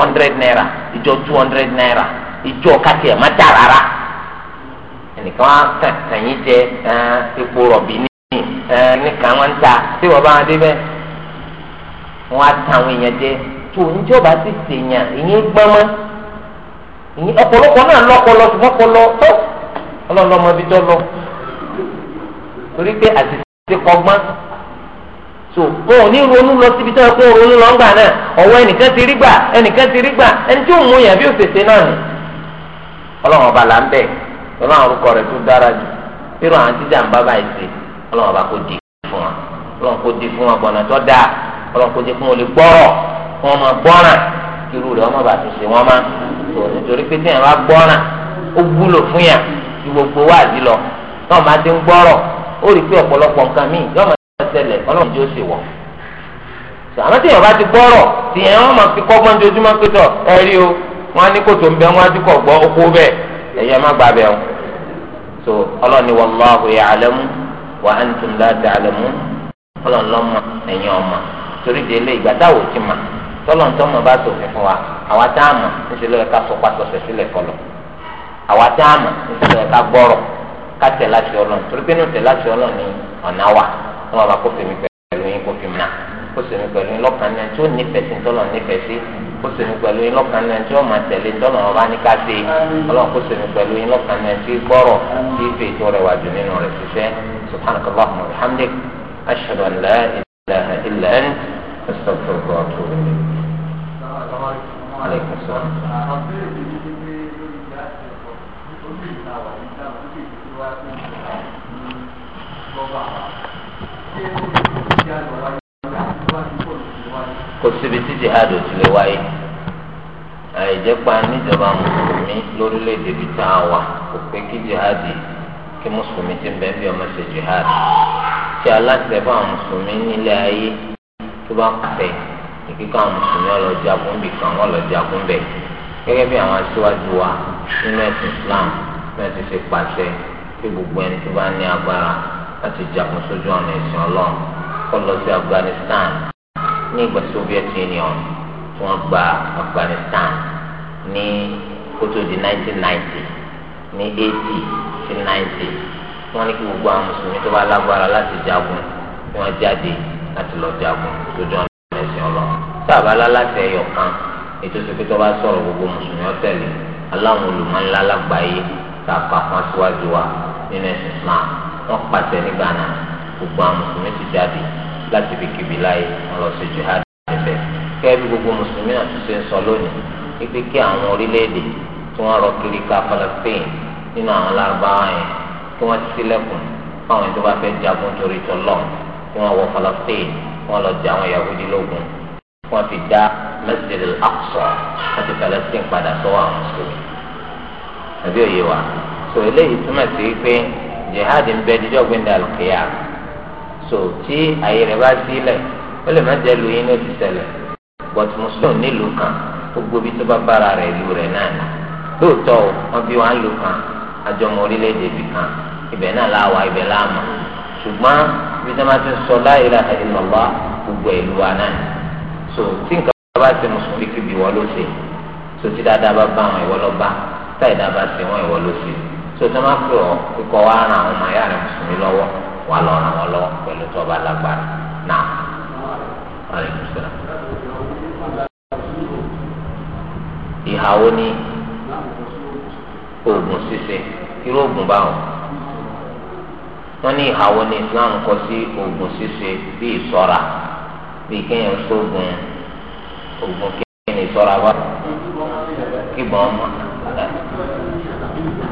hundred naira ìjọ two hundred naira ìjọ kàkẹ́ má dà rárá ẹnìkan wá jẹ epo rọ̀bì ní nìkan wọn ta tí bá wọn dé bẹ́ẹ̀ wọ́n á tan jẹ tó ìyẹn ìyẹn náà tó tó so wọn ò ní ronú lọ síbi tí wọn kó ronú lọ ńgbà náà ọwọ́ ẹnìkan ti rí gbà ẹnìkan ti rí gbà ẹni tí òun mú yàn bí òṣèṣe náà ni Ọlọ́run ọba là ń bẹ Ọlọ́run orúkọ rẹ̀ tó dára jù irun àwọn jíjà ń bá báyìí ṣe Ọlọ́run ọba kò di fún wa Ọlọ́run kò di fún wa gbọnà tó dáa Ọlọ́run kò di fún wọn lè gbọrọ fún wọn máa gbọràn irú rẹ̀ ọmọ bàtú ṣe wọn má nítorí pé téèyàn bá gbọràn ó wúlò fún yàn ju gbogbo wáàdí lọ náà má ti ń gbọrọ ó pé ọ̀pọ̀lọpọ̀ nǹkan míì yọ ṣẹlẹ̀ ọlọ́run yóò ṣe wọ àmọ́ tí yorùbá ti gbọ́rọ̀ tí ẹ̀ wọ́n máa fi pé ẹ rí o wọn á ní kòtò ń bẹ wọ́n á dúkọ̀ gbọ́ oko bẹ́ẹ̀ ẹ̀yẹ má gbà o so ọlọ́ni wallahu wa antum la ta'lamun ọlọ́ni ọmọ torí ìgbà ti bá fún wa àwa tá a mọ̀ níṣẹ́ ká sọ àwa tá a mọ̀ níṣẹ́ ló ká gbọ́rọ̀ ká tẹ̀ láti ọlọ́run wọn bá kó fèmí pẹ̀lú yín kó fi mọ̀ kó sèmi pẹ̀lú yín lọ́kàn náà tí ó nífẹ̀ẹ́ sí tọ́lọ̀ nífẹ̀ẹ́ sí kó sèmi pẹ̀lú yín lọ́kàn náà tí ó máa tẹ̀lé tọ́lọ̀ wọn bá ní ká ṣe ọlọ́run kó sèmi pẹ̀lú yín lọ́kàn náà tí gbọ́rọ̀ tí ìfẹ́ tó rẹwà jù nínú rẹ̀ ṣiṣẹ́ Thank you kò síbi tí jihad ò ti lè wáyé àìjẹ́pá níjọba mùsùlùmí lórílẹ̀‐èdè bíi tá a wà kò pé kí jihad kí mùsùlùmí ti ń bẹ́ẹ̀ bí ọmọ ṣe jihad tí aláṣẹ bá àwọn mùsùlùmí nílé ayé tó bá pàṣẹ ìkíkọ́ àwọn mùsùlùmí ọlọ́jà gúnbì kan wọ́n lọ́jà gúnbẹ̀ gẹ́gẹ́ bí àwọn aṣíwájú wa nínú ẹ̀sìn Islam náà ti ṣe pàṣẹ pé gbogbo ẹni tó bá ní agbára láti jagun sójú ọ̀nà ìsìn ọlọ́run kọ́ lọ sí Afghanistan ní ìgbà Soviet Union tí wọ́n gba Afghanistan ní kótó di 1990 ní 80 sí 90 tí wọ́n ní kí gbogbo àwọn mùsùlùmí tó bá lágbára láti jagun tí wọ́n jáde láti lọ jagun sójú ọ̀nà ìsìn ọlọ́run sábà láláṣẹ ẹyọ kan ètò ìsìnkú tó bá sọ̀rọ̀ gbogbo mùsùlùmí ọ̀tẹ̀lẹ̀ aláwọn olùmọ̀ńlá lágbàáyé tààkà kan síwájú wa nínú ẹ̀sìn Islam wọn pàṣẹ ní Ghana gbogbo àwọn mùsùlùmí ti jáde láti fi kìbí láyé wọn lọ sí jihad ẹ̀fẹ̀ kẹ́ẹ́ bí gbogbo mùsùlùmí àtúnṣe ń sọ lónìí wípé kí àwọn orílẹ̀-èdè tí wọ́n rọ kiri ká Palestine nínú àwọn lárúbáwá yẹn kí wọ́n ti sílẹ̀kùn fáwọn ìjọba fẹ́ jagun torí tọ́lọ́ kí wọ́n wọ Palestine kí wọ́n lọ jẹ àwọn Yahudi lógun kí wọ́n fi dá Masjid al-Aqsa àti Palestine padà sọ́wọ́ àwọn mùsùlùmí àbí òye wa sọ eléyìí túmọ̀ sí pé jihad ń bẹ dídọ́ gbé ní so tí àyè rẹ̀ bá sílẹ̀ ó lè má jẹ́ lu yín ló ti but mùsùlùmí nílùú kan gbogbo ibi tó bá bára rẹ̀ lu rẹ̀ náà ni lóòótọ́ wọn bí wọn á lu kan àjọmọ orílẹ̀-èdè bì kan ibẹ̀ náà láwa ibẹ̀ láàmú ṣùgbọ́n ibi tí wọ́n bá ti sọ la ilaha illallah gbogbo ìlú wa náà ni so tí nǹkan bá ti mùsùlùmí kíbi wọ́n ló ṣe so tí dáadáa bá bá wọn ìwọ́ lọ́ bá táyì dáadáa bá ṣe wọn ìwọ́ ló ṣe sọtẹ́ máa pè ọ́ kíkọ́ wa ran àwọn ọmọ ayá rẹ̀ mùsùlùmí lọ́wọ́ wà lọ ràn wọ́n lọ́wọ́ pẹ̀lú tó ọba lágbára náà wà lè kú síra. ìhàwó ni oògùn ṣíṣe irú oògùn báwọn wọ́n ní ìhàwó ni Islam kọ sí oògùn ṣíṣe bí ìṣọ́ra bí kéèyàn sóògùn oògùn kéèyàn ìṣọ́ra wá kí bọ́n mọ̀.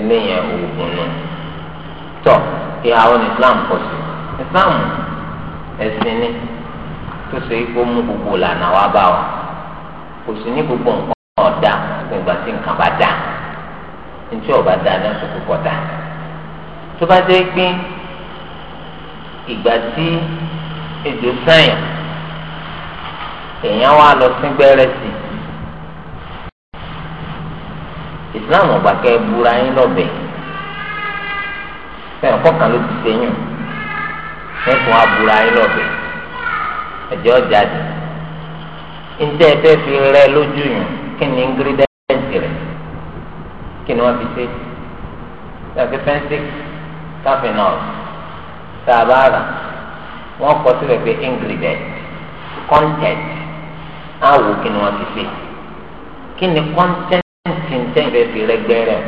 eléyàn oògùn nù tọ ìhàwọ ní islam pọ̀ sí islam ẹ̀sìn ni tó ṣe kó mú gbogbo lànà wa bá wa kò sí ní gbogbo nǹkan ọ̀dà fún ìgbà tí nǹkan bá dà ntí ọba dà ní oṣù púpọ̀ dà tó bá jẹ́ pé ìgbà tí èdè sáyẹn èèyàn wá lọ sí gbẹ́rẹ́ sí islam ọgbà kẹ ẹ búra yín lọbẹ fẹẹ kọkàn ló ti sẹyìn fẹẹ fún wa búra yín lọbẹ ẹjẹ ọjà dì njẹ ẹfẹ fi rẹ lójú yìí kí ni ingredient rẹ kí ni wọn fi ṣe tàbí fẹnsik tafinol tàbára wọn kọ sílẹ̀ pé ingredient content awo kí ni wọn fi ṣe kí ni content tẹ́yìn fẹ́ fi rẹ́gbẹ́ rẹ̀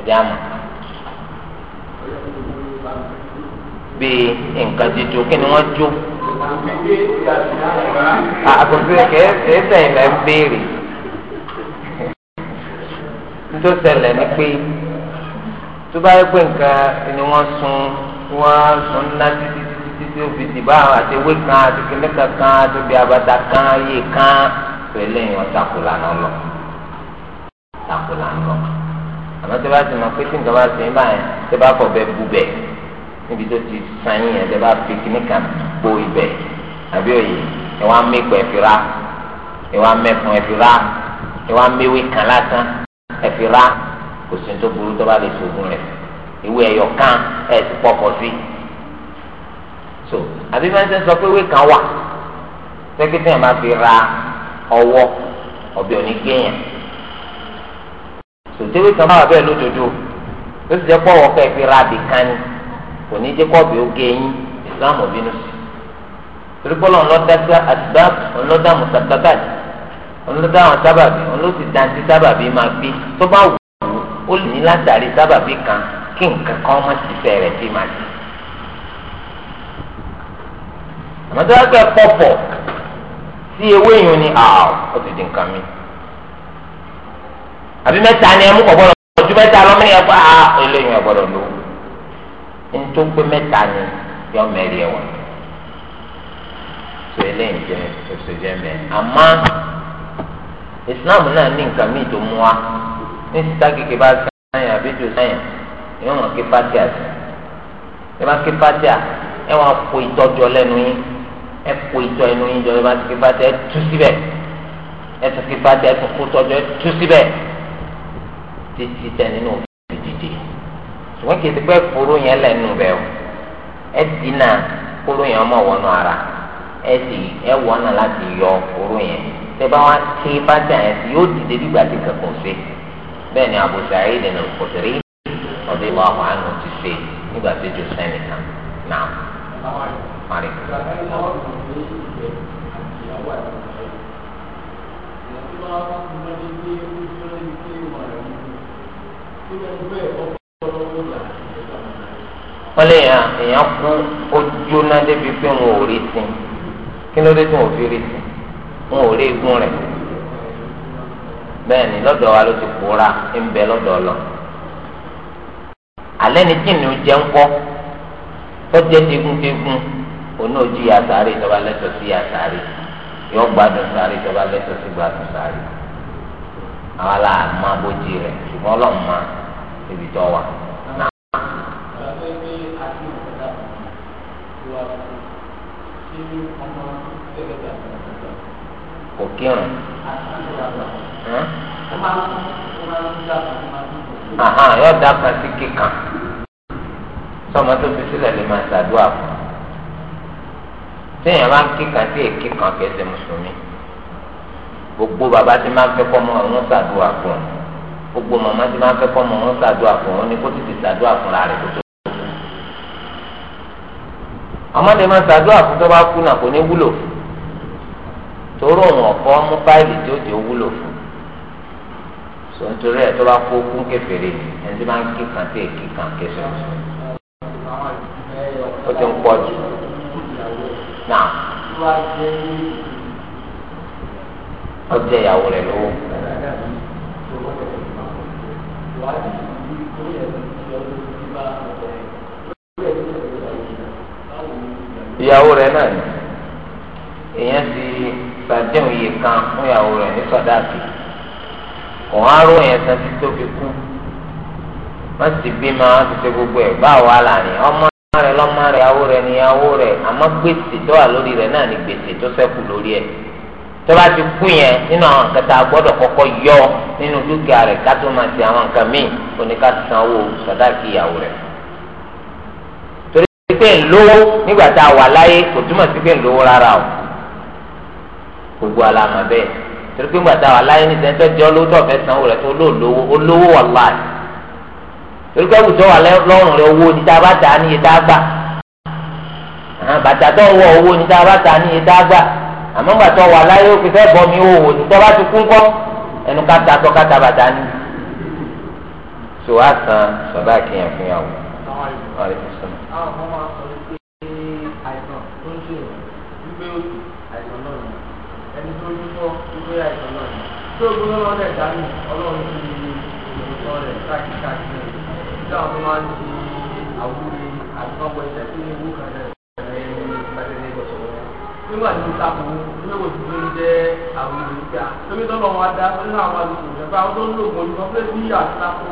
ẹ̀dá mọ̀ bíi nǹkan jíjó kí ni wọ́n jó
àkùnfin kẹ́ẹ́ sẹ́yìn lẹ́ ń béèrè
tó ṣẹlẹ̀ ni pé tó bá yẹ pé nǹkan ni wọ́n sun wọ́n sun ná títí títí tí ó fi dìbò àwọn àti ewé kan àti kìnìkan kan àti bí abata kan yé kan pẹ̀lú ìwọ̀n takùlà náà lọ tako la ń lọ àmọ́ tẹ́ bá ti mọ̀ pé tí nǹkan bá ti ń bá yẹn tẹ́ bá fọ̀ bẹ́ẹ̀ bu bẹ́ẹ̀ níbi tó ti sàn yẹn tẹ́ bá fi kíní kan gbó ibẹ̀ àbí òye ẹ wá mẹ́kọ̀ ẹ fi ra ẹ wá mẹ́kùn ẹ fi ra ẹ wá mẹ́wé kan lásán ẹ fi ra kò sí tó burú tó bá lè sògùn rẹ̀ ìwé ẹ̀yọ̀ kan ẹ̀ ti pọ̀pọ̀ sí so àbí máa ń sẹ́ sọ pé ìwé kan wà sẹ́kítẹ́ yẹn máa fi ra ọwọ́ ọ̀bẹ òní gé yẹn sòtẹ́wé kan máa bẹ́ẹ̀ lójoojó ó sì jẹ́ pọ̀ wọ́n kẹ́ fi ra àbìkan ni kò ní jẹ́ kọ́ọ̀bì ó gé yín Islam bínú sí torípọ́lọ́ ńlọ́dá àtibá ńlọ́dá mùsàtàbà ńlọ́dá àwọn sábàbí ńlọ́sì dantí sábàbí máa gbé tó bá wù ú ó lè ní látàrí sábàbí kan kí nǹkan kan má ti fẹ́ rẹ̀ sí máa di. àmọ́ tó bá fẹ́ pọ̀pọ̀ sí ewé yìí ni àá ó ti di nǹkan mi àbí mẹ́ta ni ẹmu kọ gbọ́dọ̀ ojú mẹ́ta lọ mí yẹn fún ah eléyìí ọgbọ́dọ̀ lò nítorí pé mẹ́ta ni yọ mẹ́rin ẹwà tó eléyìí jẹ oṣù jẹ mẹ àmọ́ Islam náà ní nǹkan míì tó mú wa ní sísá kékeré bá sáyẹn àbí tó sáyẹn ìwọ̀n wọn ké fatia sí ẹ bá ké fatia ẹ wọn kó ìtọ́jọ lẹ́nu yín ẹ kó ìtọ́ ẹnu yín jọ ẹ bá ké fatia ẹ tú síbẹ̀ ẹ tún ké fatia ẹ tún kó tọ́jọ ẹ tú síbẹ̀. títí tẹ nínú òfin dìde ṣùgbọ́n kì ti pẹ́ fúru yẹn lẹ́nu bẹ́ẹ̀ o ẹ ara ẹ sì ẹ wọnà láti yọ fúru yẹn tẹ bá wá ké bàtà yẹn sì yóò dìde dìgbà tí kankan ṣe bẹ́ẹ̀ ni Abu Sa'id al-Khudri ọ̀dọ̀ ìwà àánú ti ṣe nígbà tí wọ́n lè yàn èèyàn kú ojú ọ̀nà débi pé wọn ò rí sí kí ló dé tí wọn ò fi rí sí wọn ò rí igun rẹ̀ bẹ́ẹ̀ ni lọ́dọ̀ wa ló ti kóra ń bẹ lọ́dọ̀ lọ. alẹ́ ni kí ni o jẹ́ ń kọ́ tọ́jẹ́ teguntegun oní ojú ya sáré ìjọba lẹ́tọ̀ sí ya sáré yọ gbádùn sáré ìjọba lẹ́tọ̀ sí gbádùn sáré àwọn làá máa
bójì rẹ̀ ṣùgbọ́n
ọlọ́run máa níbi tó wà. kò kírun.
yóò dá
kan sí kíkan sọmọ tó fi sílẹ̀ lè máa ṣàdúrà fún un téèyàn bá ń kíkan sí èké kan kẹsẹ̀ mùsùlùmí gbogbo bàbá tí máa ń fẹ́ kọ́ mọ́ ọ̀hún ṣàdúrà fún un. gbogbo màmá tí máa ń fẹ́ kọ́ mọ̀ wọ́n ṣàdúrà fún wọn ni kó tètè ṣàdúrà fún rárẹ̀ kó tó kú. ọmọdé máa ṣàdúrà fún tó bá kú náà kò ní wúlò fún toró so nítorí ẹ̀ tó bá kó kún kẹfẹ́rẹ́ ẹni tí máa ń kí kí
ó ti ń pọ̀ ìyàwó
rẹ náà ni èèyàn ti gbàdéhùn iye kan fún ìyàwó rẹ ní sọdáàkì òun san ti tóbi kú wọn sì bímọ ti ṣe gbogbo ẹ bá wà láàrin ọmọ rẹ lọmọ rẹ ìyàwó rẹ níyàwó rẹ àmọ́ gbèsè tó wà lórí rẹ náà ni gbèsè tó lórí tọ́ba ti kú yẹn nínú àwọn nǹkan tá a gbọ́dọ̀ kọ́kọ́ yọ nínú dúkìá rẹ̀ ká tó máa ti àwọn nǹkan míì kò ní ká sanwó sàdáàkì ìyàwó rẹ̀.
torí pé ń lówó nígbà tá a wà láyé kò
túmọ̀ sí pé ń lówó rárá o gbogbo àlàmà bẹ́ẹ̀ torí pé ńgbà tá a wà láyé ní sẹ́ńtẹ́ jọ́ lówó tó fẹ́ sanwó rẹ̀ tó lówó olówó wà láàyè torí pé àwùjọ wà lọ́rùn rẹ̀ owó ní tá a bá tà á àmọ́ gbà tó wà láyé ó fi fẹ́ bọ́ mi ó wò ní tó bá ti kún kọ́ ẹnu káta tó káta bàtà ni. tó a san sọ̀dá kìyàn fún yàwó. Tó o
gbọ́dọ̀ lọ́dẹ̀ dání ọlọ́run ti ìrìnàjò rẹ̀ káàkiri káàkiri. Ìjọba máa ń ṣe àwúrí àtọ́gbẹ́sẹ̀ tó ní ewu kan náà nígbà tí mo takò nínú oṣù tó ń jẹ àwọn olùgbà tóbi tó lọ́wọ́ adá nínú àwọn àlùkò ìjọba ó tó ń lo ògùn olùkọ́ pé bí àtàkò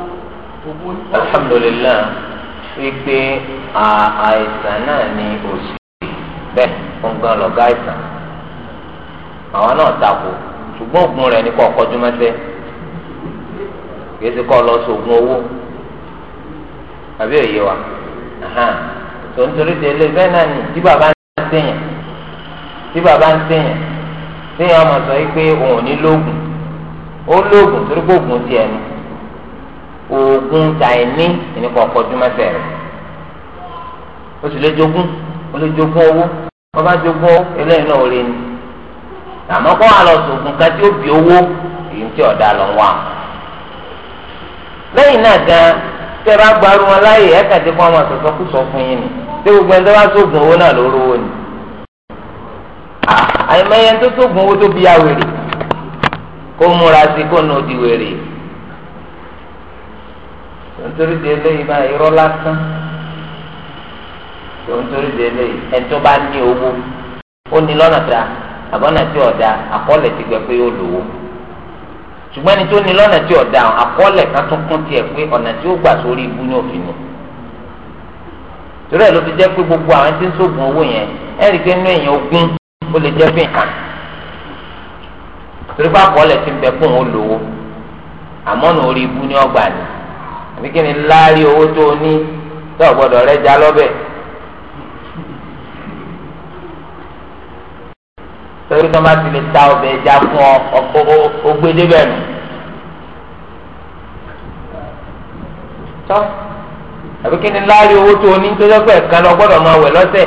ògùn olùkọ́. alhamdulilayi
wípé àìsàn náà ni òsì bẹ́ẹ̀ ń gan lọ́gá àìsàn àwọn náà takò ṣùgbọ́n ògùn rẹ̀ ní kò kọjú mẹ́sẹ̀ kìí ṣe kọ́ lọ sóògùn owó àbí òye wa tó ń torí tẹ́lẹ̀ bẹ́ẹ̀ náà ni tí bàbá náà ń sèyàn tí bàbá ń sèyàn sèyàn ọmọ sọ pé òun ò ní lóògùn ó lóògùn torí pé òògùn tiẹ̀ ni òògùn tàìní ìnípa ọ̀pọ̀jú mẹ́sẹ̀ rẹ̀ ó sì lè jogún ó lè jogún owó wọ́n bá jogún owó eléyìí náà ò lè ní àmọ́ kó àlọ́ sògùn kan tí ó bí owó èyí tí ọ̀dà lọ wà lẹ́yìn náà gan tẹ́ra gbarumọ láyè ẹ̀ka tí kò àwọn àtọ̀tọ̀ kù sọ fún yín ni tí gbogbo ẹni tó bá sóògùn owó náà ló rówó ni. àìmọye tó sógun owó tó bí awèrè kó múra sí kó nà òdì wèrè nítorí de eléyìí máa irọ́ lásán nítorí de eléyìí ẹni bá ní owó ó ní lọ́nà a àbọ̀nà tí ọ̀dà àkọọ́lẹ̀ ti gbẹ pé ó lówó ṣùgbọ́n ẹni tó ní lọ́nà tí ọ̀dà àkọọ́lẹ̀ kan tún kún tiẹ̀ pé ọ̀nà tí ó gbà sórí ibú ní òfin nù torí ẹ̀ ló fi jẹ́ pé gbogbo àwọn ó lè jẹ́ bí hàn torí bá kọ́ ọ́ lẹ̀ ti ń bẹ fún òun lówó àmọ́ nù orí ibú ní ọgbà ni àbí kí ni láàárín owó tó o ní tó o gbọ́dọ̀ rẹ já lọ́bẹ̀. torí tó bá ti lè ta ọbẹ̀ ẹja fún ọ ọkọ ogbédé bẹ́ẹ̀ nù. tọ́ àbí kí ni láàárín owó tó o ní tó dọ́pẹ́ kan lọ gbọ́dọ̀ máa wẹ̀ lọ́sẹ̀.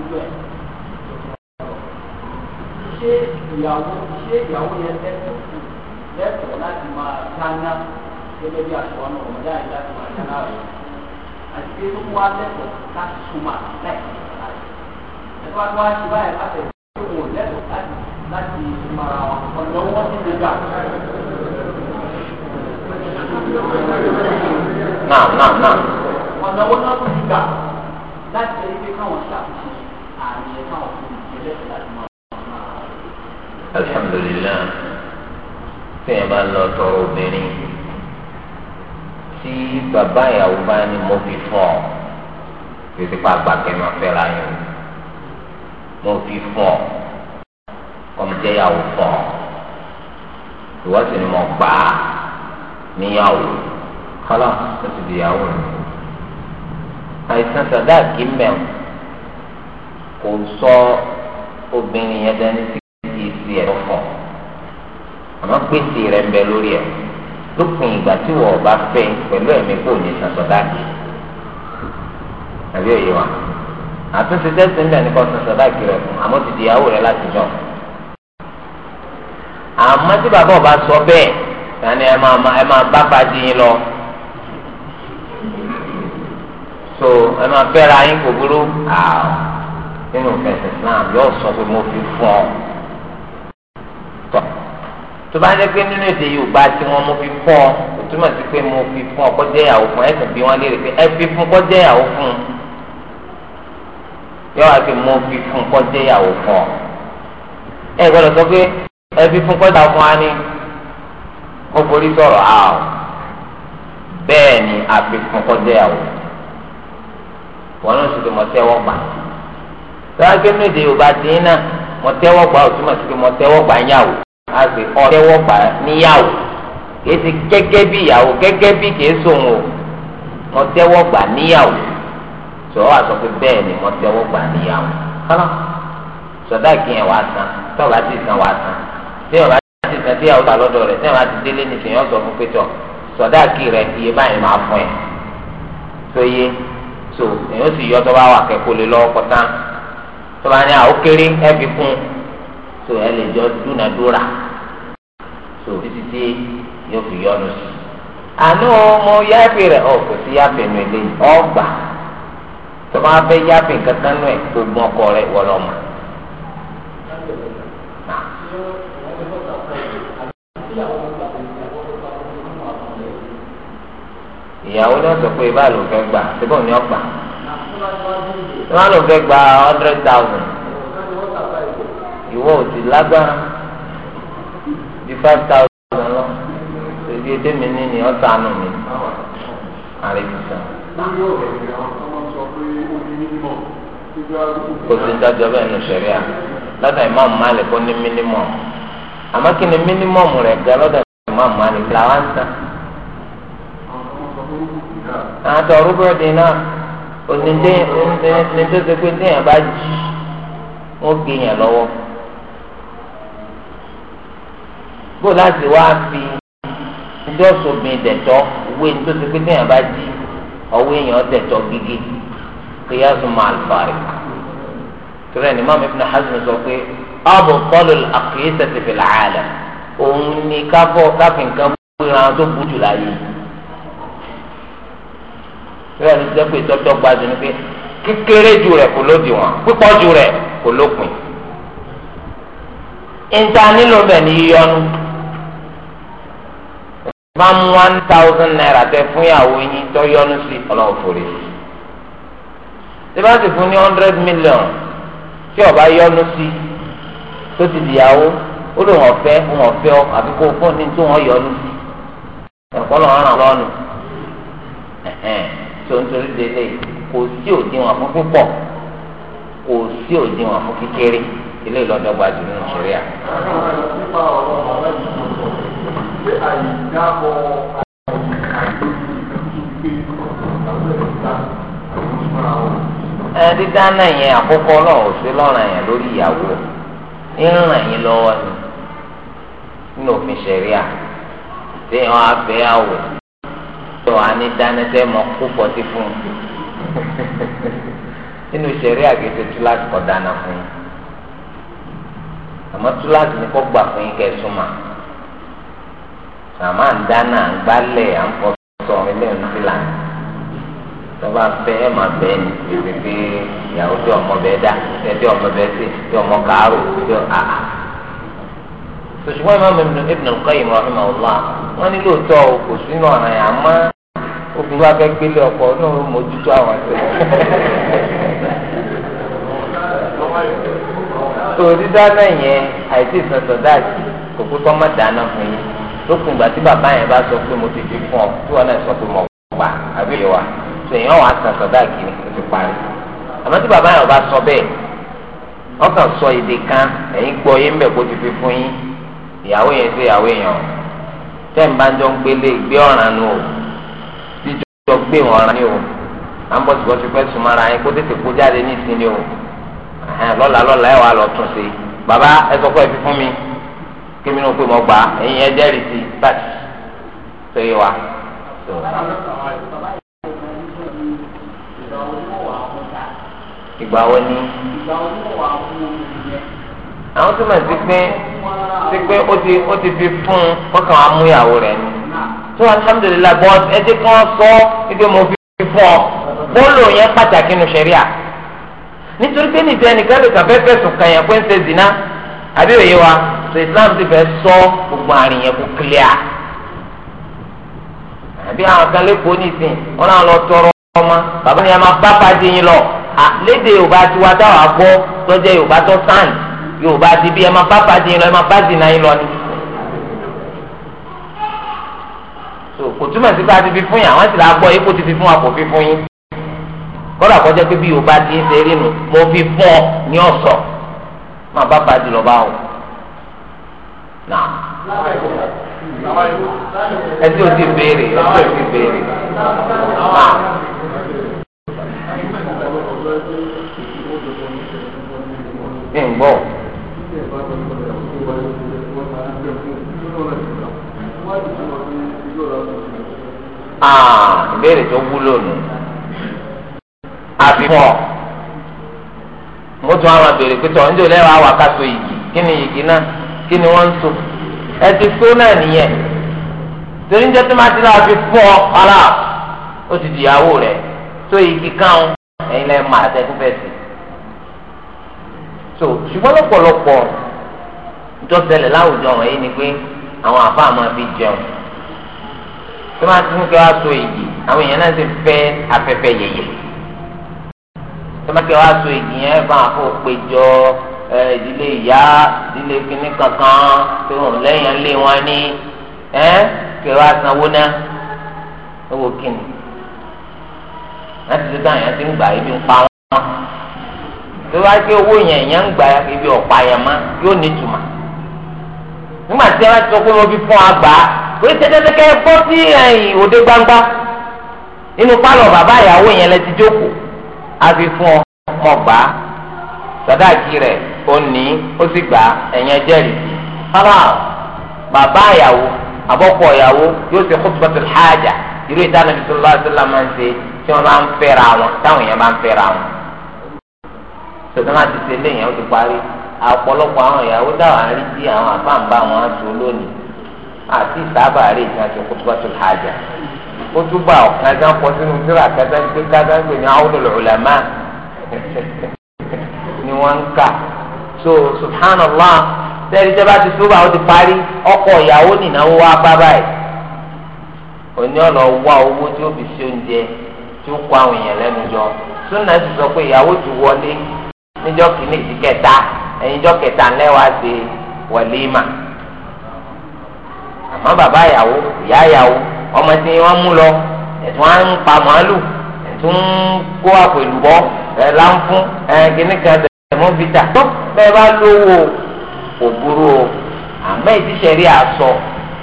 irú ẹ̀ ìyàwó ṣé ìyàwó yẹn lẹ́tọ̀ọ́ lẹ́tọ̀ọ́ láti máa dáná gẹ́gẹ́ bí àṣọ náà ọ̀dà yìí láti máa dáná rẹ̀ àti pé ó wá lẹ́tọ̀ọ́ láti súnmọ́ láti ẹ̀fọ́ àti wá ṣe báyìí láti ẹ̀fọ́ lẹ́tọ̀ọ́ láti láti mara wọn ọ̀dọ̀ wọn ti lè gbà. náà wọn náà ti gbà láti ẹ̀rí pé káwọn ṣàkóso alhamdulilayi
fẹ́ẹ̀ bá lọ tọrọ obìnrin tí bàbá ìyàwó bá ní mo fi fún ọ títí pa àgbàkẹ́ máa fẹ́ ra yín mo fi fún ọ kọ́mítẹ́ ìyàwó fún ọ ìwọ́sìn ni mo gbà á níyàwó kọ́lá ó ti di ìyàwó rẹ̀ àìsàn sàdáàkì mẹ́wọ̀n kò sọ obìnrin yẹn dání sí kí sí ẹ fún àmọ́ gbèsè rẹ ń bẹ lórí ẹ lópin ìgbà tí wọn bá fẹ́ pẹ̀lú ẹ̀mí kò ní sàtọ dáàbì àbí òye wa àtúnṣe tẹsí ń bẹ nípa sàtọ dáàbì rẹ fún àmọ́ ti di ìyàwó rẹ láti jọ àmọ́ tí bàbá ọba sọ bẹ́ẹ̀ tani ẹ máa ẹ máa bá pàdé yín lọ so ẹ máa fẹ́ra yín kò burú nínú fẹsẹ̀ Islam yóò sọ pé mo fi fún ọ. tó bá dé pé nínú èdè Yorùbá tí wọ́n mo fi fún ọ kò túmọ̀ sí pé mo fi fún ọ kọjá ìyàwó fún ẹ̀sìn bí wọ́n léèrè pé ẹ fi fún kọjá ìyàwó fún yóò wá pé mo fi fún kọjá ìyàwó fún ọ. ẹ gbọ́dọ̀ sọ pé ẹ fi fún kọjá fún wa ní kó forí sọ̀rọ̀ àwọ̀ bẹ́ẹ̀ ni àfikún kọjá ìyàwó wọn náà sì ti mọ̀ sẹ́wọ́ gbà tọ́wọ́ pé nínú èdè yorùbá ti ń náà mọ tẹ́wọ́ gbà ó túmọ̀ sí pé mọ tẹ́wọ́ gbà níyàwó a sì ọ tẹ́wọ́ gbà níyàwó kìí ti gẹ́gẹ́ bí ìyàwó gẹ́gẹ́ bí kìí sòun o mọ tẹ́wọ́ gbà níyàwó sọ̀rọ̀ àsọ pé bẹ́ẹ̀ ni mọ tẹ́wọ́ gbà níyàwó kọ́lá sọ̀dá ìkìyẹn wà sàn tọ́ba ti sàn wà sàn tẹ́wọ́ ti sàn tí àwọn àlọ́dọ̀ rẹ̀ tẹ́wọ́n ti délé ní kìnyọ́n sọ fún pétọ́ sọ̀dáàkì rẹ̀ iye báyìí so èyàn sì yọ tó bá tó bá ní àwọn kéré ẹ fi kún tó ẹ lè jọ dúnadúrà tó títí tí yóò fi yọnu sí. àánú mo yáàpì rẹ ọ kò sí yáàpì nu ilé ọgbà tó bá fẹ́ yáàpì kankan nù ẹ gbogbo ọkọ rẹ wọlọ mọ.
ìyàwó náà sọ pé báà ló fẹ́
gbà síbò ní ọgbà.
wọn lò fẹ́ gba hundred thousand ìwọ ò sì lágbára
ju five thousand lọ ebi ètè mi ní ni ọ̀sán àánú mi àrègbèsà.
kò sí dájọ́ bẹ́ẹ̀ nù sẹ̀ríà lọ́dọ̀ ìmáàmù Málíkì kó ní
mínímọ̀mù àmọ́ kí ni mínímọ̀mù rẹ̀ gan lọ́dọ̀ ìmáàmù Málíkì làwọn ń tán. náà. onídé onídé tó pé téèyàn bá jí wọn gé yàn lọ́wọ́ bó láti wá fi ẹjọ́ sóbin dẹ̀tọ́ owó ẹni tó ti pé téèyàn bá jí ọwọ́ èèyàn dẹ̀tọ́ gígé kéèyàn sùn máa fàrí torí ẹni Imam Ibn Hazm sọ pé abṭalul aqīsati fil ʿālam òun ni káfọ́ káfíǹkan gbéra tó bójú láyé yìí bí wọ́n ti jẹ́ pé tọ́tọ́ gbajù ni pé kékeré ju rẹ̀ kò lódì wọn pípọ̀ ju rẹ̀ kò lópin. níta nílò bẹ̀ ní yíyọnu máa mú one thousand naira tẹ fún ìyàwó yín tó yọnu sí ọlọ́run fòrè sí. tí bá sì fún ní hundred million tí ọba yọnu sí tó ti dìyàwó ó lè wọ́n fẹ́ wọ́n fẹ́ ọ àbí kó fún ní tó wọ́n yọnu sí ẹ̀kọ́ lọ́rùn lọ́nu. tó ń kò sí òdiwọ̀n fún púpọ̀ kò sí òdiwọ̀n fún kékeré ilé ìlọ́dọ̀ gba jù nínú sẹ́ríà. ẹ yẹn àkókò náà ò sí lọ́ràn yẹn lórí ìyàwó ìrìnrìn yín lọ́wọ́ ni nínú òfin á fẹ́ àwọ̀. sọ àní dánẹsẹ mọ kó pọtí fún un nínú ìṣeré àgètè túláàsì kọ dáná fún un túláàsì ni kò gbà fún yín kẹsùn mà àmọ́ ń dáná ń à ń fọ sọ ilé tọba fẹ ẹ máa bẹ ẹni ìyàwó tí ọmọ bẹ dá ọmọ bẹ sí tí ọmọ kàárò tí ọ obìnrin wa fẹ́ gbélé ọkọ náà mójútó àwọn àti
torí dáná yẹn
àìsí ìsọ̀tọ̀ dáàtì kò pé kọ́ má dáná fún yín lókun ìgbà tí bàbá yẹn bá sọ pé mo ti fi fún ọ tí wọn náà sọ pé mo gbà àbílẹ̀ wa sèyàn wà sọ̀tọ̀ dáàtì ó ti parí àmọ́ tí bàbá yẹn bá sọ bẹ́ẹ̀ wọ́n kàn sọ èdè kan ẹ̀yin gbọ́ yín bẹ̀ kó ti fi fún yín ìyàwó yẹn sí ìyàwó yẹn o tẹ́ jọ ń gbélé ìgbé ọ̀ràn nù o jọ gbé wọn ra ní o à ń bọ̀ síbọ̀ sí pẹ́ súnmọ́ ara yín kó tètè kó jáde ní ìsinmi o lọ́la lọ́la ẹ̀ wà lọ tún sí baba ẹ sọ pé ẹ fi fún mi kí mi náà pé mo gbà ẹ̀yin ẹ jẹ́rìí sí tàbí tó yé wa. ìgbà wo ni àwọn tó máa ti pé ti pé ó ti fi fún un kọ́kàn amúyàwó rẹ̀ ni so alhamdulilayi bọ́n ẹ ti kàn sọ ibi mo fi fún ọ bọ́ọ̀lù yẹn pàtàkì nù sẹ́ríà nítorí pé nìjẹ́ nìkan lè kàn fẹ́ fẹ̀sùn kàn yẹn pé ń ṣe zina àbí òye wa so islam ti fẹ́ sọ gbogbo àrùn yẹn kó clear àbí àwọn kan lẹ́kọ̀ọ́ nìsín wọn náà lọ tọrọ ọmọ bàbá ni a máa bá pàdé yín lọ lédè yorùbá ti wá dáwà gbọ́ tọ́jú yorùbá tó sàn yorùbá ti bí ẹ máa bá pàdé yín lọ ẹ máa bá zina yín lọ ni. kò túmọ̀ sí pé a ti fi fún yín àwọn sì là gbọ́ yín kó ti fi fún wa kò fi fún yín kọ́dà kọjá pé bí yorùbá ti ń ṣe eré nu mo fi fún ọ ní ọ̀sọ̀ máa bá bàjẹ́ lọ bá wọn.
ẹ tí o ti béèrè ẹ tí o ti béèrè.
Ah, ìbéèrè tó wúlò nù àfi fọ mo tún àwọn abèrè pé tọ̀ ń jò lẹ́wọ̀ àwọn akáso yìí kí ni yìí náà kí ni wọ́n ń so ẹ ti so náà nìyẹn torí ń ti náà fi fọ́ ara ó ti dìyàwó tó igi káwọn ẹ̀yin lẹ́yìn máa tẹ́kún fẹ́ sí. so ṣùgbọ́n lọ́pọ̀lọpọ̀ ìjọ́sẹ̀lẹ̀ láwùjọ wọ̀nyí ni pé àwọn àbá fi jẹun tó máa tún kí wá so èyí àwọn èèyàn náà ti fẹ́ afẹ́fẹ́ yẹyẹ tó máa kí wá so èyí yẹn bá wọn kó péjọ ìdílé ìyá ìdílé kínní kankan tó ń lẹ́yìn lé wọn ní kí wá sanwó náà owó kínní láti tó táwọn èèyàn ti ń gbà ibi ń pa wọn tó wá kí owó yẹn èèyàn ń gbà ibi ọ̀pá yẹn mọ́ yóò nítumọ̀ nígbà tí wọ́n ti sọ pé wọ́n fi fún wa gbà á orí tẹ́tẹ́tẹ́ kẹ́ bọ́ sí eh, òde gbangba nínú pálọ̀ baba ìyàwó yẹn lẹ ti jókòó àfi fún ọ mọ gbà á sàdáàkì rẹ ó ní ó sì gbà ẹ̀yẹn jẹ́rìí fara bàbá ìyàwó àbọ̀pọ̀ ìyàwó yóò ṣe khutbatul haja irú ìdáná bisalòlá àdúrà máa ń ṣe tí wọ́n máa ń fẹ́ra wọn táwọn èèyàn máa ń fẹ́ra wọn. sọ̀tàn láti ṣe léyìn ó ti parí àpọ̀lọpọ̀ àwọn ìyàwó dáwà ń sí àwọn àbáǹbá wọn aṣọ lónìí àti sábà rè ní àti kótópátó hàjà kótópá ọ̀kan gán kọ sínú síra kẹta ń gbé kẹta ń gbé ní àwọn ulama [laughs] ni wọ́n ń kà so subhanallah sẹ́ni tẹ́ bá ti túbà ó ti parí ọkọ ìyàwó nìnáwó wá bá báyìí òní ọ̀nà wá owó tí ó fi ṣe oúnjẹ tí ó kó àwọn èèyàn lẹ́nu jọ súnà ti sọ pé ìyàwó ti wọlé níjọ́ kìíní ti kẹta ẹ̀yìnjọ́ kẹta ńlẹ́wàá ṣe wọlé mà àmọ́ bàbá ìyàwó ìyá ìyàwó ọmọ tí wọ́n mú lọ ẹ̀tún á ń pa màálù ẹ̀tún ń kó àpò ìlúbọ́ ẹ̀ láǹfún ẹ̀ kíní kan tẹ̀mọ́ fìtà tó bẹ́ẹ̀ bá lówó òbúrò àmọ́ ìtísẹ̀rí àsọ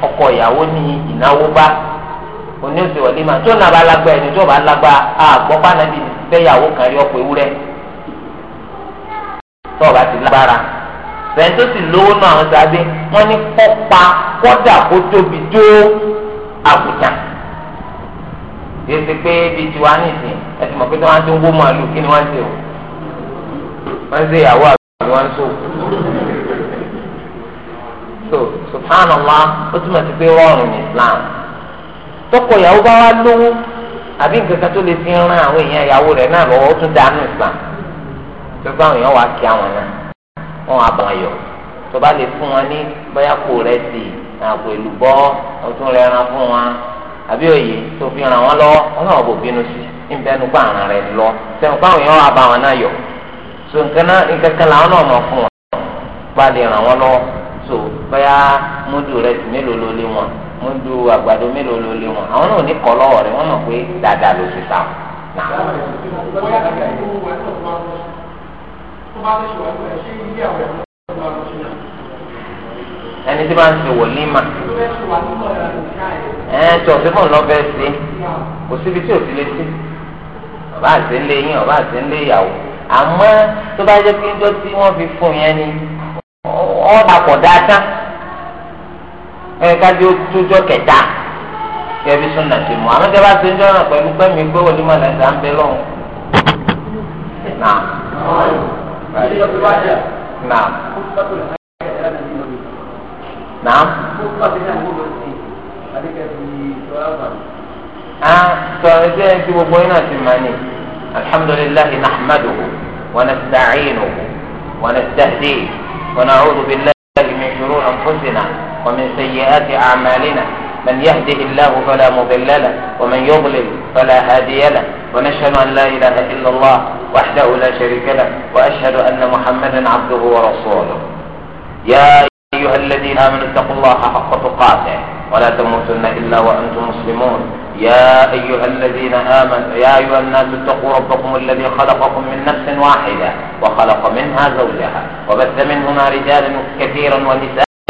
ọkọ ìyàwó ní ìnáwó bá oní oṣù wọlé máa tó nàbà lágbá ẹni tó bá lágbá àgbọ̀ pàdánù fẹ́yàwó kan rí ọkọ̀ ewúrẹ́ tó o bá ti lágbára bẹ́ẹ̀ tó sì lówó náà àwọn sábẹ wọn ní kọpa kọdà kó tóbi tó àgùntàn yéésì pé bíi tiwa nìsín ẹ ti mọ̀ pé tí wọ́n á ti ń wó màálù kí ni wọ́n ṣe o ṣe ìyàwó àbí so subhanallah ó túmọ̀ sí pé rọrùn ní islam tọkọ ìyàwó bá wá lówó àbí nǹkan kan tó lè fi àwọn èèyàn ìyàwó náà lọ́wọ́ ó tún dáa ní islam tó bá àwọn èèyàn wọn wà bọ̀ yọ tó bá lè fún wọn ní bóyá kò rẹ sí àpò èlùbọ́ ọtún rẹ ran fún wọn àbí òye tó fi ràn wọn lọ́wọ́ wọn náà bò bínú sí rẹ lọ sẹ́nu káwọn yẹn wà bá náà yọ so nǹkan náà nǹkan kan làwọn náà fún wọn bá lè ràn wọn so bóyá múdù rẹ sí mélòó ló lé wọn múdù àgbàdo mélòó ló lé wọn àwọn náà ní
ẹni
tí bá ń ṣe wòlímà
ẹ tí ọ̀sẹ̀ fún ọ̀nà bẹ́ẹ̀ sí
kò síbi tí òsì lè sí ọba àti ńlẹ yín ọba àti ńlẹ ìyàwó àmọ́ tó bá jẹ́ pé tí wọ́n fi fún yẹn ni ọ̀dà pọ̀ dáadáa ẹ kájí ó tójọ́ kẹta kẹ́ bí sún nàṣẹ mọ́ àmọ́ tẹ́ bá ṣe ń jọ́ náà pẹ̀lú pẹ́mi pé wòlímà lẹ́sà ń bẹ lọ́hùn. نعم نعم نعم فإذا يجب بينات ماني الحمد لله نحمده ونستعينه ونستهديه ونعوذ بالله من شرور أنفسنا ومن سيئات أعمالنا من يهده الله فلا مضل له ومن يضلل فلا هادي له ونشهد أن لا إله إلا الله وحده لا شريك له وأشهد أن محمدا عبده ورسوله يا أيها الذين آمنوا اتقوا الله حق تقاته ولا تموتن إلا وأنتم مسلمون يا أيها الذين آمنوا يا أيها الناس اتقوا ربكم الذي خلقكم من نفس واحدة وخلق منها زوجها وبث منهما رجالا كثيرا ونساء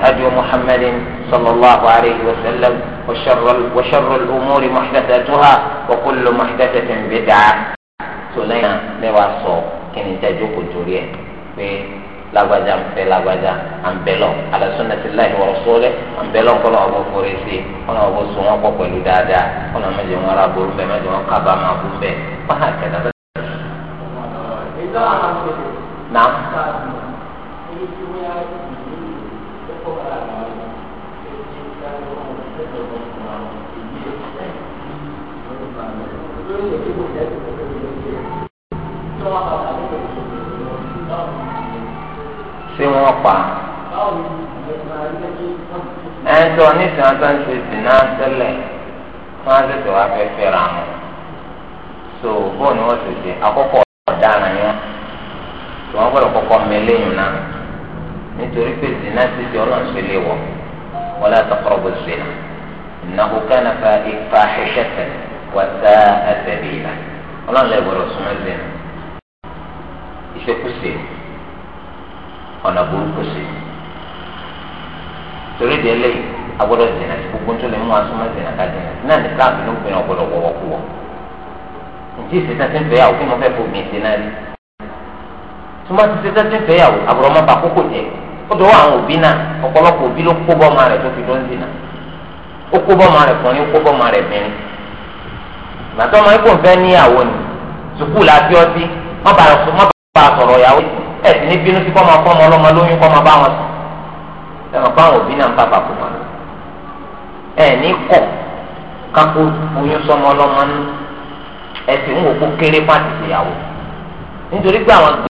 هدي محمد صلى الله عليه وسلم وشر وشر الأمور محدثاتها وكل محدثة بدعة سلينا لواسو كن تجوك جوريه في lágbájá ń fẹ́ lágbájá à ń bẹ lọ ala sunnatillahi wa rasulih à ń bẹ lọ kọlọ ọbọ forí sí kọlọ ọbọ sùn wọn kọ pẹ̀lú dáadáa kọlọ mẹjọ wọn ra ború bẹ mẹjọ wọn kaba máa bú bẹ wọn hà kẹta bẹ.
na. ṣé wọ́n pa ẹ ń ṣe sì náà tẹ́lẹ̀ wọ́n
á fẹ́ wọn so bóun ni wọ́n ṣe ṣe àkọ́kọ́ ọ̀daràn yẹn wọ́n gbọ́dọ̀ nítorí pé zina ti di ọlọ́run ṣe lé wọ̀ wala taqrabu zina innahu kana fahishatan wa sa'a sabila ọlọ́run lè gbọdọ̀ súnmọ́ zina ìṣekúṣe ọ̀nà burúkú sí torí délé agbọ́dọ̀ zina gbogbo tó mú asúnmọ́ zina ká zina náà ní káàkiri ló gbin ọ̀gbọ̀dọ̀ ti ń fẹ́ yàwó kí mo fẹ́ rí ti ọ̀dọ̀ wa àwọn òbí náà ọ̀pọ̀lọpọ̀ òbí ló kó rẹ̀ tó fi ló ń ó kó bọ́ọ̀mà rẹ̀ kùnrin ó kó bọ́ọ̀mà rẹ̀ mẹ́rin gbàtọ́ ọmọ ikú nfẹ́ níyàwó ni sùkúù láti ọtí má bàa sọ̀rọ̀ ìyàwó ẹ̀ sì ní bínú sí kọ́mọ fọ́mọ ọlọ́mọ lóyún kọ́mọ bá wọn sùn ẹ̀ mọ̀ pé àwọn òbí náà ń wọn ẹ̀ ní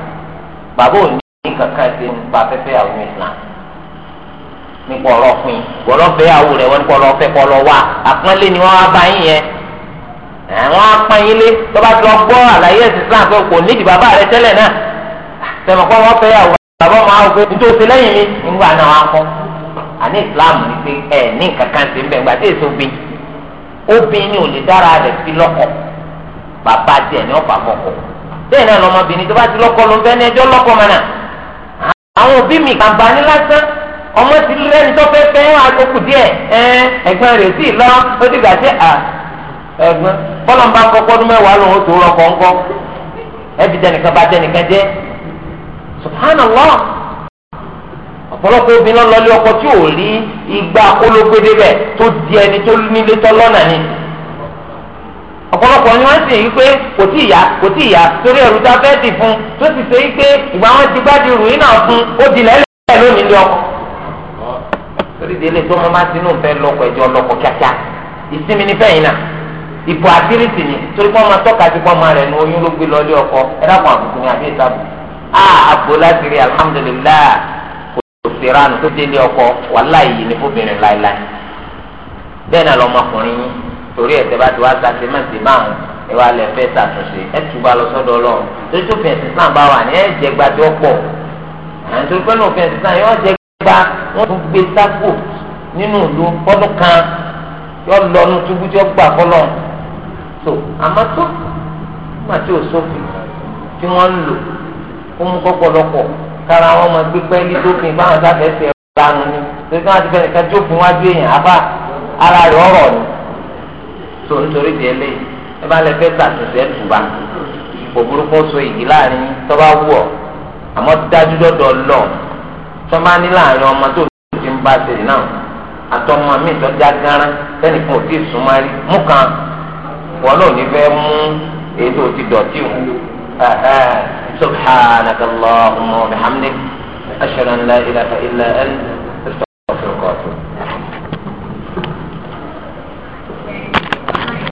bàbá ò ní kankan ṣe nípa afẹ́fẹ́ àwọn Islam nípa ọ̀rọ̀ pin gbọ́dọ̀ fẹ́ àwò rẹ̀ wọ́n nípa fẹ́ wá àpọ́nlé ni wọ́n wá bá yín yẹn àwọn àlàyé ẹ̀sìn Islam pé kò nídìí bàbá rẹ tẹ́lẹ̀ náà tẹ̀mọ̀kọ́ fẹ́ kọ́ àní Islam pé ẹ ní kankan ń bẹ̀ gbà tí èso bí bẹ́ẹ̀ náà lọ́mọbìnrin tó bá ti lọ́kọ ló ń fẹ́ ní ẹjọ́ lọ́kọ mọ́nà àwọn òbí mi kàǹbà ní lásán ọmọ ti lẹ́ni tó fẹ́ fẹ́ àkókò díẹ̀ ẹ̀gbọ́n rẹ̀ sì lọ ó ti gbà sí à ẹ̀gbọ́n kọ́lọ̀ ń bá kọ́kọ́ ọdún mẹ́wàá lòun ó tó rọkọ̀ ńkọ́ ẹbí tẹnìkan bá tẹnìkan jẹ́ subhanallah ọ̀pọ̀lọpọ̀ obìnrin lọ́lẹ́ ọkọ tí ò rí igba ológbédébẹ̀ tó di ẹni tó nílé tọ́lọ́nà ni ọ̀pọ̀lọpọ̀ ni wọ́n sì yí pé kò tí ìyá kò tí ìyá torí ẹ̀rù tá a fẹ́ dì fún tó sì ṣe pé ìgbà wọn ti gbá di rùyìn náà fún ó di lẹ́lẹ̀ lónìí lọ. torí délé tó mo máa ti nù fẹ́ lọ́kọ̀ ẹjọ́ lọ́kọ̀ kíákíá ìsinmi ní fẹ́yìn náà ipò àtírìtì ni torí pé wọ́n máa tọ́ka sí pọ́nmọ́ rẹ̀ ní oyún ló gbé lọ́lé ọkọ ẹ dákun àbùkù ni torí ẹ̀ tẹ́ bá ti wá sase má ti bá wọn ẹ wá lẹ fẹ́ sàtúnṣe ẹ túbọ̀ lọ sọ́dọ̀ ọlọ́run torí tó fìyàn sísan bá wà ní ẹ jẹ gba tí ó pọ̀ àwọn torí pẹ́ náà fìyàn sísan yóò jẹ gba wọ́n tún gbé sápò nínú ìlú fọ́dún kan yóò lọ nu túbú tí ó gbà fọlọ́ so àmọ́ tó má tí ò sófin tí wọ́n ń lò ó mú kọ́pọ̀lọpọ̀ kára wọn máa gbé pẹ́ẹ́lí lófin báwọn sáfẹ́ fẹ́ ọ̀rọ̀ àrùn ni torí káwọn ti fẹ́ nìkan jókòó tó nítorí díẹ̀ lẹ́yìn ẹ bá lẹ fẹ́ tàtúnṣe ẹ tùbà kò burúkú so ìdí láàrin tọ́ba wù ọ́ àmọ́ dájú lọ́dọ̀ lọ tọ́ba ní láàrin ọmọ tó ti ń bá ṣe náà àtọmọ mi tó já gánran tẹnìkan ò tí ì súnmọ́ rí mú kan wọn náà ní fẹ́ mú èyí tó ti dọ̀tí wù subhanaka allahumma wa bihamdik ashhadu an la ilaha illa anta astaghfiruka